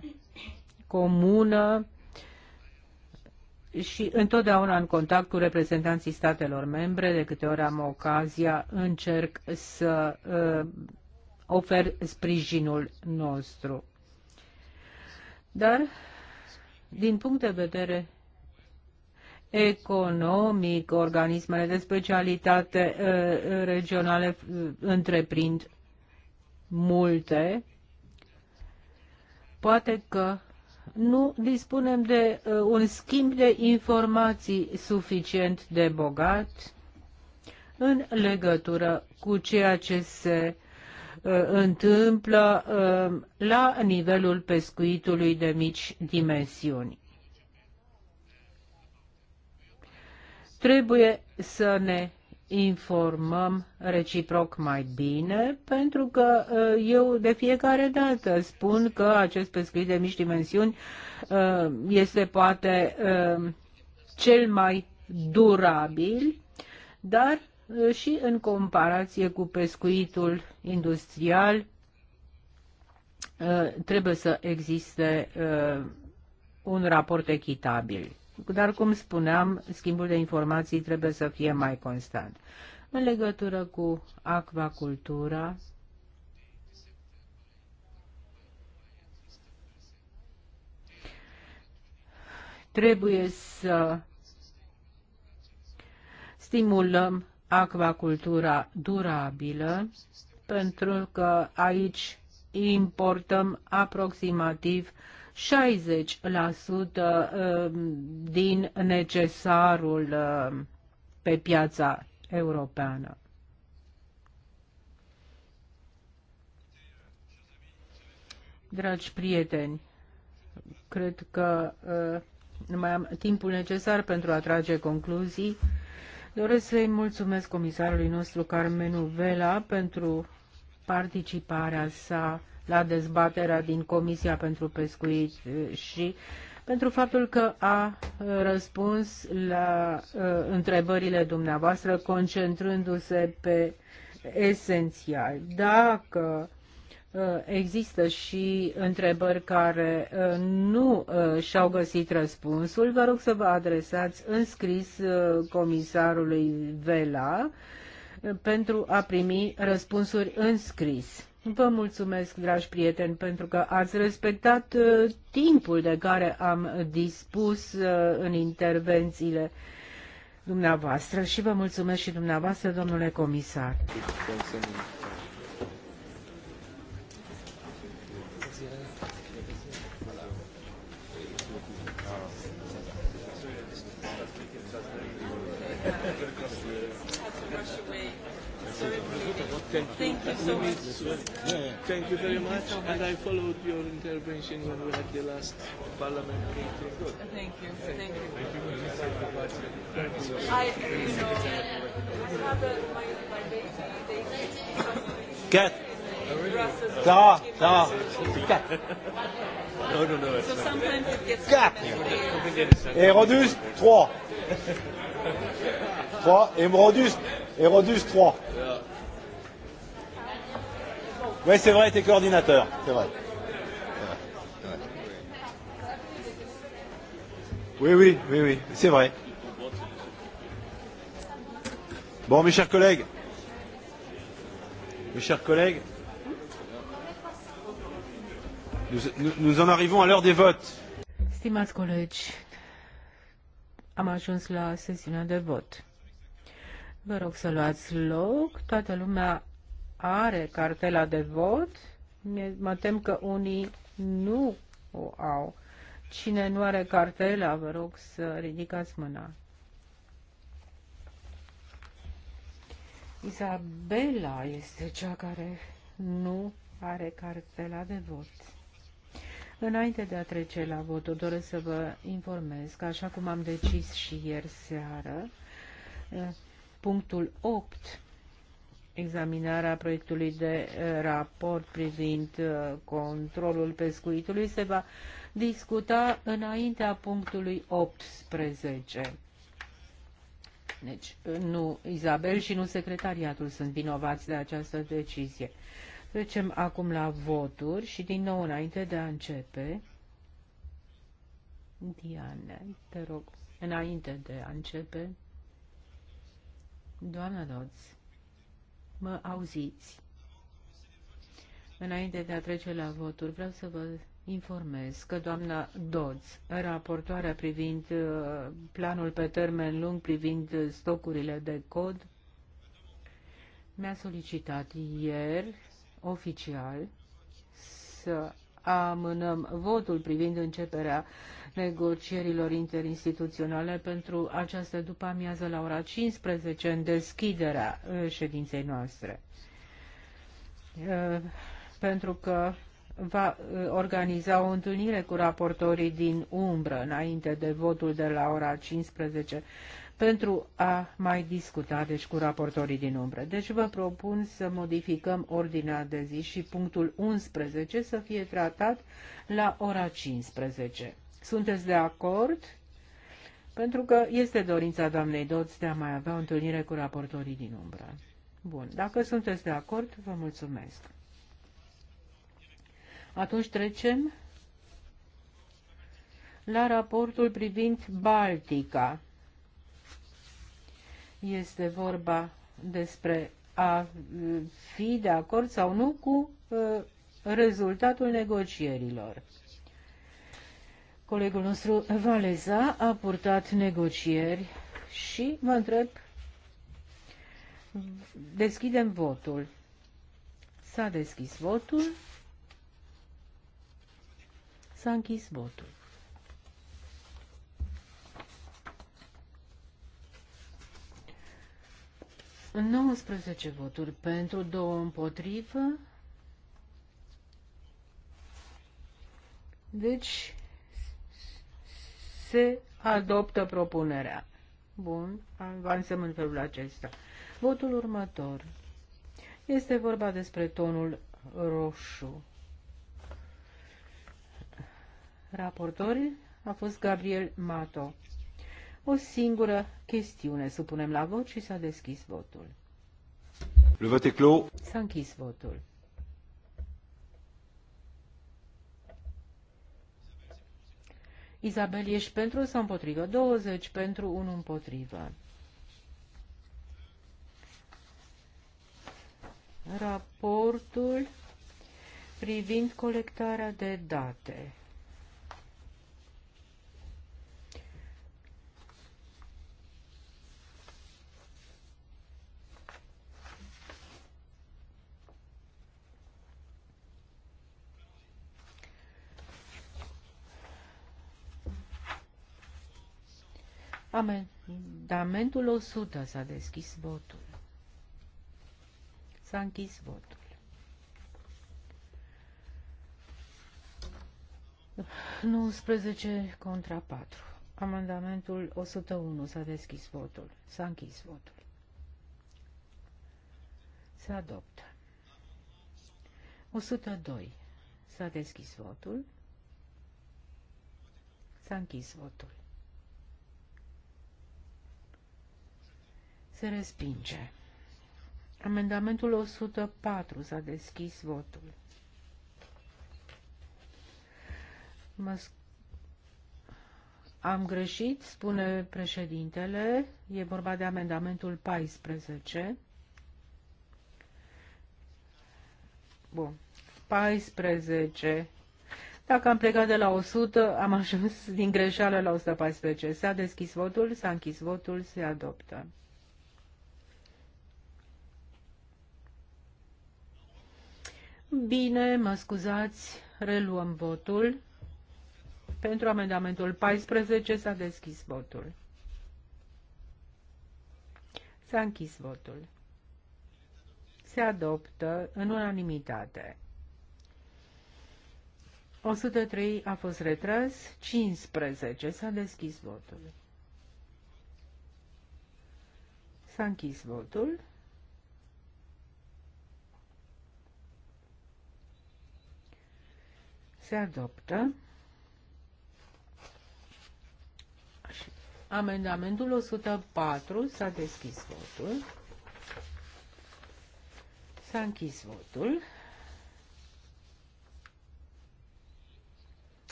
comună și întotdeauna în contact cu reprezentanții statelor membre, de câte ori am ocazia, încerc să uh, ofer sprijinul nostru. Dar, din punct de vedere economic, organismele de specialitate uh, regionale uh, întreprind multe. Poate că nu dispunem de uh, un schimb de informații suficient de bogat în legătură cu ceea ce se uh, întâmplă uh, la nivelul pescuitului de mici dimensiuni. Trebuie să ne informăm reciproc mai bine, pentru că uh, eu de fiecare dată spun că acest pescuit de mici dimensiuni uh, este poate uh, cel mai durabil, dar și în comparație cu pescuitul industrial trebuie să existe un raport echitabil. Dar, cum spuneam, schimbul de informații trebuie să fie mai constant. În legătură cu acvacultura, trebuie să stimulăm acvacultura durabilă, pentru că aici importăm aproximativ 60% um, din necesarul um, pe piața europeană. Dragi prieteni, cred că nu uh, mai am timpul necesar pentru a trage concluzii. Doresc să-i mulțumesc comisarului nostru Carmenu Vela pentru participarea sa la dezbaterea din Comisia pentru Pescuit eh, și pentru faptul că a eh, răspuns la eh, întrebările dumneavoastră concentrându-se pe esențial. Dacă Există și întrebări care nu și-au găsit răspunsul. Vă rog să vă adresați în scris comisarului Vela pentru a primi răspunsuri în scris. Vă mulțumesc, dragi prieteni, pentru că ați respectat uh, timpul de care am dispus uh, în intervențiile dumneavoastră și vă mulțumesc și dumneavoastră, domnule comisar. Thank you. Thank you so much. Thank you very much. And I followed your intervention when we had the last parliament meeting. Thank you. Thank you. I, you uh, know, I have a, my, my baby, they Get. Da, da. Get. No, no, no. So sometimes it gets 4. Hérodus, 3. 3. Hérodus, Hérodus, 3. Yeah. Oui, c'est vrai, tu es coordinateur, c'est vrai. Oui, oui, oui, oui, c'est vrai. Bon, mes chers collègues, mes chers collègues, nous, nous, nous en arrivons à l'heure des votes. Stimați colegi, am ajuns la sesiunea de vot. Vă rog să luați loc, toată lumea are cartela de vot, mă tem că unii nu o au. Cine nu are cartela, vă rog să ridicați mâna. Isabela este cea care nu are cartela de vot. Înainte de a trece la vot, doresc să vă informez că, așa cum am decis și ieri seară, punctul 8 examinarea proiectului de eh, raport privind eh, controlul pescuitului se va discuta înaintea punctului 18. Deci, eh, nu Izabel și nu secretariatul sunt vinovați de această decizie. Trecem acum la voturi și din nou înainte de a începe. Diana, te rog, înainte de a începe. Doamna Doți mă auziți. Înainte de a trece la voturi, vreau să vă informez că doamna Dodds, raportoarea privind uh, planul pe termen lung privind stocurile de cod, mi-a solicitat ieri oficial să amânăm votul privind începerea negocierilor interinstituționale pentru această după amiază la ora 15 în deschiderea uh, ședinței noastre. Uh, pentru că va uh, organiza o întâlnire cu raportorii din umbră înainte de votul de la ora 15 pentru a mai discuta deci cu raportorii din umbră. Deci vă propun să modificăm ordinea de zi și punctul 11 să fie tratat la ora 15. Sunteți de acord? Pentru că este dorința doamnei Doț de a mai avea o întâlnire cu raportorii din umbră. Bun, dacă sunteți de acord, vă mulțumesc. Atunci trecem la raportul privind Baltica. Este vorba despre a fi de acord sau nu cu rezultatul negocierilor. Colegul nostru Valeza a purtat negocieri și mă întreb, deschidem votul. S-a deschis votul, s-a închis votul. 19 voturi pentru, 2 împotrivă. Deci se adoptă propunerea. Bun, avansăm în felul acesta. Votul următor. Este vorba despre tonul roșu. Raportorul a fost Gabriel Mato. O singură chestiune supunem la vot și s-a deschis votul. Le vote est clos. S-a închis votul. Isabel, ești pentru sau împotrivă? 20 pentru, 1 împotrivă. Raportul privind colectarea de date. Amendamentul 100 s-a deschis votul. S-a închis votul. Nouăsprezece contra 4. Amendamentul 101 s-a deschis votul. S-a închis votul. Se adoptă. 102. S-a deschis votul. S-a închis votul. se respinge. Amendamentul 104 s-a deschis votul. Mă Am greșit, spune președintele, e vorba de amendamentul 14. Bun, 14. Dacă am plecat de la 100, am ajuns din greșeală la 114. S-a deschis votul, s-a închis votul, se adoptă. Bine, mă scuzați, reluăm votul. Pentru amendamentul 14 s-a deschis votul. S-a închis votul. Se adoptă în unanimitate. 103 a fost retras, 15 s-a deschis votul. S-a închis votul. Se adoptă. amendamentul 104 s-a deschis votul. S-a închis votul.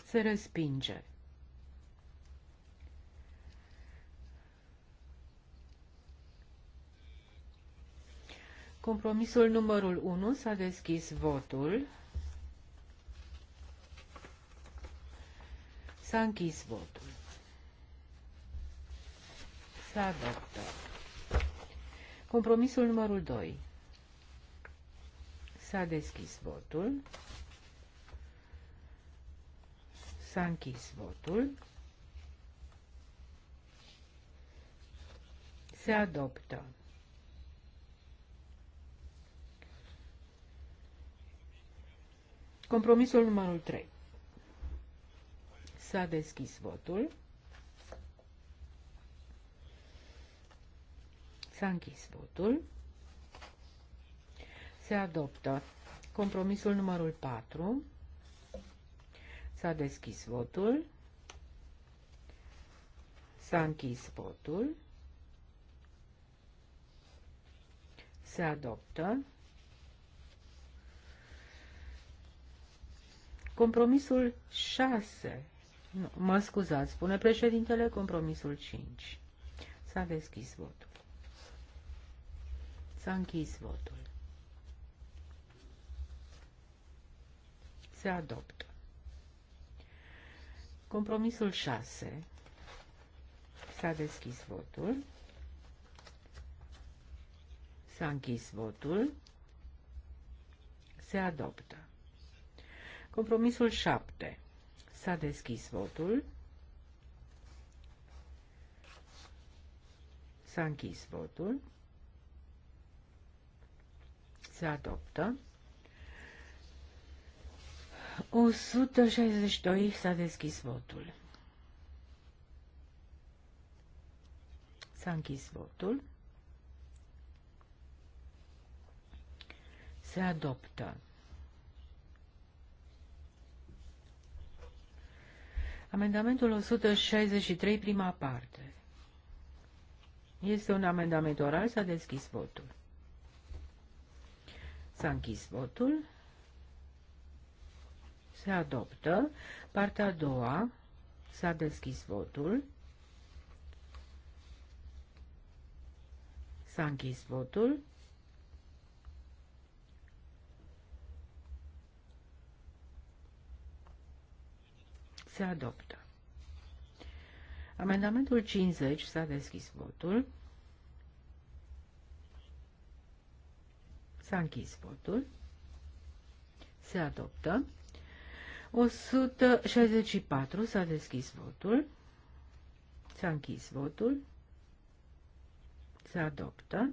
Se respinge. Compromisul numărul 1 s-a deschis votul. S-a închis votul. S-a adoptat. Compromisul numărul 2. S-a deschis votul. S-a închis votul. Se adoptă. Compromisul numărul 3. S-a deschis votul. S-a închis votul. Se adoptă compromisul numărul 4. S-a deschis votul. S-a închis votul. Se adoptă. Compromisul 6 mă scuzați, spune președintele, compromisul 5. S-a deschis votul. S-a închis votul. Se adoptă. Compromisul 6. S-a deschis votul. S-a închis votul. Se adoptă. Compromisul 7. S-a deschis votul. S-a închis votul. Se adoptă. 162 s-a deschis votul. S-a închis votul. Se adoptă. Amendamentul 163, prima parte. Este un amendament oral, s-a deschis votul. S-a închis votul. Se adoptă. Partea a doua, s-a deschis votul. S-a închis votul. se adoptă. Amendamentul 50 s-a deschis votul. S-a închis votul. Se adoptă. 164 s-a deschis votul. S-a închis votul. Se adoptă.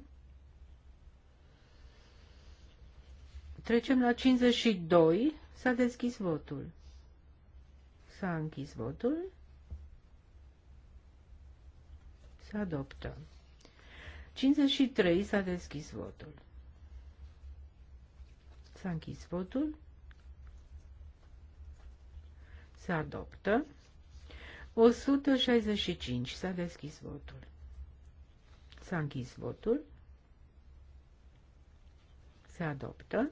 Trecem la 52. S-a deschis votul. S-a închis votul. Se adoptă. 53 s-a deschis votul. S-a închis votul. Se adoptă. 165 s-a deschis votul. S-a închis votul. Se adoptă.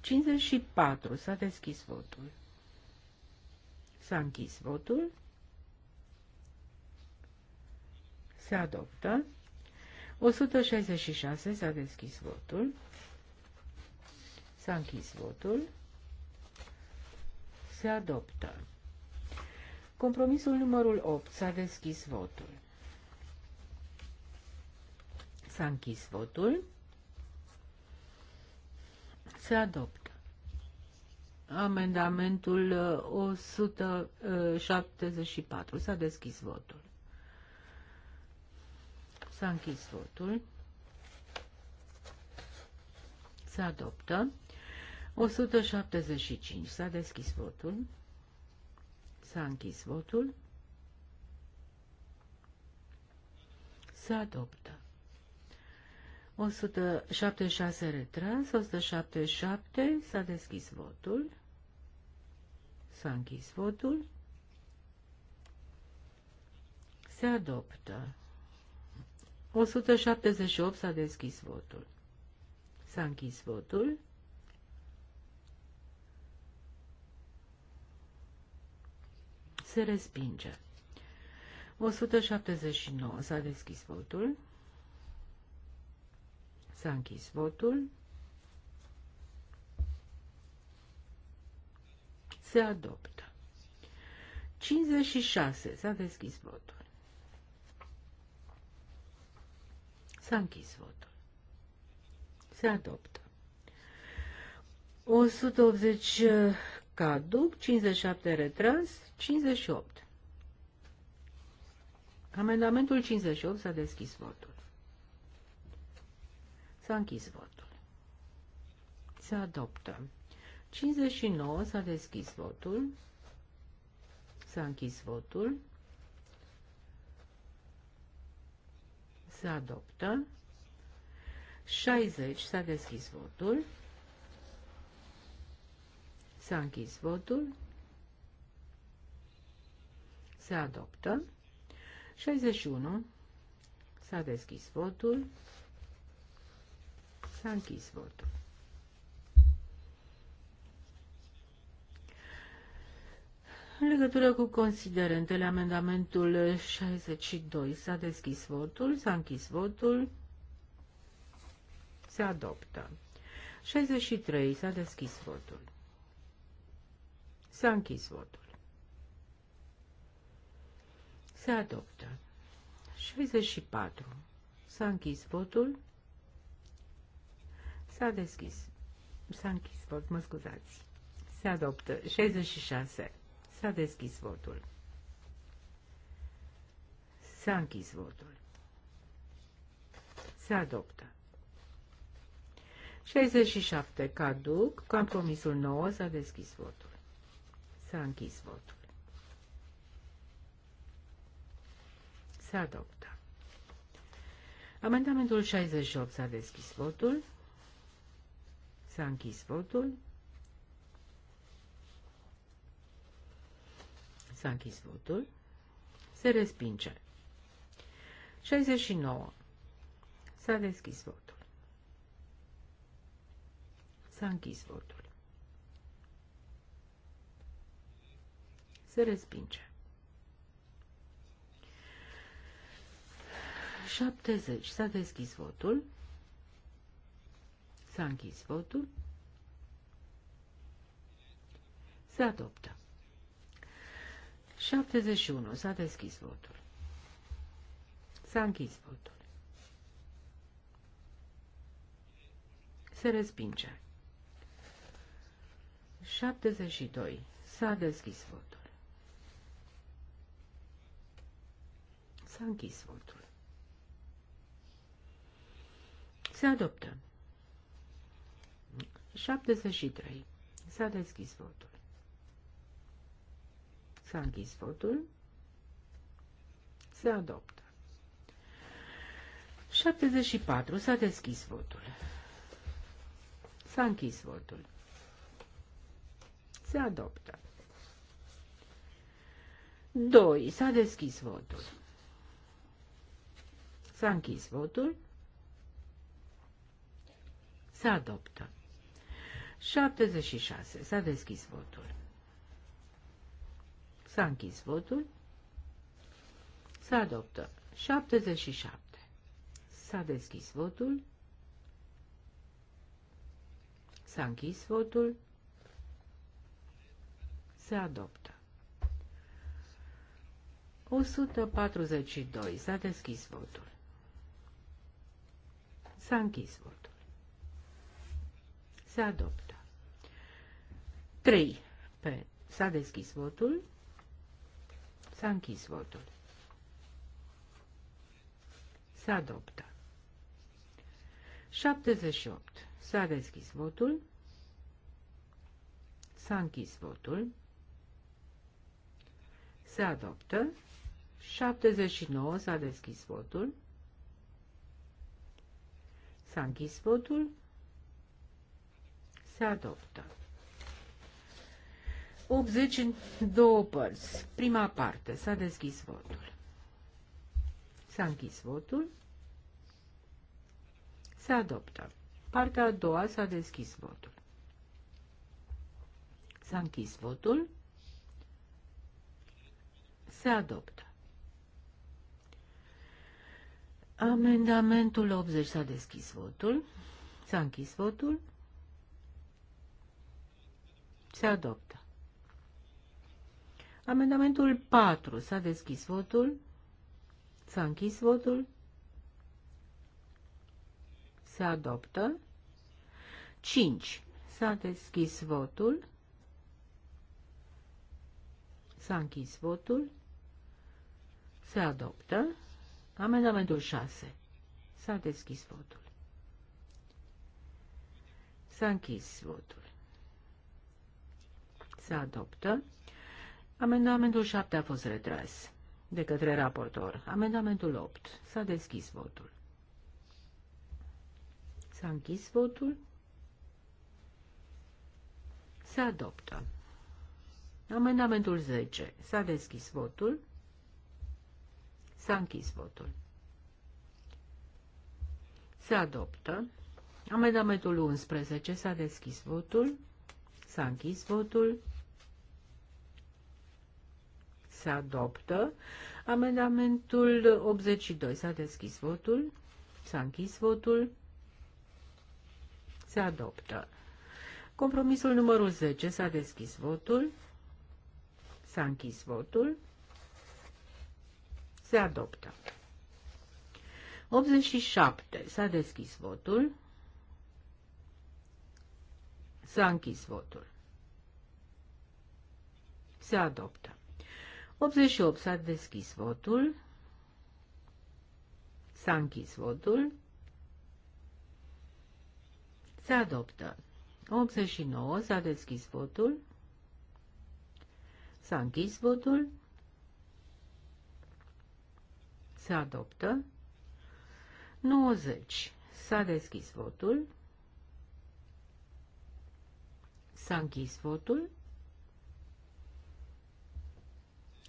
54 s-a deschis votul. S-a închis votul. Se adoptă. 166 s-a deschis votul. S-a închis votul. Se adoptă. Compromisul numărul 8 s-a deschis votul. S-a închis votul. Se adoptă amendamentul 174. Uh, S-a deschis votul. S-a închis votul. Se adoptă. 175. S-a deschis votul. S-a închis votul. Se adoptă. 176 retras, 177 s-a deschis votul, s-a închis votul, se adoptă. 178 s-a deschis votul, s-a închis votul, se respinge. 179 s-a deschis votul, S-a închis votul. Se adoptă. 56. S-a deschis votul. S-a închis votul. Se adoptă. 180 uh, caduc, 57 retras, 58. Amendamentul 58 s-a deschis votul. S-a închis votul. Se adoptă. 59 s-a deschis votul. S-a închis votul. Se adoptă. 60 s-a deschis votul. S-a închis votul. Se adoptă. 61 s-a deschis votul. S-a închis votul. În legătură cu considerentele, amendamentul 62 s-a deschis votul, s-a închis votul, se adoptă. 63 s-a deschis votul. S-a închis votul. Se adoptă. 64 s-a închis votul. S-a deschis. S-a închis vot, mă scuzați. Se adoptă. 66. S-a deschis votul. S-a închis votul. Se adoptă. 67. Caduc. Compromisul 9. S-a deschis votul. S-a închis votul. Se adoptă. Amendamentul 68. S-a deschis votul. S-a închis votul. S-a închis votul. Se respinge. 69. S-a deschis votul. S-a închis votul. Se respinge. 70. S-a deschis votul. S-a închis votul. Se adoptă. 71. S-a deschis votul. S-a închis votul. Se respinge. 72. S-a deschis votul. S-a închis votul. Se adoptă. 73. S-a deschis votul. S-a închis votul. Se adoptă. 74. S-a deschis votul. S-a închis votul. Se adoptă. 2. S-a deschis votul. S-a închis votul. Se adoptă. 76. S-a deschis votul. S-a închis votul. Se adoptă. 77. S-a deschis votul. S-a închis votul. Se adoptă. 142. S-a deschis votul. S-a închis votul. Se adoptă. 3. Pe. S-a deschis votul. S-a închis votul. s-a adoptat. 78. S-a deschis votul. S-a închis votul. Se adoptă. 79. S-a deschis votul. S-a închis votul. Se adoptă. 80 în două părți. Prima parte. S-a deschis votul. S-a închis votul. Se adoptă. Partea a doua s-a deschis votul. S-a închis votul. Se adoptă. Amendamentul 80 s-a deschis votul. S-a închis votul. Se adoptă. Amendamentul 4. S-a deschis votul. S-a închis votul. Se adoptă. 5. S-a deschis votul. S-a închis votul. Se adoptă. Amendamentul 6. S-a deschis votul. S-a închis votul. Se adoptă. Amendamentul 7 a fost retras de către raportor. Amendamentul 8. S-a deschis votul. S-a închis votul. Se adoptă. Amendamentul 10. S-a deschis votul. S-a închis votul. Se adoptă. Amendamentul 11. S-a deschis votul. S-a închis votul. Se adoptă. Amendamentul 82. S-a deschis votul. S-a închis votul. Se adoptă. Compromisul numărul 10. S-a deschis votul. S-a închis votul. Se adoptă. 87. S-a deschis votul. S-a închis votul. Se adoptă. 88 s-a deschis votul. S-a închis votul. Se adoptă. 89 s-a deschis votul. S-a închis votul. Se adoptă. 90 s-a deschis votul. S-a închis votul.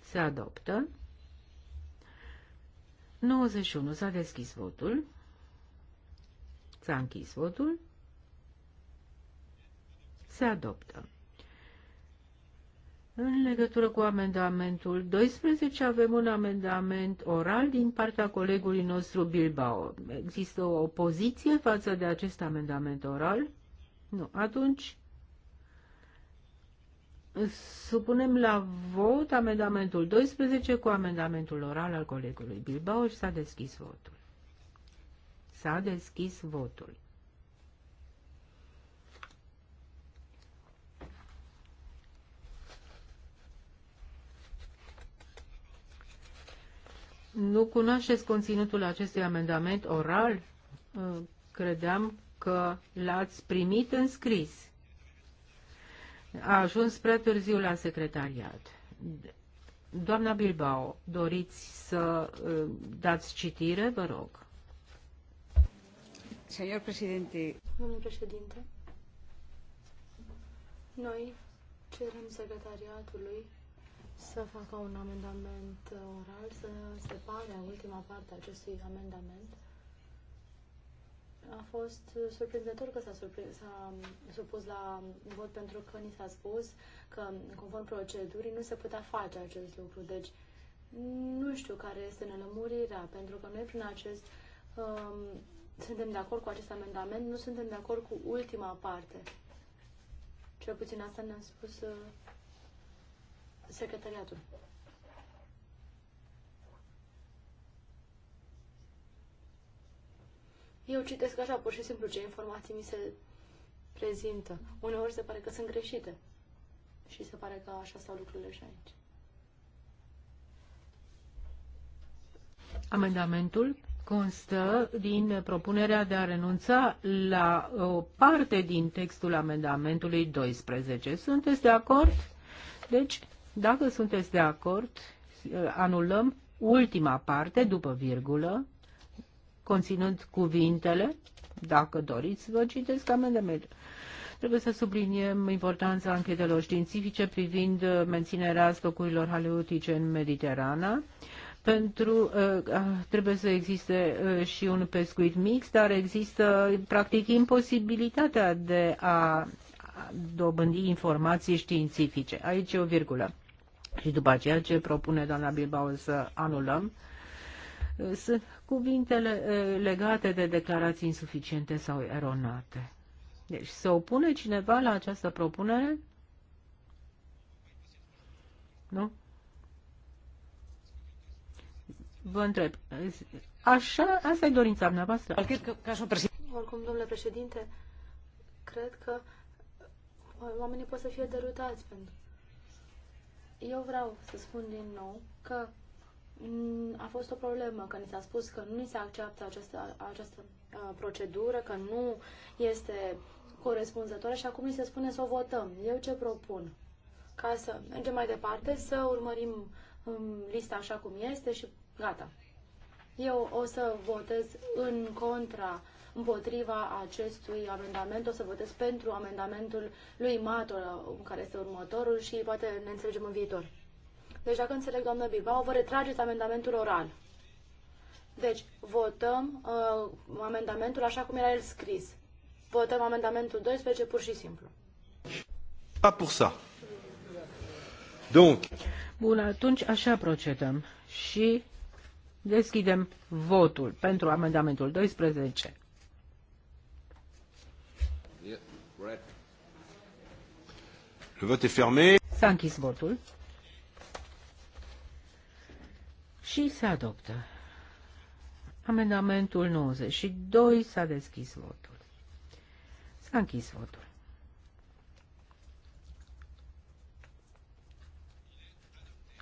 Se adoptă. 91. S-a deschis votul. S-a închis votul. Se adoptă. În legătură cu amendamentul 12 avem un amendament oral din partea colegului nostru Bilbao. Există o opoziție față de acest amendament oral? Nu. Atunci Supunem la vot amendamentul 12 cu amendamentul oral al colegului Bilbao și s-a deschis votul. S-a deschis votul. Nu cunoașteți conținutul acestui amendament oral? Credeam că l-ați primit în scris. A ajuns prea târziu la secretariat. Doamna Bilbao, doriți să uh, dați citire, vă rog. Señor președinte. Domnul președinte, noi cerem secretariatului să facă un amendament oral, să separe ultima parte a acestui amendament a fost uh, surprinzător că s-a, surprins, s-a supus la vot pentru că ni s-a spus că, conform procedurii, nu se putea face acest lucru. Deci, nu știu care este nelămurirea, pentru că noi prin acest um, suntem de acord cu acest amendament, nu suntem de acord cu ultima parte. Cel puțin asta ne-a spus uh, secretariatul. Eu citesc așa, pur și simplu, ce informații mi se prezintă. Uneori se pare că sunt greșite. Și se pare că așa stau lucrurile și aici. Amendamentul constă din propunerea de a renunța la o parte din textul amendamentului 12. Sunteți de acord? Deci, dacă sunteți de acord, anulăm ultima parte după virgulă conținând cuvintele, dacă doriți, vă citesc amendamentul. Trebuie să subliniem importanța anchetelor științifice privind uh, menținerea stocurilor haleutice în Mediterana. Pentru uh, trebuie să existe uh, și un pescuit mix, dar există practic imposibilitatea de a dobândi informații științifice. Aici e o virgulă. Și după aceea ce propune doamna Bilbao să anulăm, sunt cuvintele legate de declarații insuficiente sau eronate. Deci se opune cineva la această propunere? Nu? Vă întreb. Așa, asta e dorința mea voastră. Oricum, domnule președinte, cred că oamenii pot să fie derutați pentru. Eu vreau să spun din nou că Mm, a fost o problemă că ni s-a spus că nu ni se acceptă această, această uh, procedură, că nu este corespunzătoare și acum ni se spune să o votăm. Eu ce propun? Ca să mergem mai departe, să urmărim um, lista așa cum este și gata. Eu o să votez în contra, împotriva acestui amendament, o să votez pentru amendamentul lui Matola, uh, care este următorul și poate ne înțelegem în viitor. Deci, dacă înțeleg, doamnă Bilbao, vă retrageți amendamentul oral. Deci, votăm uh, amendamentul așa cum era el scris. Votăm amendamentul 12 pur și simplu. A pur sa. Donc. Bun, atunci așa procedăm și deschidem votul pentru amendamentul 12. Le vote est fermé. S-a închis votul. și se adoptă. Amendamentul 92 s-a deschis votul. S-a închis votul.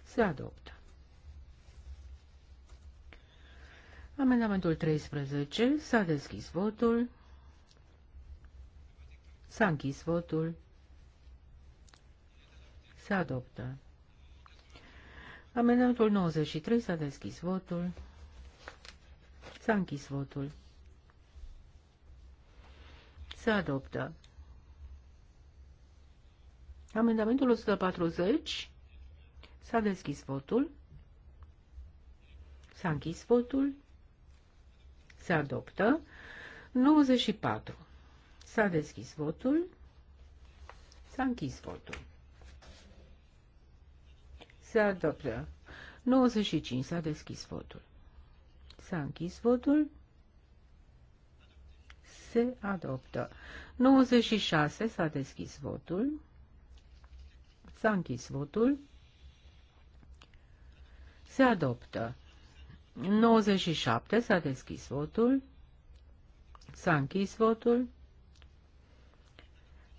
Se adoptă. Amendamentul 13 s-a deschis votul. S-a închis votul. Se adoptă. Amendamentul 93 s-a deschis votul. S-a închis votul. Se adoptă. Amendamentul 140 s-a deschis votul. S-a închis votul. Se adoptă. 94. S-a deschis votul. S-a închis votul se adoptă. 95 s-a deschis votul. S-a închis votul. Se adoptă. 96 s-a deschis votul. S-a închis votul. Se adoptă. 97 s-a deschis votul. S-a închis votul.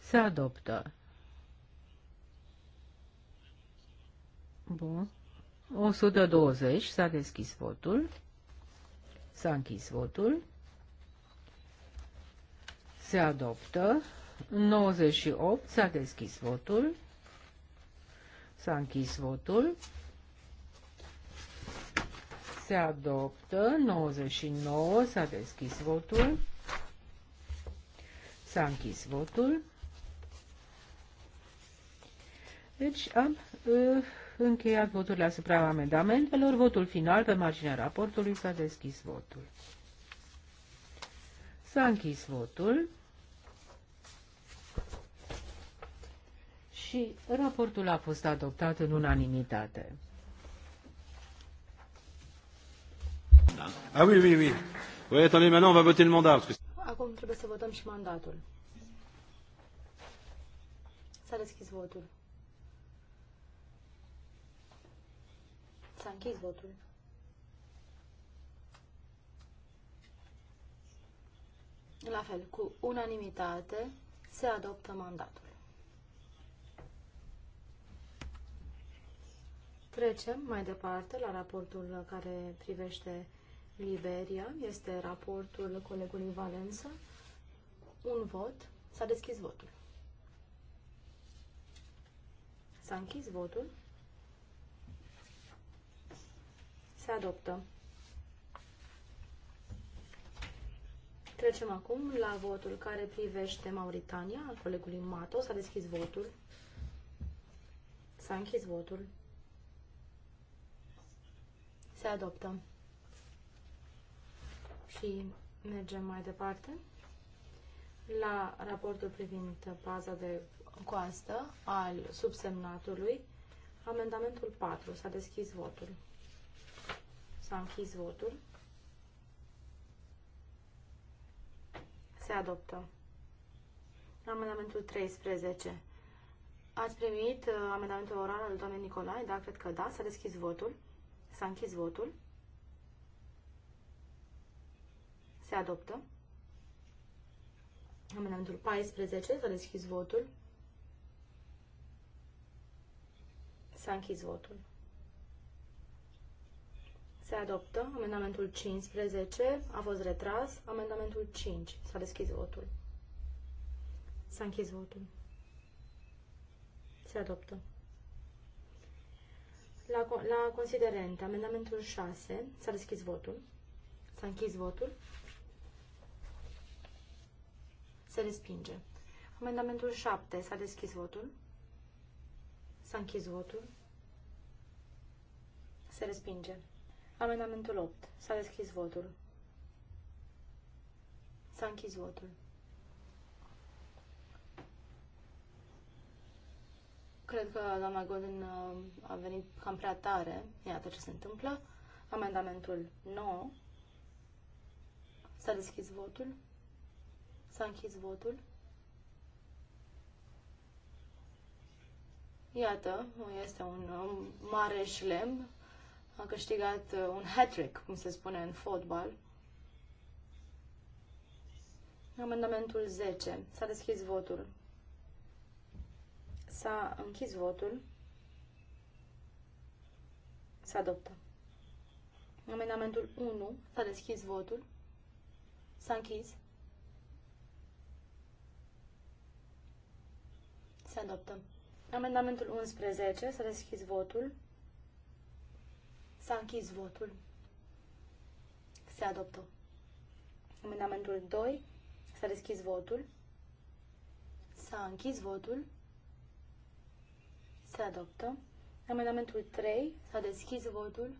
Se adoptă. Bun. 120. S-a deschis votul. S-a închis votul. Se adoptă. 98. S-a deschis votul. S-a închis votul. Se adoptă. 99. S-a deschis votul. S-a închis votul. Deci am... Uh, încheiat voturile asupra amendamentelor. Votul final pe marginea raportului s-a deschis votul. S-a închis votul și raportul a fost adoptat în unanimitate. Ah oui, oui, oui. Oui, attendez, maintenant on va voter le mandat. Parce que... Acum trebuie să votăm și mandatul. S-a deschis votul. S-a închis votul. La fel, cu unanimitate se adoptă mandatul. Trecem mai departe la raportul care privește Liberia. Este raportul colegului Valență. Un vot. S-a deschis votul. S-a închis votul. se adoptă. Trecem acum la votul care privește Mauritania, al colegului Mato. S-a deschis votul. S-a închis votul. Se adoptă. Și mergem mai departe la raportul privind paza de coastă al subsemnatului, amendamentul 4. S-a deschis votul. S-a închis votul. Se adoptă. Amendamentul 13. Ați primit uh, amendamentul oral al doamnei Nicolae? Da, cred că da. S-a deschis votul. S-a închis votul. Se adoptă. Amendamentul 14. S-a deschis votul. S-a închis votul. Se adoptă. Amendamentul 15 a fost retras. Amendamentul 5. S-a deschis votul. S-a închis votul. Se adoptă. La, la considerent, amendamentul 6, s-a deschis votul. S-a închis votul. Se respinge. Amendamentul 7, s-a deschis votul. S-a închis votul. Se respinge. Amendamentul 8. S-a deschis votul. S-a închis votul. Cred că doamna Godin uh, a venit cam prea tare. Iată ce se întâmplă. Amendamentul 9. S-a deschis votul. S-a închis votul. Iată, este un mare șlem a câștigat uh, un hat-trick, cum se spune în fotbal. Amendamentul 10. S-a deschis votul. S-a închis votul. Se adoptă. Amendamentul 1. S-a deschis votul. S-a închis. Se adoptă. Amendamentul 11. S-a deschis votul. S-a închis votul. Se adoptă. Amendamentul 2. S-a deschis votul. S-a închis votul. Se adoptă. Amendamentul 3. S-a deschis votul.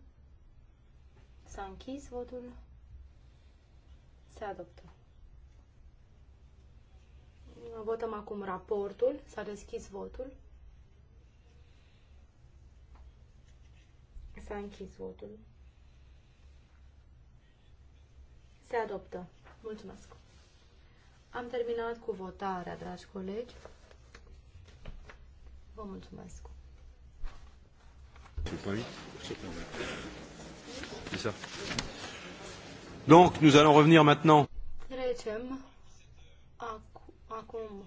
S-a închis votul. Se adoptă. Votăm acum raportul. S-a deschis votul. S-a închis votul. Se adoptă. Mulțumesc. Am terminat cu votarea, dragi colegi. Vă mulțumesc. Donc, nous allons revenir maintenant. Trecem acum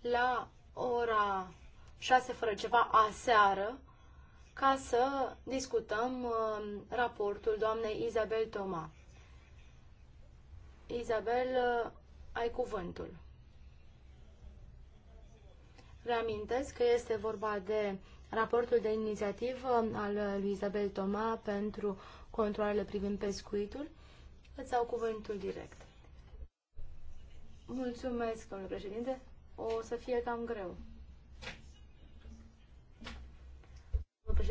la ora 6 fără ceva aseară ca să discutăm uh, raportul doamnei Isabel Toma. Isabel, uh, ai cuvântul. Reamintesc că este vorba de raportul de inițiativă uh, al lui Isabel Toma pentru controlele privind pescuitul. Îți dau cuvântul direct. Mulțumesc, domnule președinte. O să fie cam greu.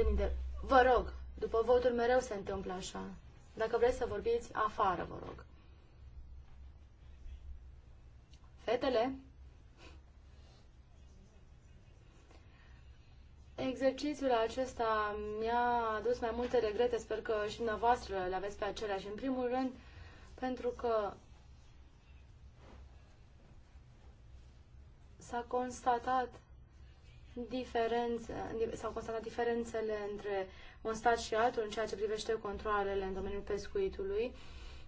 de... vă rog, după votul mereu se întâmplă așa. Dacă vreți să vorbiți, afară, vă rog. Fetele? Exercițiul acesta mi-a adus mai multe regrete, sper că și dumneavoastră le aveți pe aceleași. În primul rând, pentru că s-a constatat diferențe, s-au constatat diferențele între un stat și altul în ceea ce privește controlele în domeniul pescuitului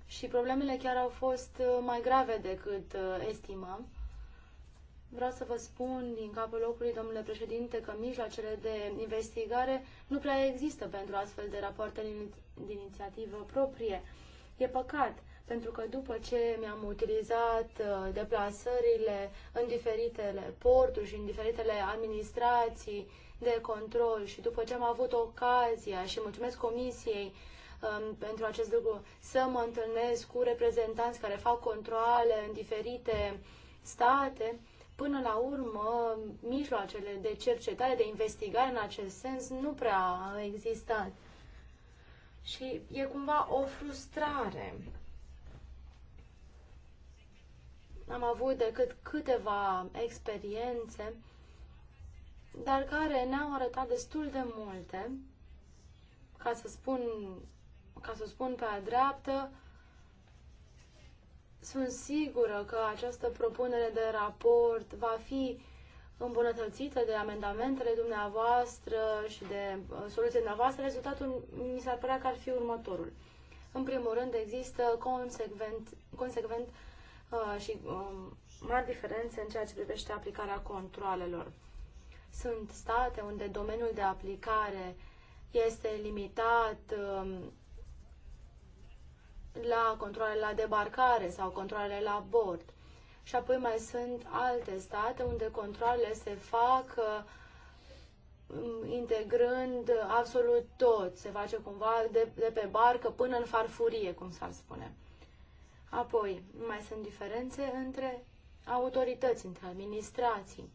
și problemele chiar au fost uh, mai grave decât uh, estimăm. Vreau să vă spun din capul locului, domnule președinte, că mijloacele de investigare nu prea există pentru astfel de rapoarte din, din inițiativă proprie. E păcat, pentru că după ce mi-am utilizat uh, deplasările în diferitele porturi și în diferitele administrații de control și după ce am avut ocazia și mulțumesc comisiei um, pentru acest lucru, să mă întâlnesc cu reprezentanți care fac controle în diferite state, până la urmă mijloacele de cercetare, de investigare în acest sens nu prea au existat. Și e cumva o frustrare Am avut decât câteva experiențe, dar care ne-au arătat destul de multe, ca să spun, ca să spun pe a dreaptă, sunt sigură că această propunere de raport va fi îmbunătățită de amendamentele dumneavoastră și de uh, soluțiile dumneavoastră, rezultatul mi s-ar părea că ar fi următorul. În primul rând, există consecvent, consecvent Uh, și um, mari diferențe în ceea ce privește aplicarea controlelor Sunt state unde domeniul de aplicare este limitat um, la controlele la debarcare sau controlele la bord. Și apoi mai sunt alte state unde controlele se fac um, integrând absolut tot. Se face cumva de, de pe barcă până în farfurie, cum s-ar spune. Apoi, mai sunt diferențe între autorități, între administrații,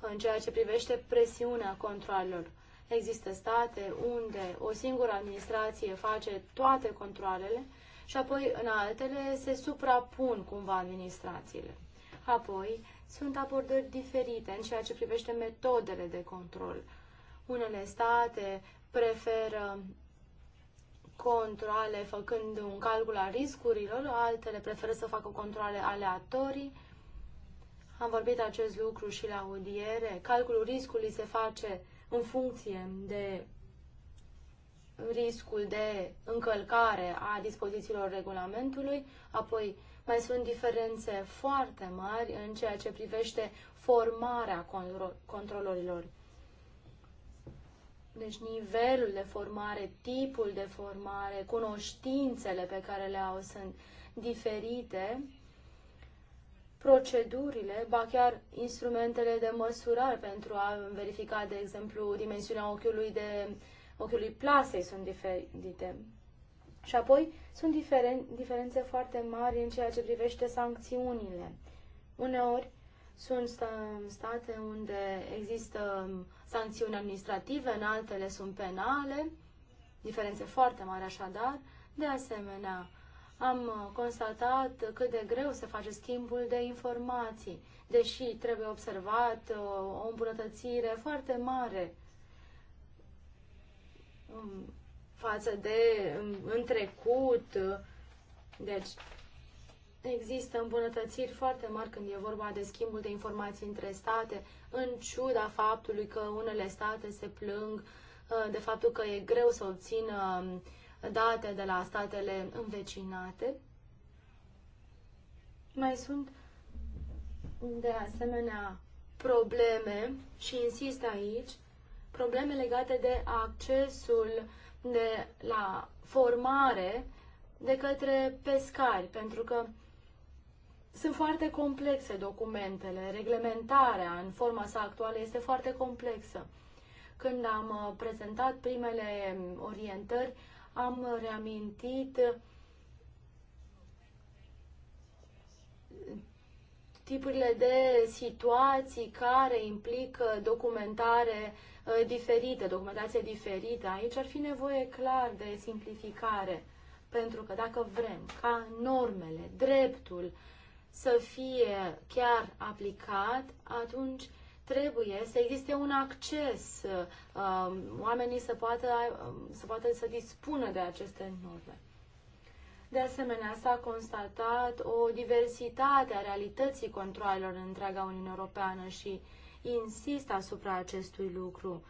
în ceea ce privește presiunea controlelor. Există state unde o singură administrație face toate controlele și apoi în altele se suprapun cumva administrațiile. Apoi, sunt abordări diferite în ceea ce privește metodele de control. Unele state preferă controle făcând un calcul a riscurilor, altele preferă să facă controle aleatorii. Am vorbit acest lucru și la audiere. Calculul riscului se face în funcție de riscul de încălcare a dispozițiilor regulamentului, apoi mai sunt diferențe foarte mari în ceea ce privește formarea control controlorilor. Deci nivelul de formare, tipul de formare, cunoștințele pe care le au sunt diferite, procedurile, ba chiar instrumentele de măsurare pentru a verifica, de exemplu, dimensiunea ochiului de ochiului plasei sunt diferite. Și apoi sunt diferen, diferențe foarte mari în ceea ce privește sancțiunile. Uneori sunt state unde există sancțiuni administrative, în altele sunt penale, diferențe foarte mari așadar. De asemenea, am uh, constatat cât de greu se face schimbul de informații, deși trebuie observat uh, o îmbunătățire foarte mare um, față de um, în trecut. Deci, există îmbunătățiri foarte mari când e vorba de schimbul de informații între state, în ciuda faptului că unele state se plâng uh, de faptul că e greu să obțină uh, date de la statele învecinate. Mai sunt de asemenea probleme și insist aici, probleme legate de accesul de la formare de către pescari, pentru că sunt foarte complexe documentele, reglementarea în forma sa actuală este foarte complexă. Când am uh, prezentat primele um, orientări, am reamintit uh, tipurile de situații care implică documentare uh, diferită, documentație diferită. Aici ar fi nevoie clar de simplificare, pentru că dacă vrem ca normele, dreptul, să fie chiar aplicat, atunci trebuie să existe un acces, um, oamenii să poată um, să, poată să dispună de aceste norme. De asemenea, s-a constatat o diversitate a realității controlelor în întreaga Uniune Europeană și insist asupra acestui lucru.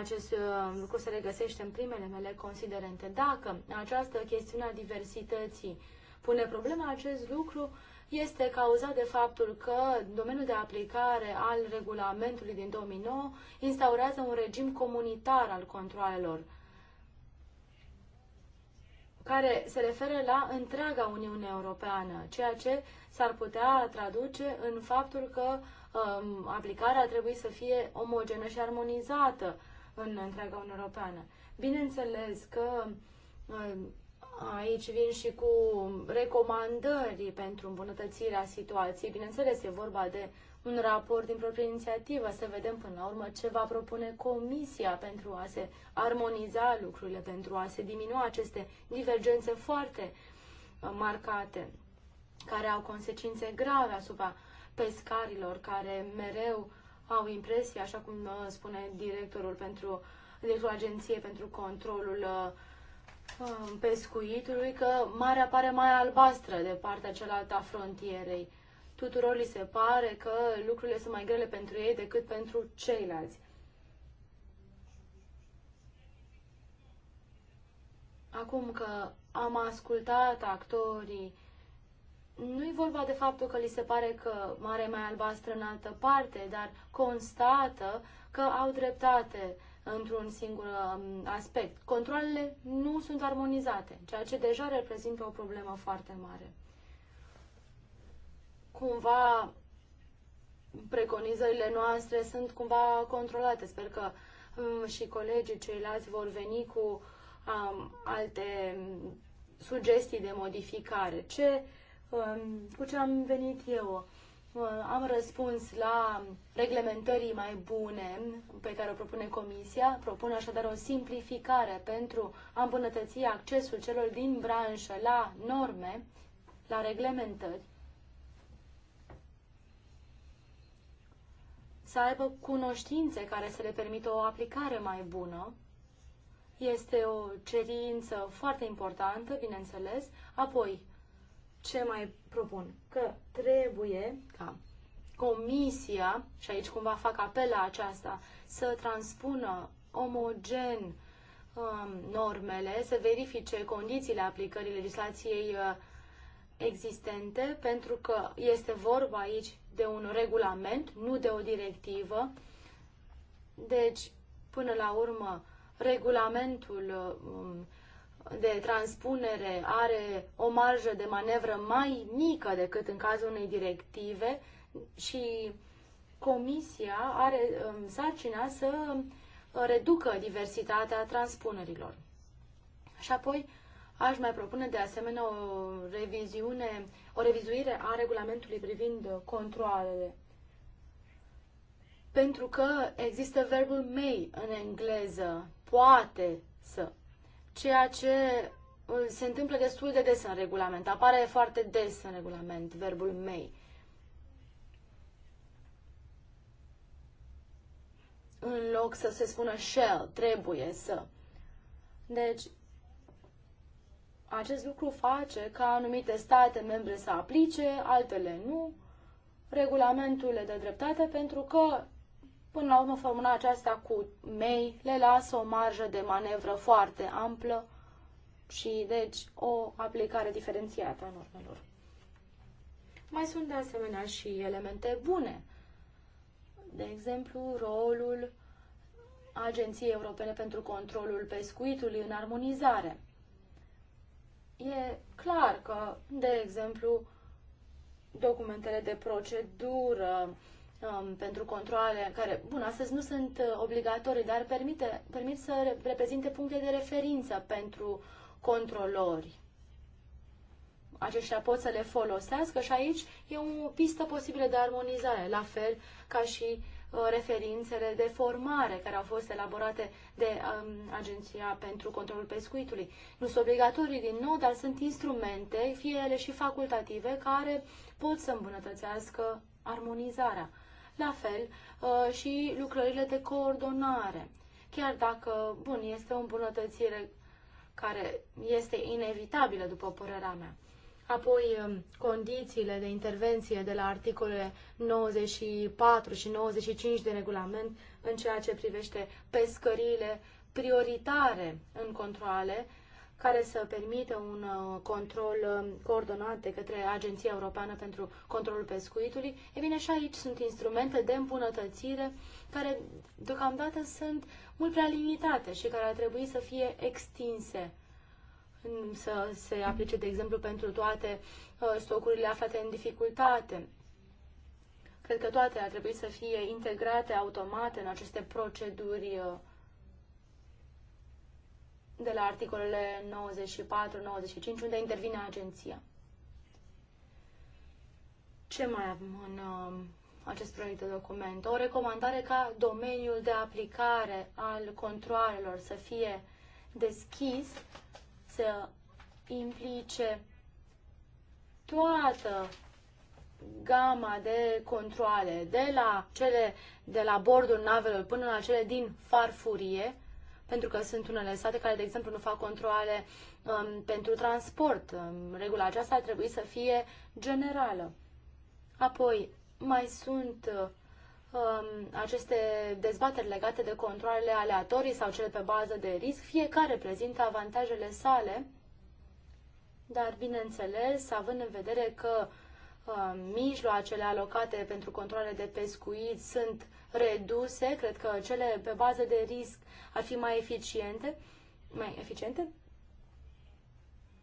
Acest uh, lucru se regăsește în primele mele considerente. Dacă această chestiune a diversității pune problema acest lucru, este cauzat de faptul că domeniul de aplicare al regulamentului din 2009 instaurează un regim comunitar al controalelor care se referă la întreaga Uniune Europeană, ceea ce s-ar putea traduce în faptul că um, aplicarea trebuie să fie omogenă și armonizată în întreaga Uniune Europeană. Bineînțeles că um, Aici vin și cu recomandări pentru îmbunătățirea situației. Bineînțeles, e vorba de un raport din proprie inițiativă, să vedem până la urmă ce va propune Comisia pentru a se armoniza lucrurile, pentru a se diminua aceste divergențe foarte marcate, care au consecințe grave asupra pescarilor, care mereu au impresia, așa cum uh, spune directorul pentru directorul Agenției pentru Controlul uh, Um, pescuitului că marea pare mai albastră de partea cealaltă a frontierei. Tuturor li se pare că lucrurile sunt mai grele pentru ei decât pentru ceilalți. Acum că am ascultat actorii, nu-i vorba de faptul că li se pare că mare mai albastră în altă parte, dar constată că au dreptate într-un singur um, aspect. Controlele nu sunt armonizate, ceea ce deja reprezintă o problemă foarte mare. Cumva preconizările noastre sunt cumva controlate. Sper că um, și colegii ceilalți vor veni cu um, alte um, sugestii de modificare. Ce, um, cu ce am venit eu? Uh, am răspuns la reglementării mai bune pe care o propune Comisia. Propun așadar o simplificare pentru a îmbunătăți accesul celor din branșă la norme, la reglementări, să aibă cunoștințe care să le permită o aplicare mai bună. Este o cerință foarte importantă, bineînțeles. Apoi, ce mai propun? Că trebuie ca comisia, și aici cumva fac apel la aceasta, să transpună omogen um, normele, să verifice condițiile aplicării legislației uh, existente, pentru că este vorba aici de un regulament, nu de o directivă. Deci, până la urmă, regulamentul um, de transpunere are o marjă de manevră mai mică decât în cazul unei directive și Comisia are um, sarcina să uh, reducă diversitatea transpunerilor. Și apoi aș mai propune de asemenea o reviziune, o revizuire a regulamentului privind controalele. Pentru că există verbul may în engleză, poate să ceea ce uh, se întâmplă destul de des în regulament. Apare foarte des în regulament verbul may. În loc să se spună shall, trebuie să. Deci, acest lucru face ca anumite state membre să aplice, altele nu, regulamentul de dreptate, pentru că Până la urmă, formula aceasta cu mei le lasă o marjă de manevră foarte amplă și, deci, o aplicare diferențiată a normelor. Mai sunt, de asemenea, și elemente bune. De exemplu, rolul Agenției Europene pentru Controlul Pescuitului în armonizare. E clar că, de exemplu, documentele de procedură, um, pentru controle, care, bun, astăzi nu sunt uh, obligatorii, dar permite, permit să reprezinte puncte de referință pentru controlori. Aceștia pot să le folosească și aici e o pistă posibilă de armonizare, la fel ca și uh, referințele de formare care au fost elaborate de um, Agenția pentru Controlul Pescuitului. Nu sunt obligatorii din nou, dar sunt instrumente, fie ele și facultative, care pot să îmbunătățească armonizarea la fel uh, și lucrările de coordonare. Chiar dacă, bun, este o îmbunătățire care este inevitabilă, după părerea mea. Apoi, um, condițiile de intervenție de la articolele 94 și 95 de regulament în ceea ce privește pescăriile prioritare în controle care să permită un uh, control um, coordonat de către Agenția Europeană pentru Controlul Pescuitului, e bine, și aici sunt instrumente de îmbunătățire care deocamdată sunt mult prea limitate și care ar trebui să fie extinse să se aplice, de exemplu, pentru toate uh, stocurile aflate în dificultate. Cred că toate ar trebui să fie integrate automate în aceste proceduri uh, de la articolele 94-95, unde intervine agenția. Ce mai avem în uh, acest proiect de document? O recomandare ca domeniul de aplicare al controalelor să fie deschis, să implice toată gama de controle, de la cele de la bordul navelor până la cele din farfurie, pentru că sunt unele state care, de exemplu, nu fac controle um, pentru transport. Um, regula aceasta ar trebui să fie generală. Apoi, mai sunt um, aceste dezbateri legate de controlele aleatorii sau cele pe bază de risc. Fiecare prezintă avantajele sale, dar, bineînțeles, având în vedere că um, mijloacele alocate pentru controle de pescuit sunt reduse, cred că cele pe bază de risc ar fi mai eficiente, mai eficiente,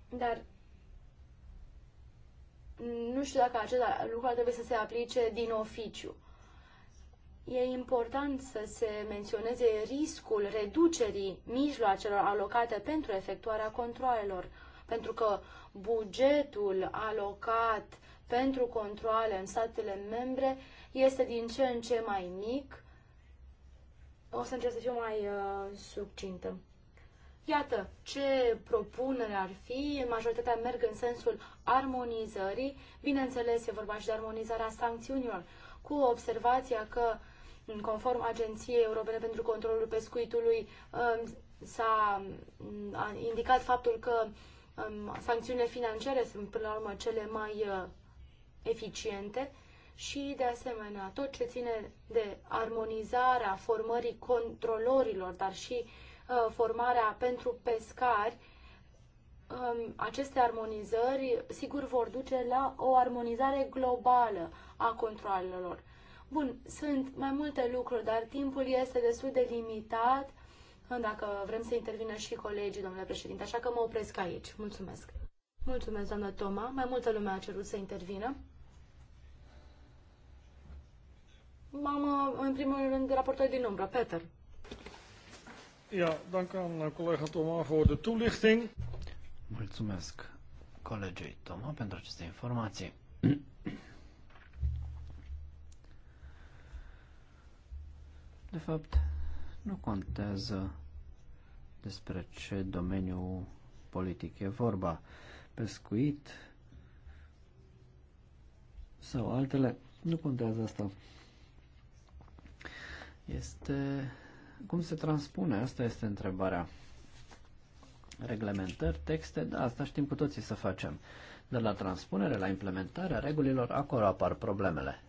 dar nu știu dacă acest lucru ar trebui să se aplice din oficiu. E important să se menționeze riscul reducerii mijloacelor alocate pentru efectuarea controalelor, pentru că bugetul alocat pentru controale în statele membre este din ce în ce mai mic. O să încerc să fiu mai uh, succintă. Iată ce propunere ar fi, majoritatea merg în sensul armonizării, bineînțeles e vorba și de armonizarea sancțiunilor, cu observația că, conform Agenției Europene pentru Controlul Pescuitului, um, s-a indicat faptul că um, sancțiunile financiare sunt până la urmă cele mai uh, eficiente și, de asemenea, tot ce ține de armonizarea formării controlorilor, dar și uh, formarea pentru pescari, um, aceste armonizări, sigur, vor duce la o armonizare globală a controlelor. Bun, sunt mai multe lucruri, dar timpul este destul de limitat uh, dacă vrem să intervină și colegii, domnule președinte, așa că mă opresc aici. Mulțumesc. Mulțumesc, doamnă Toma. Mai multă lume a cerut să intervină. m-am, în primul rând, raportat din umbră. Peter. Ja, dank aan eh, colega Toma voor de toelichting. Mulțumesc colegii Toma pentru aceste informații. De fapt, nu contează despre ce domeniu politic e vorba. Pescuit sau altele, nu contează asta este cum se transpune, asta este întrebarea. Reglementări, texte, da, asta știm cu toții să facem. De la transpunere la implementarea regulilor, acolo apar problemele.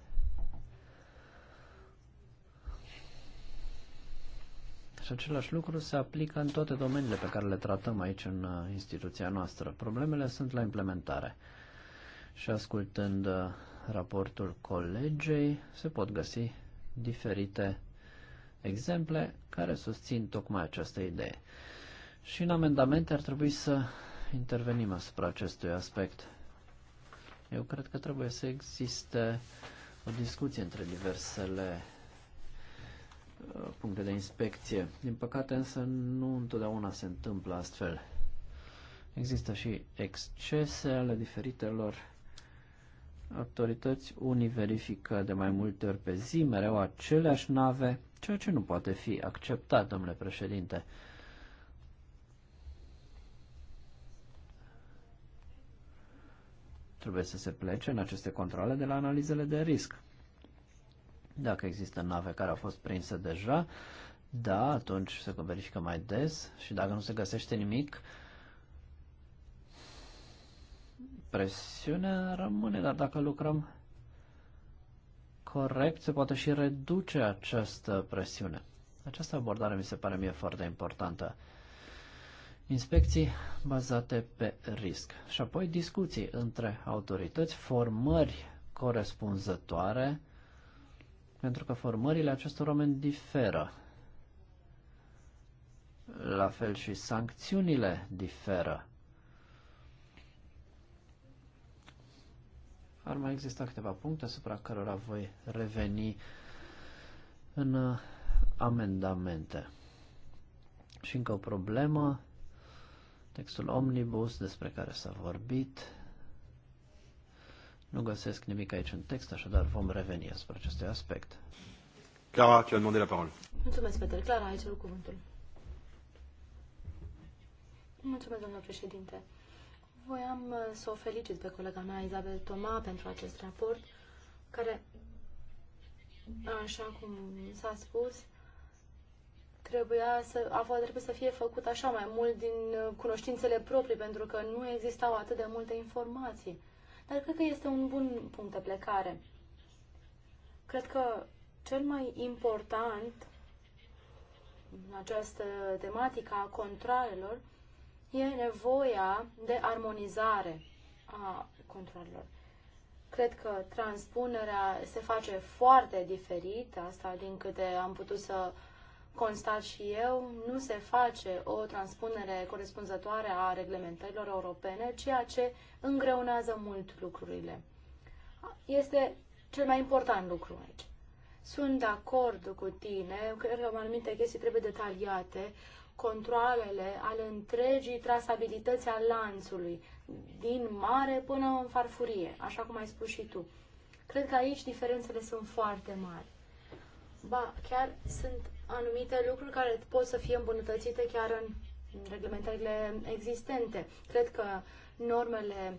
Și deci același lucru se aplică în toate domeniile pe care le tratăm aici în uh, instituția noastră. Problemele sunt la implementare. Și ascultând uh, raportul colegei, se pot găsi diferite exemple care susțin tocmai această idee. Și în amendamente ar trebui să intervenim asupra acestui aspect. Eu cred că trebuie să existe o discuție între diversele uh, puncte de inspecție. Din păcate însă nu întotdeauna se întâmplă astfel. Există și excese ale diferitelor autorități. Unii verifică de mai multe ori pe zi mereu aceleași nave, ceea ce nu poate fi acceptat, domnule președinte. Trebuie să se plece în aceste controle de la analizele de risc. Dacă există nave care au fost prinse deja, da, atunci se verifică mai des și dacă nu se găsește nimic, presiunea rămâne, dar dacă lucrăm corect se poate și reduce această presiune. Această abordare mi se pare mie foarte importantă. Inspecții bazate pe risc și apoi discuții între autorități, formări corespunzătoare, pentru că formările acestor oameni diferă. La fel și sancțiunile diferă. Ar mai exista câteva puncte asupra cărora voi reveni în uh, amendamente. Și încă o problemă, textul omnibus despre care s-a vorbit. Nu găsesc nimic aici în text, așadar vom reveni asupra acestui aspect. Clara, tu as demandé la parole. Mulțumesc, Peter. Clara, ai cerut cuvântul. Mulțumesc, domnule președinte. Voiam uh, să o felicit pe colega mea, Isabel Toma, pentru acest raport, care, așa cum s-a spus, trebuia să, a fost, trebuie să fie făcut așa mai mult din uh, cunoștințele proprii, pentru că nu existau atât de multe informații. Dar cred că este un bun punct de plecare. Cred că cel mai important în această tematică a contrarelor e nevoia de armonizare a controlelor. Cred că transpunerea se face foarte diferit, asta din câte am putut să constat și eu, nu se face o transpunere corespunzătoare a reglementărilor europene, ceea ce îngreunează mult lucrurile. Este cel mai important lucru aici. Sunt de acord cu tine, cred că anumite chestii trebuie detaliate, controlele ale întregii trasabilități a lanțului, din mare până în farfurie, așa cum ai spus și tu. Cred că aici diferențele sunt foarte mari. Ba, chiar sunt anumite lucruri care pot să fie îmbunătățite chiar în reglementările existente. Cred că normele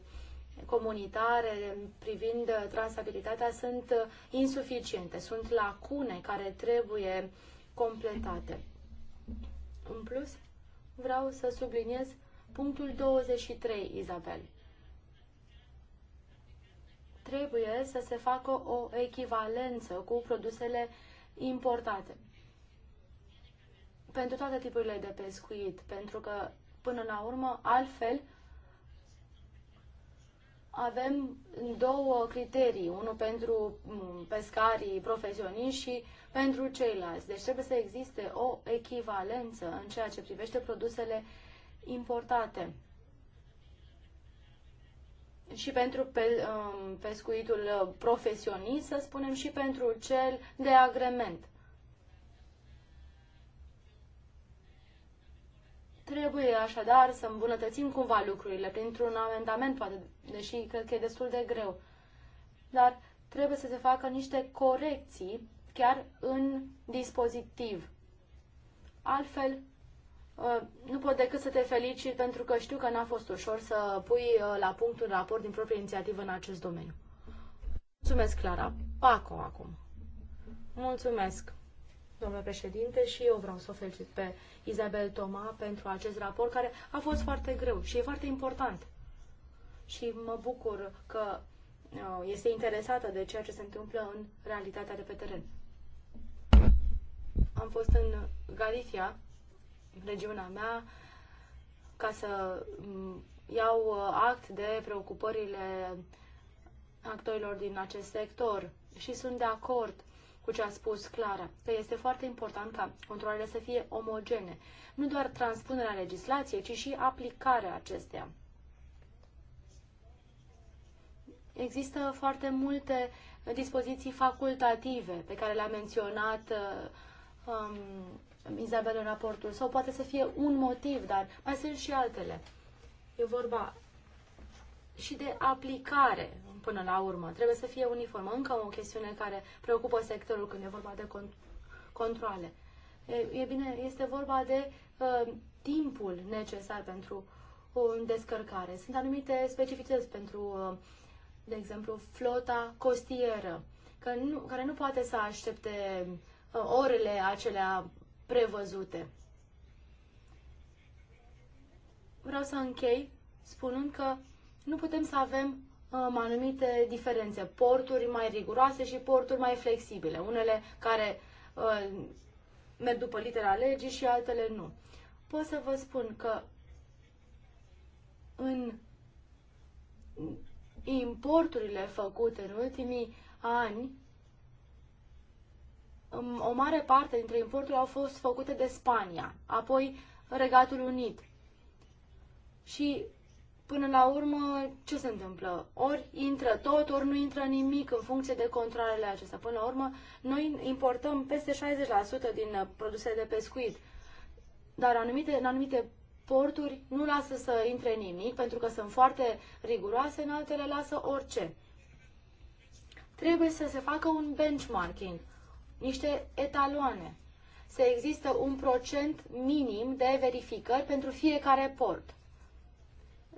comunitare privind trasabilitatea sunt insuficiente, sunt lacune care trebuie completate. În plus, vreau să subliniez punctul 23, Izabel. Trebuie să se facă o echivalență cu produsele importate pentru toate tipurile de pescuit, pentru că, până la urmă, altfel, avem două criterii, unul pentru pescarii profesioniști și pentru ceilalți. Deci trebuie să existe o echivalență în ceea ce privește produsele importate. Și pentru pe, um, pescuitul profesionist, să spunem, și pentru cel de agrement. Trebuie așadar să îmbunătățim cumva lucrurile printr-un amendament, poate, deși cred că e destul de greu. Dar trebuie să se facă niște corecții chiar în dispozitiv. Altfel, uh, nu pot decât să te felicit pentru că știu că n-a fost ușor să pui uh, la punct un raport din proprie inițiativă în acest domeniu. Mulțumesc, Clara. Paco, acum. Mulțumesc, domnule președinte, și eu vreau să o felicit pe Isabel Toma pentru acest raport care a fost foarte greu și e foarte important. Și mă bucur că uh, este interesată de ceea ce se întâmplă în realitatea de pe teren. Am fost în Galicia, în regiunea mea, ca să mm, iau uh, act de preocupările actorilor din acest sector și sunt de acord cu ce a spus Clara, că este foarte important ca controlele să fie omogene, nu doar transpunerea legislației, ci și aplicarea acesteia. Există foarte multe dispoziții facultative pe care le-a menționat uh, um, Izabel în raportul sau poate să fie un motiv, dar mai sunt și altele. E vorba și de aplicare până la urmă. Trebuie să fie uniformă. Încă o chestiune care preocupă sectorul când e vorba de cont- controle. E, e bine, este vorba de uh, timpul necesar pentru o descărcare. Sunt anumite specificități pentru, uh, de exemplu, flota costieră, că nu, care nu poate să aștepte Uh, orele acelea prevăzute. Vreau să închei spunând că nu putem să avem um, anumite diferențe, porturi mai riguroase și porturi mai flexibile, unele care uh, merg după litera legii și altele nu. Pot să vă spun că în importurile făcute în ultimii ani o mare parte dintre importuri au fost făcute de Spania, apoi Regatul Unit. Și până la urmă, ce se întâmplă? Ori intră tot, ori nu intră nimic în funcție de controlele acestea. Până la urmă, noi importăm peste 60% din uh, produsele de pescuit, dar anumite, în anumite porturi nu lasă să intre nimic, pentru că sunt foarte riguroase, în altele lasă orice. Trebuie să se facă un benchmarking niște etaloane. Să există un procent minim de verificări pentru fiecare port.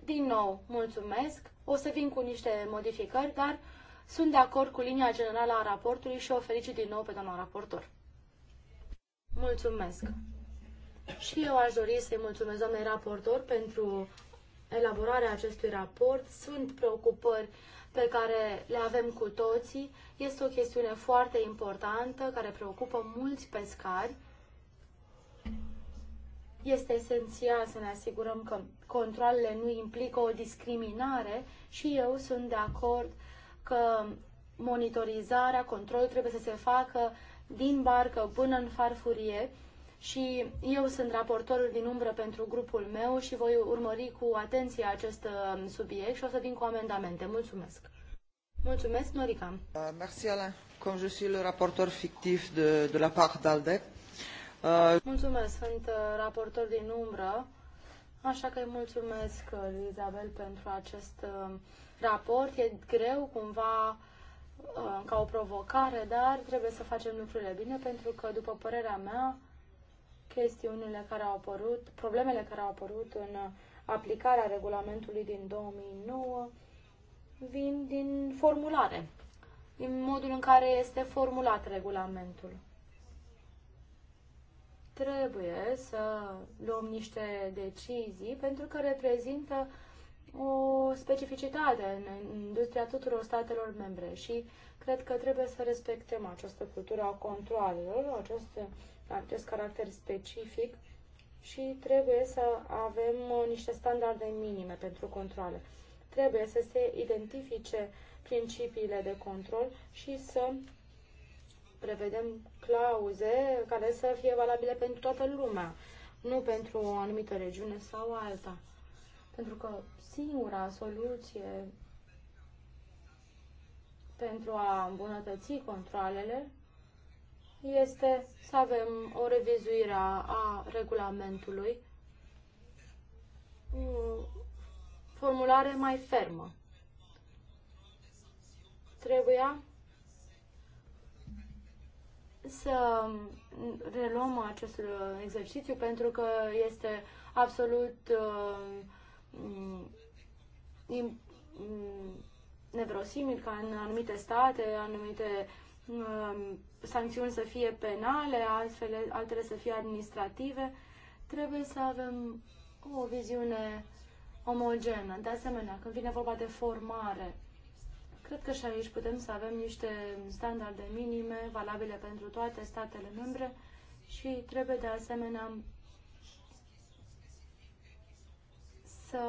Din nou, mulțumesc, o să vin cu niște modificări, dar sunt de acord cu linia generală a raportului și o felicit din nou pe doamna raportor. Mulțumesc! Și eu aș dori să-i mulțumesc doamnei raportor pentru elaborarea acestui raport. Sunt preocupări uh, pe care le avem cu toții. Este o chestiune foarte importantă care preocupă mulți pescari. Este esențial să ne asigurăm că controlele nu implică o discriminare și eu sunt de acord că monitorizarea, controlul trebuie să se facă din barcă până în farfurie și eu sunt raportorul din umbră pentru grupul meu și voi urmări cu atenție acest um, subiect și o să vin cu amendamente. Mulțumesc! Mulțumesc, Norica! Uh, merci, Alain. Comme je suis le raportor fictif de, de la part d'ALDE. Uh... Mulțumesc, sunt uh, raportor din umbră, așa că îi mulțumesc, uh, Isabel, pentru acest um, raport. E greu, cumva, uh, ca o provocare, dar trebuie să facem lucrurile bine, pentru că, după părerea mea, chestiunile care au apărut, problemele care au apărut în aplicarea regulamentului din 2009 vin din formulare, din modul în care este formulat regulamentul. Trebuie să luăm niște decizii pentru că reprezintă o specificitate în industria tuturor statelor membre și cred că trebuie să respectăm această cultură a controlelor, această acest caracter specific și trebuie să avem uh, niște standarde minime pentru controle. Trebuie să se identifice principiile de control și să prevedem clauze care să fie valabile pentru toată lumea, nu pentru o anumită regiune sau alta. Pentru că singura soluție pentru a îmbunătăți controlele este să avem o revizuire a regulamentului, o formulare mai fermă. Trebuia să reluăm acest exercițiu pentru că este absolut uh, mm, nevrosimil ca în anumite state, anumite Um, sancțiuni să fie penale, altfel, altele să fie administrative, trebuie să avem o viziune omogenă. De asemenea, când vine vorba de formare, cred că și aici putem să avem niște standarde minime valabile pentru toate statele membre și trebuie de asemenea să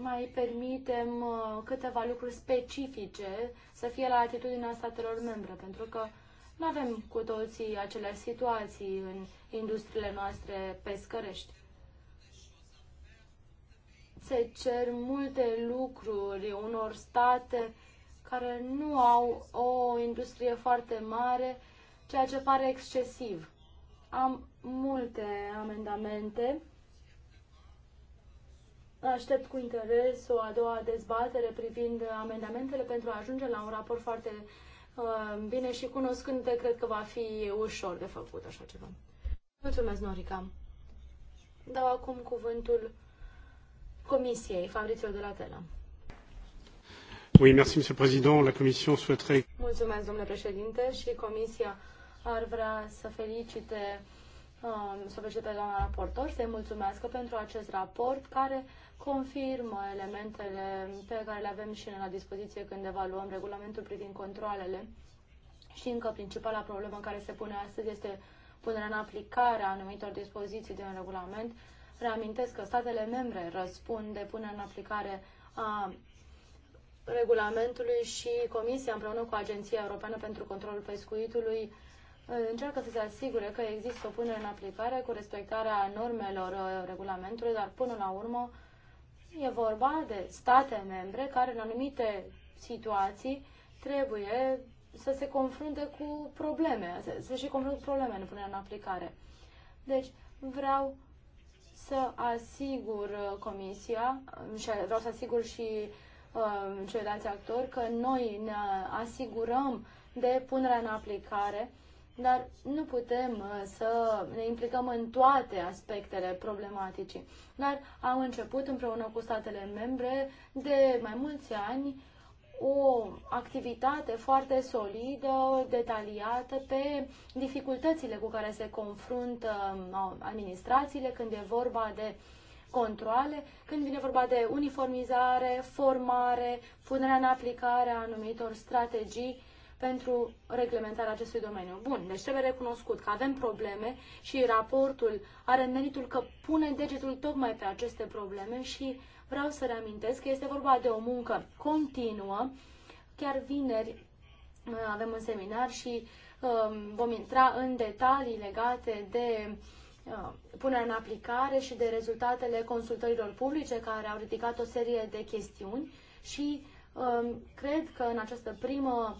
mai permitem uh, câteva lucruri specifice să fie la atitudinea statelor membre, pentru că nu avem cu toții aceleași situații în industriile noastre pescărești. Se cer multe lucruri unor state care nu au o industrie foarte mare, ceea ce pare excesiv. Am multe amendamente Aștept cu interes o a doua dezbatere privind amendamentele pentru a ajunge la un raport foarte uh, bine și cunoscând, cred că va fi ușor de făcut așa ceva. Mulțumesc, Norica. Dau acum cuvântul Comisiei, Fabrizio de la Tela. Oui, merci, Monsieur le Président. La Commission souhaiterait... Mulțumesc, domnule președinte, și Comisia ar vrea să felicite uh, să felicite pe doamna raportor, să-i mulțumesc pentru acest raport care confirmă elementele pe care le avem și la dispoziție când evaluăm regulamentul privind controlele. Și încă principala problemă care se pune astăzi este punerea în aplicare a anumitor dispoziții din regulament. Reamintesc că statele membre răspund de punerea în aplicare a regulamentului și Comisia împreună cu Agenția Europeană pentru Controlul Pescuitului încearcă să se asigure că există o punere în aplicare cu respectarea normelor uh, regulamentului, dar până la urmă E vorba de state membre care în anumite situații trebuie să se confrunte cu probleme, să, se și confrunte cu probleme în punerea în aplicare. Deci vreau să asigur uh, Comisia um, și vreau să asigur și uh, ceilalți actori că noi ne asigurăm de punerea în aplicare dar nu putem uh, să ne implicăm în toate aspectele problematicii. Dar au început împreună cu statele membre de mai mulți ani o activitate foarte solidă, detaliată pe dificultățile cu care se confruntă uh, administrațiile când e vorba de controle, când vine vorba de uniformizare, formare, punerea în aplicare a anumitor strategii pentru reglementarea acestui domeniu. Bun, deci trebuie recunoscut că avem probleme și raportul are meritul că pune degetul tocmai pe aceste probleme și vreau să reamintesc că este vorba de o muncă continuă. Chiar vineri uh, avem un seminar și um, vom intra în detalii legate de uh, punerea în aplicare și de rezultatele consultărilor publice care au ridicat o serie de chestiuni și um, cred că în această primă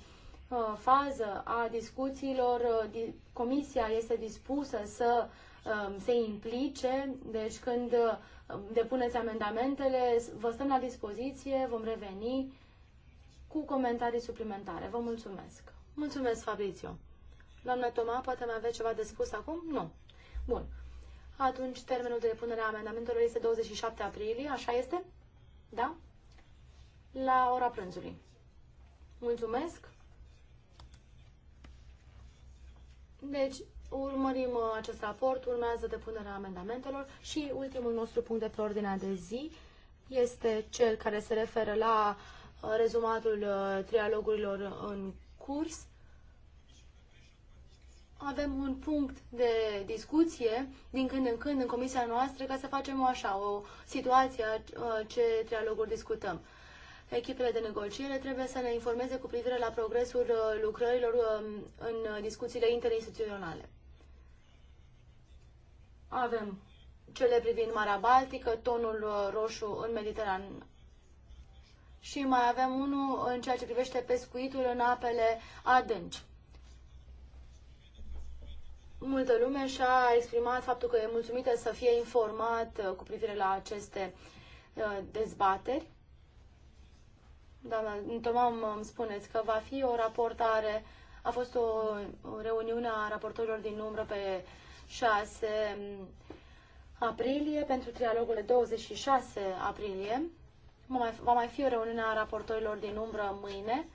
Uh, fază a discuțiilor, uh, comisia este dispusă să um, se implice, deci când uh, depuneți amendamentele, vă stăm la dispoziție, vom reveni cu comentarii suplimentare. Vă mulțumesc. Mulțumesc, Fabrizio. Doamna Toma, poate mai aveți ceva de spus acum? Nu. Bun. Atunci, termenul de depunere a amendamentelor este 27 aprilie, așa este? Da? La ora prânzului. Mulțumesc. Deci, urmărim uh, acest raport, urmează depunerea amendamentelor și ultimul nostru punct de pe ordinea de zi este cel care se referă la uh, rezumatul uh, trialogurilor în curs. Avem un punct de discuție din când în când în comisia noastră ca să facem așa o situație ce trialoguri discutăm. Echipele de negociere trebuie să ne informeze cu privire la progresul uh, lucrărilor um, în discuțiile interinstituționale. Avem cele privind Marea Baltică, tonul uh, roșu în Mediteran și mai avem unul în ceea ce privește pescuitul în apele adânci. Multă lume și-a exprimat faptul că e mulțumită să fie informat uh, cu privire la aceste dezbateri doamna întotdeauna îmi spuneți că va fi o raportare, a fost o reuniune a raportorilor din umbră pe 6 aprilie, pentru trialogurile 26 aprilie. Va mai fi o reuniune a raportorilor din umbră mâine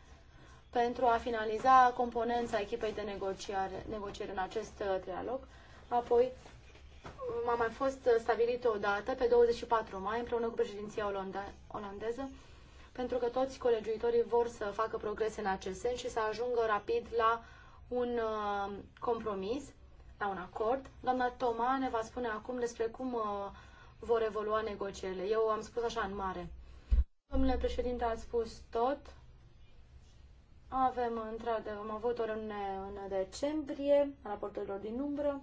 pentru a finaliza componența echipei de negociare, negociere în acest uh, trialog. Apoi a mai fost stabilit o dată pe 24 mai împreună cu președinția olandeză pentru că toți colegiuitorii vor să facă progrese în acest sens și să ajungă rapid la un uh, compromis, la un acord. Doamna Toma ne va spune acum despre cum uh, vor evolua negocierile. Eu am spus așa în mare. Domnule președinte, ați spus tot. Avem, într-adevăr, am avut o reuniune în decembrie, lor din umbră.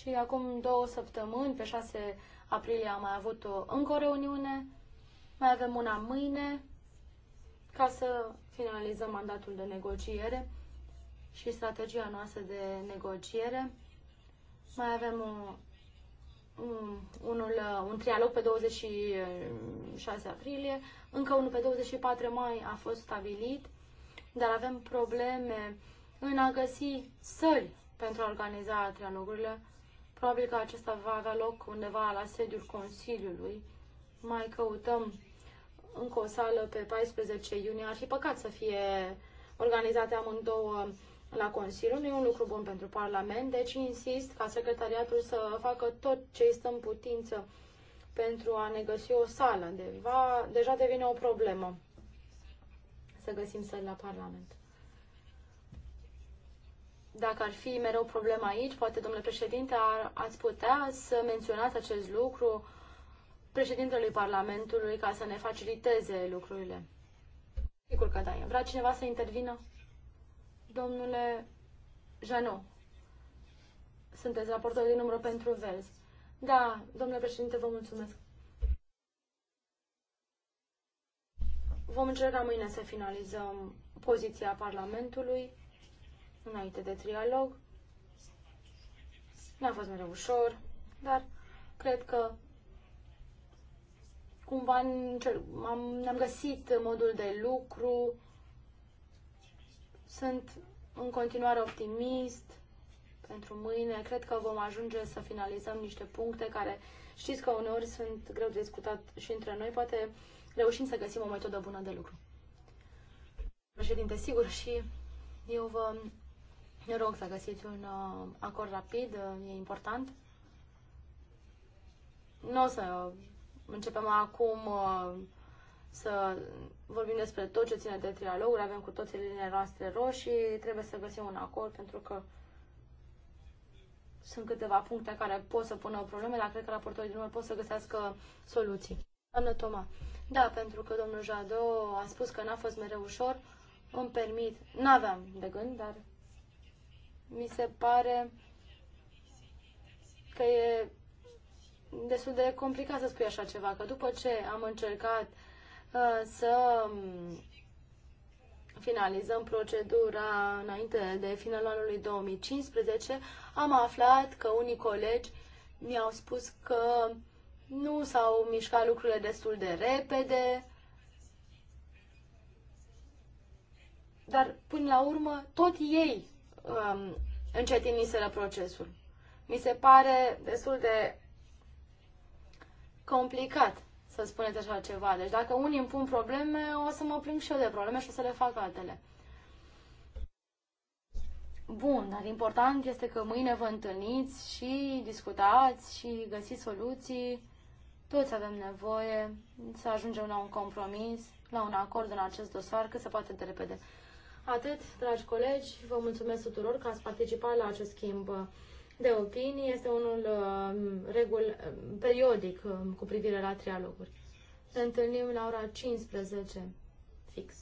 și acum două săptămâni, pe 6 aprilie, am mai avut o, încă o reuniune. Mai avem una mâine ca să finalizăm mandatul de negociere și strategia noastră de negociere. Mai avem o, un, unul, un trialog pe 26 aprilie, încă unul pe 24 mai a fost stabilit, dar avem probleme în a găsi săli pentru a organiza trialogurile Probabil că acesta va avea loc undeva la sediul Consiliului. Mai căutăm încă o sală pe 14 iunie. Ar fi păcat să fie organizate amândouă la Consiliu. Nu e un lucru bun pentru Parlament, deci insist ca secretariatul să facă tot ce este în putință pentru a ne găsi o sală. Deva, deci deja devine o problemă să găsim sări la Parlament. Dacă ar fi mereu problema aici, poate, domnule președinte, ar, ați putea să menționați acest lucru președintelui Parlamentului ca să ne faciliteze lucrurile. Sigur că da. Vrea cineva să intervină? Domnule Janu, sunteți raportor din număr pentru Vels. Da, domnule președinte, vă mulțumesc. Vom încerca mâine să finalizăm poziția Parlamentului înainte de trialog. Nu a fost mereu ușor, dar cred că cumva am, ne-am găsit modul de lucru. Sunt în continuare optimist pentru mâine. Cred că vom ajunge să finalizăm niște puncte care știți că uneori sunt greu de discutat și între noi. Poate reușim să găsim o metodă bună de lucru. Președinte, sigur și eu vă eu rog să găsiți un uh, acord rapid, uh, e important. Nu o să începem acum uh, să vorbim despre tot ce ține de trialoguri, avem cu toții liniile noastre roșii, trebuie să găsim un acord pentru că sunt câteva puncte care pot să pună probleme, dar cred că raportorii din urmă pot să găsească soluții. Doamnă Toma, da, pentru că domnul Jadot a spus că n-a fost mereu ușor, îmi permit, n-aveam de gând, dar mi se pare că e destul de complicat să spui așa ceva, că după ce am încercat uh, să um, finalizăm procedura înainte de finalul anului 2015, am aflat că unii colegi mi-au spus că nu s-au mișcat lucrurile destul de repede, dar până la urmă tot ei um, încetiniseră procesul. Mi se pare destul de complicat să spuneți așa ceva. Deci dacă unii îmi pun probleme, o să mă plâng și eu de probleme și o să le fac altele. Bun, dar important este că mâine vă întâlniți și discutați și găsiți soluții. Toți avem nevoie să ajungem la un compromis, la un acord în acest dosar cât se poate de repede. Atât, dragi colegi, vă mulțumesc tuturor că ați participat la acest schimb de opinii. Este unul uh, regul uh, periodic uh, cu privire la trialoguri. Ne întâlnim la ora 15 fix.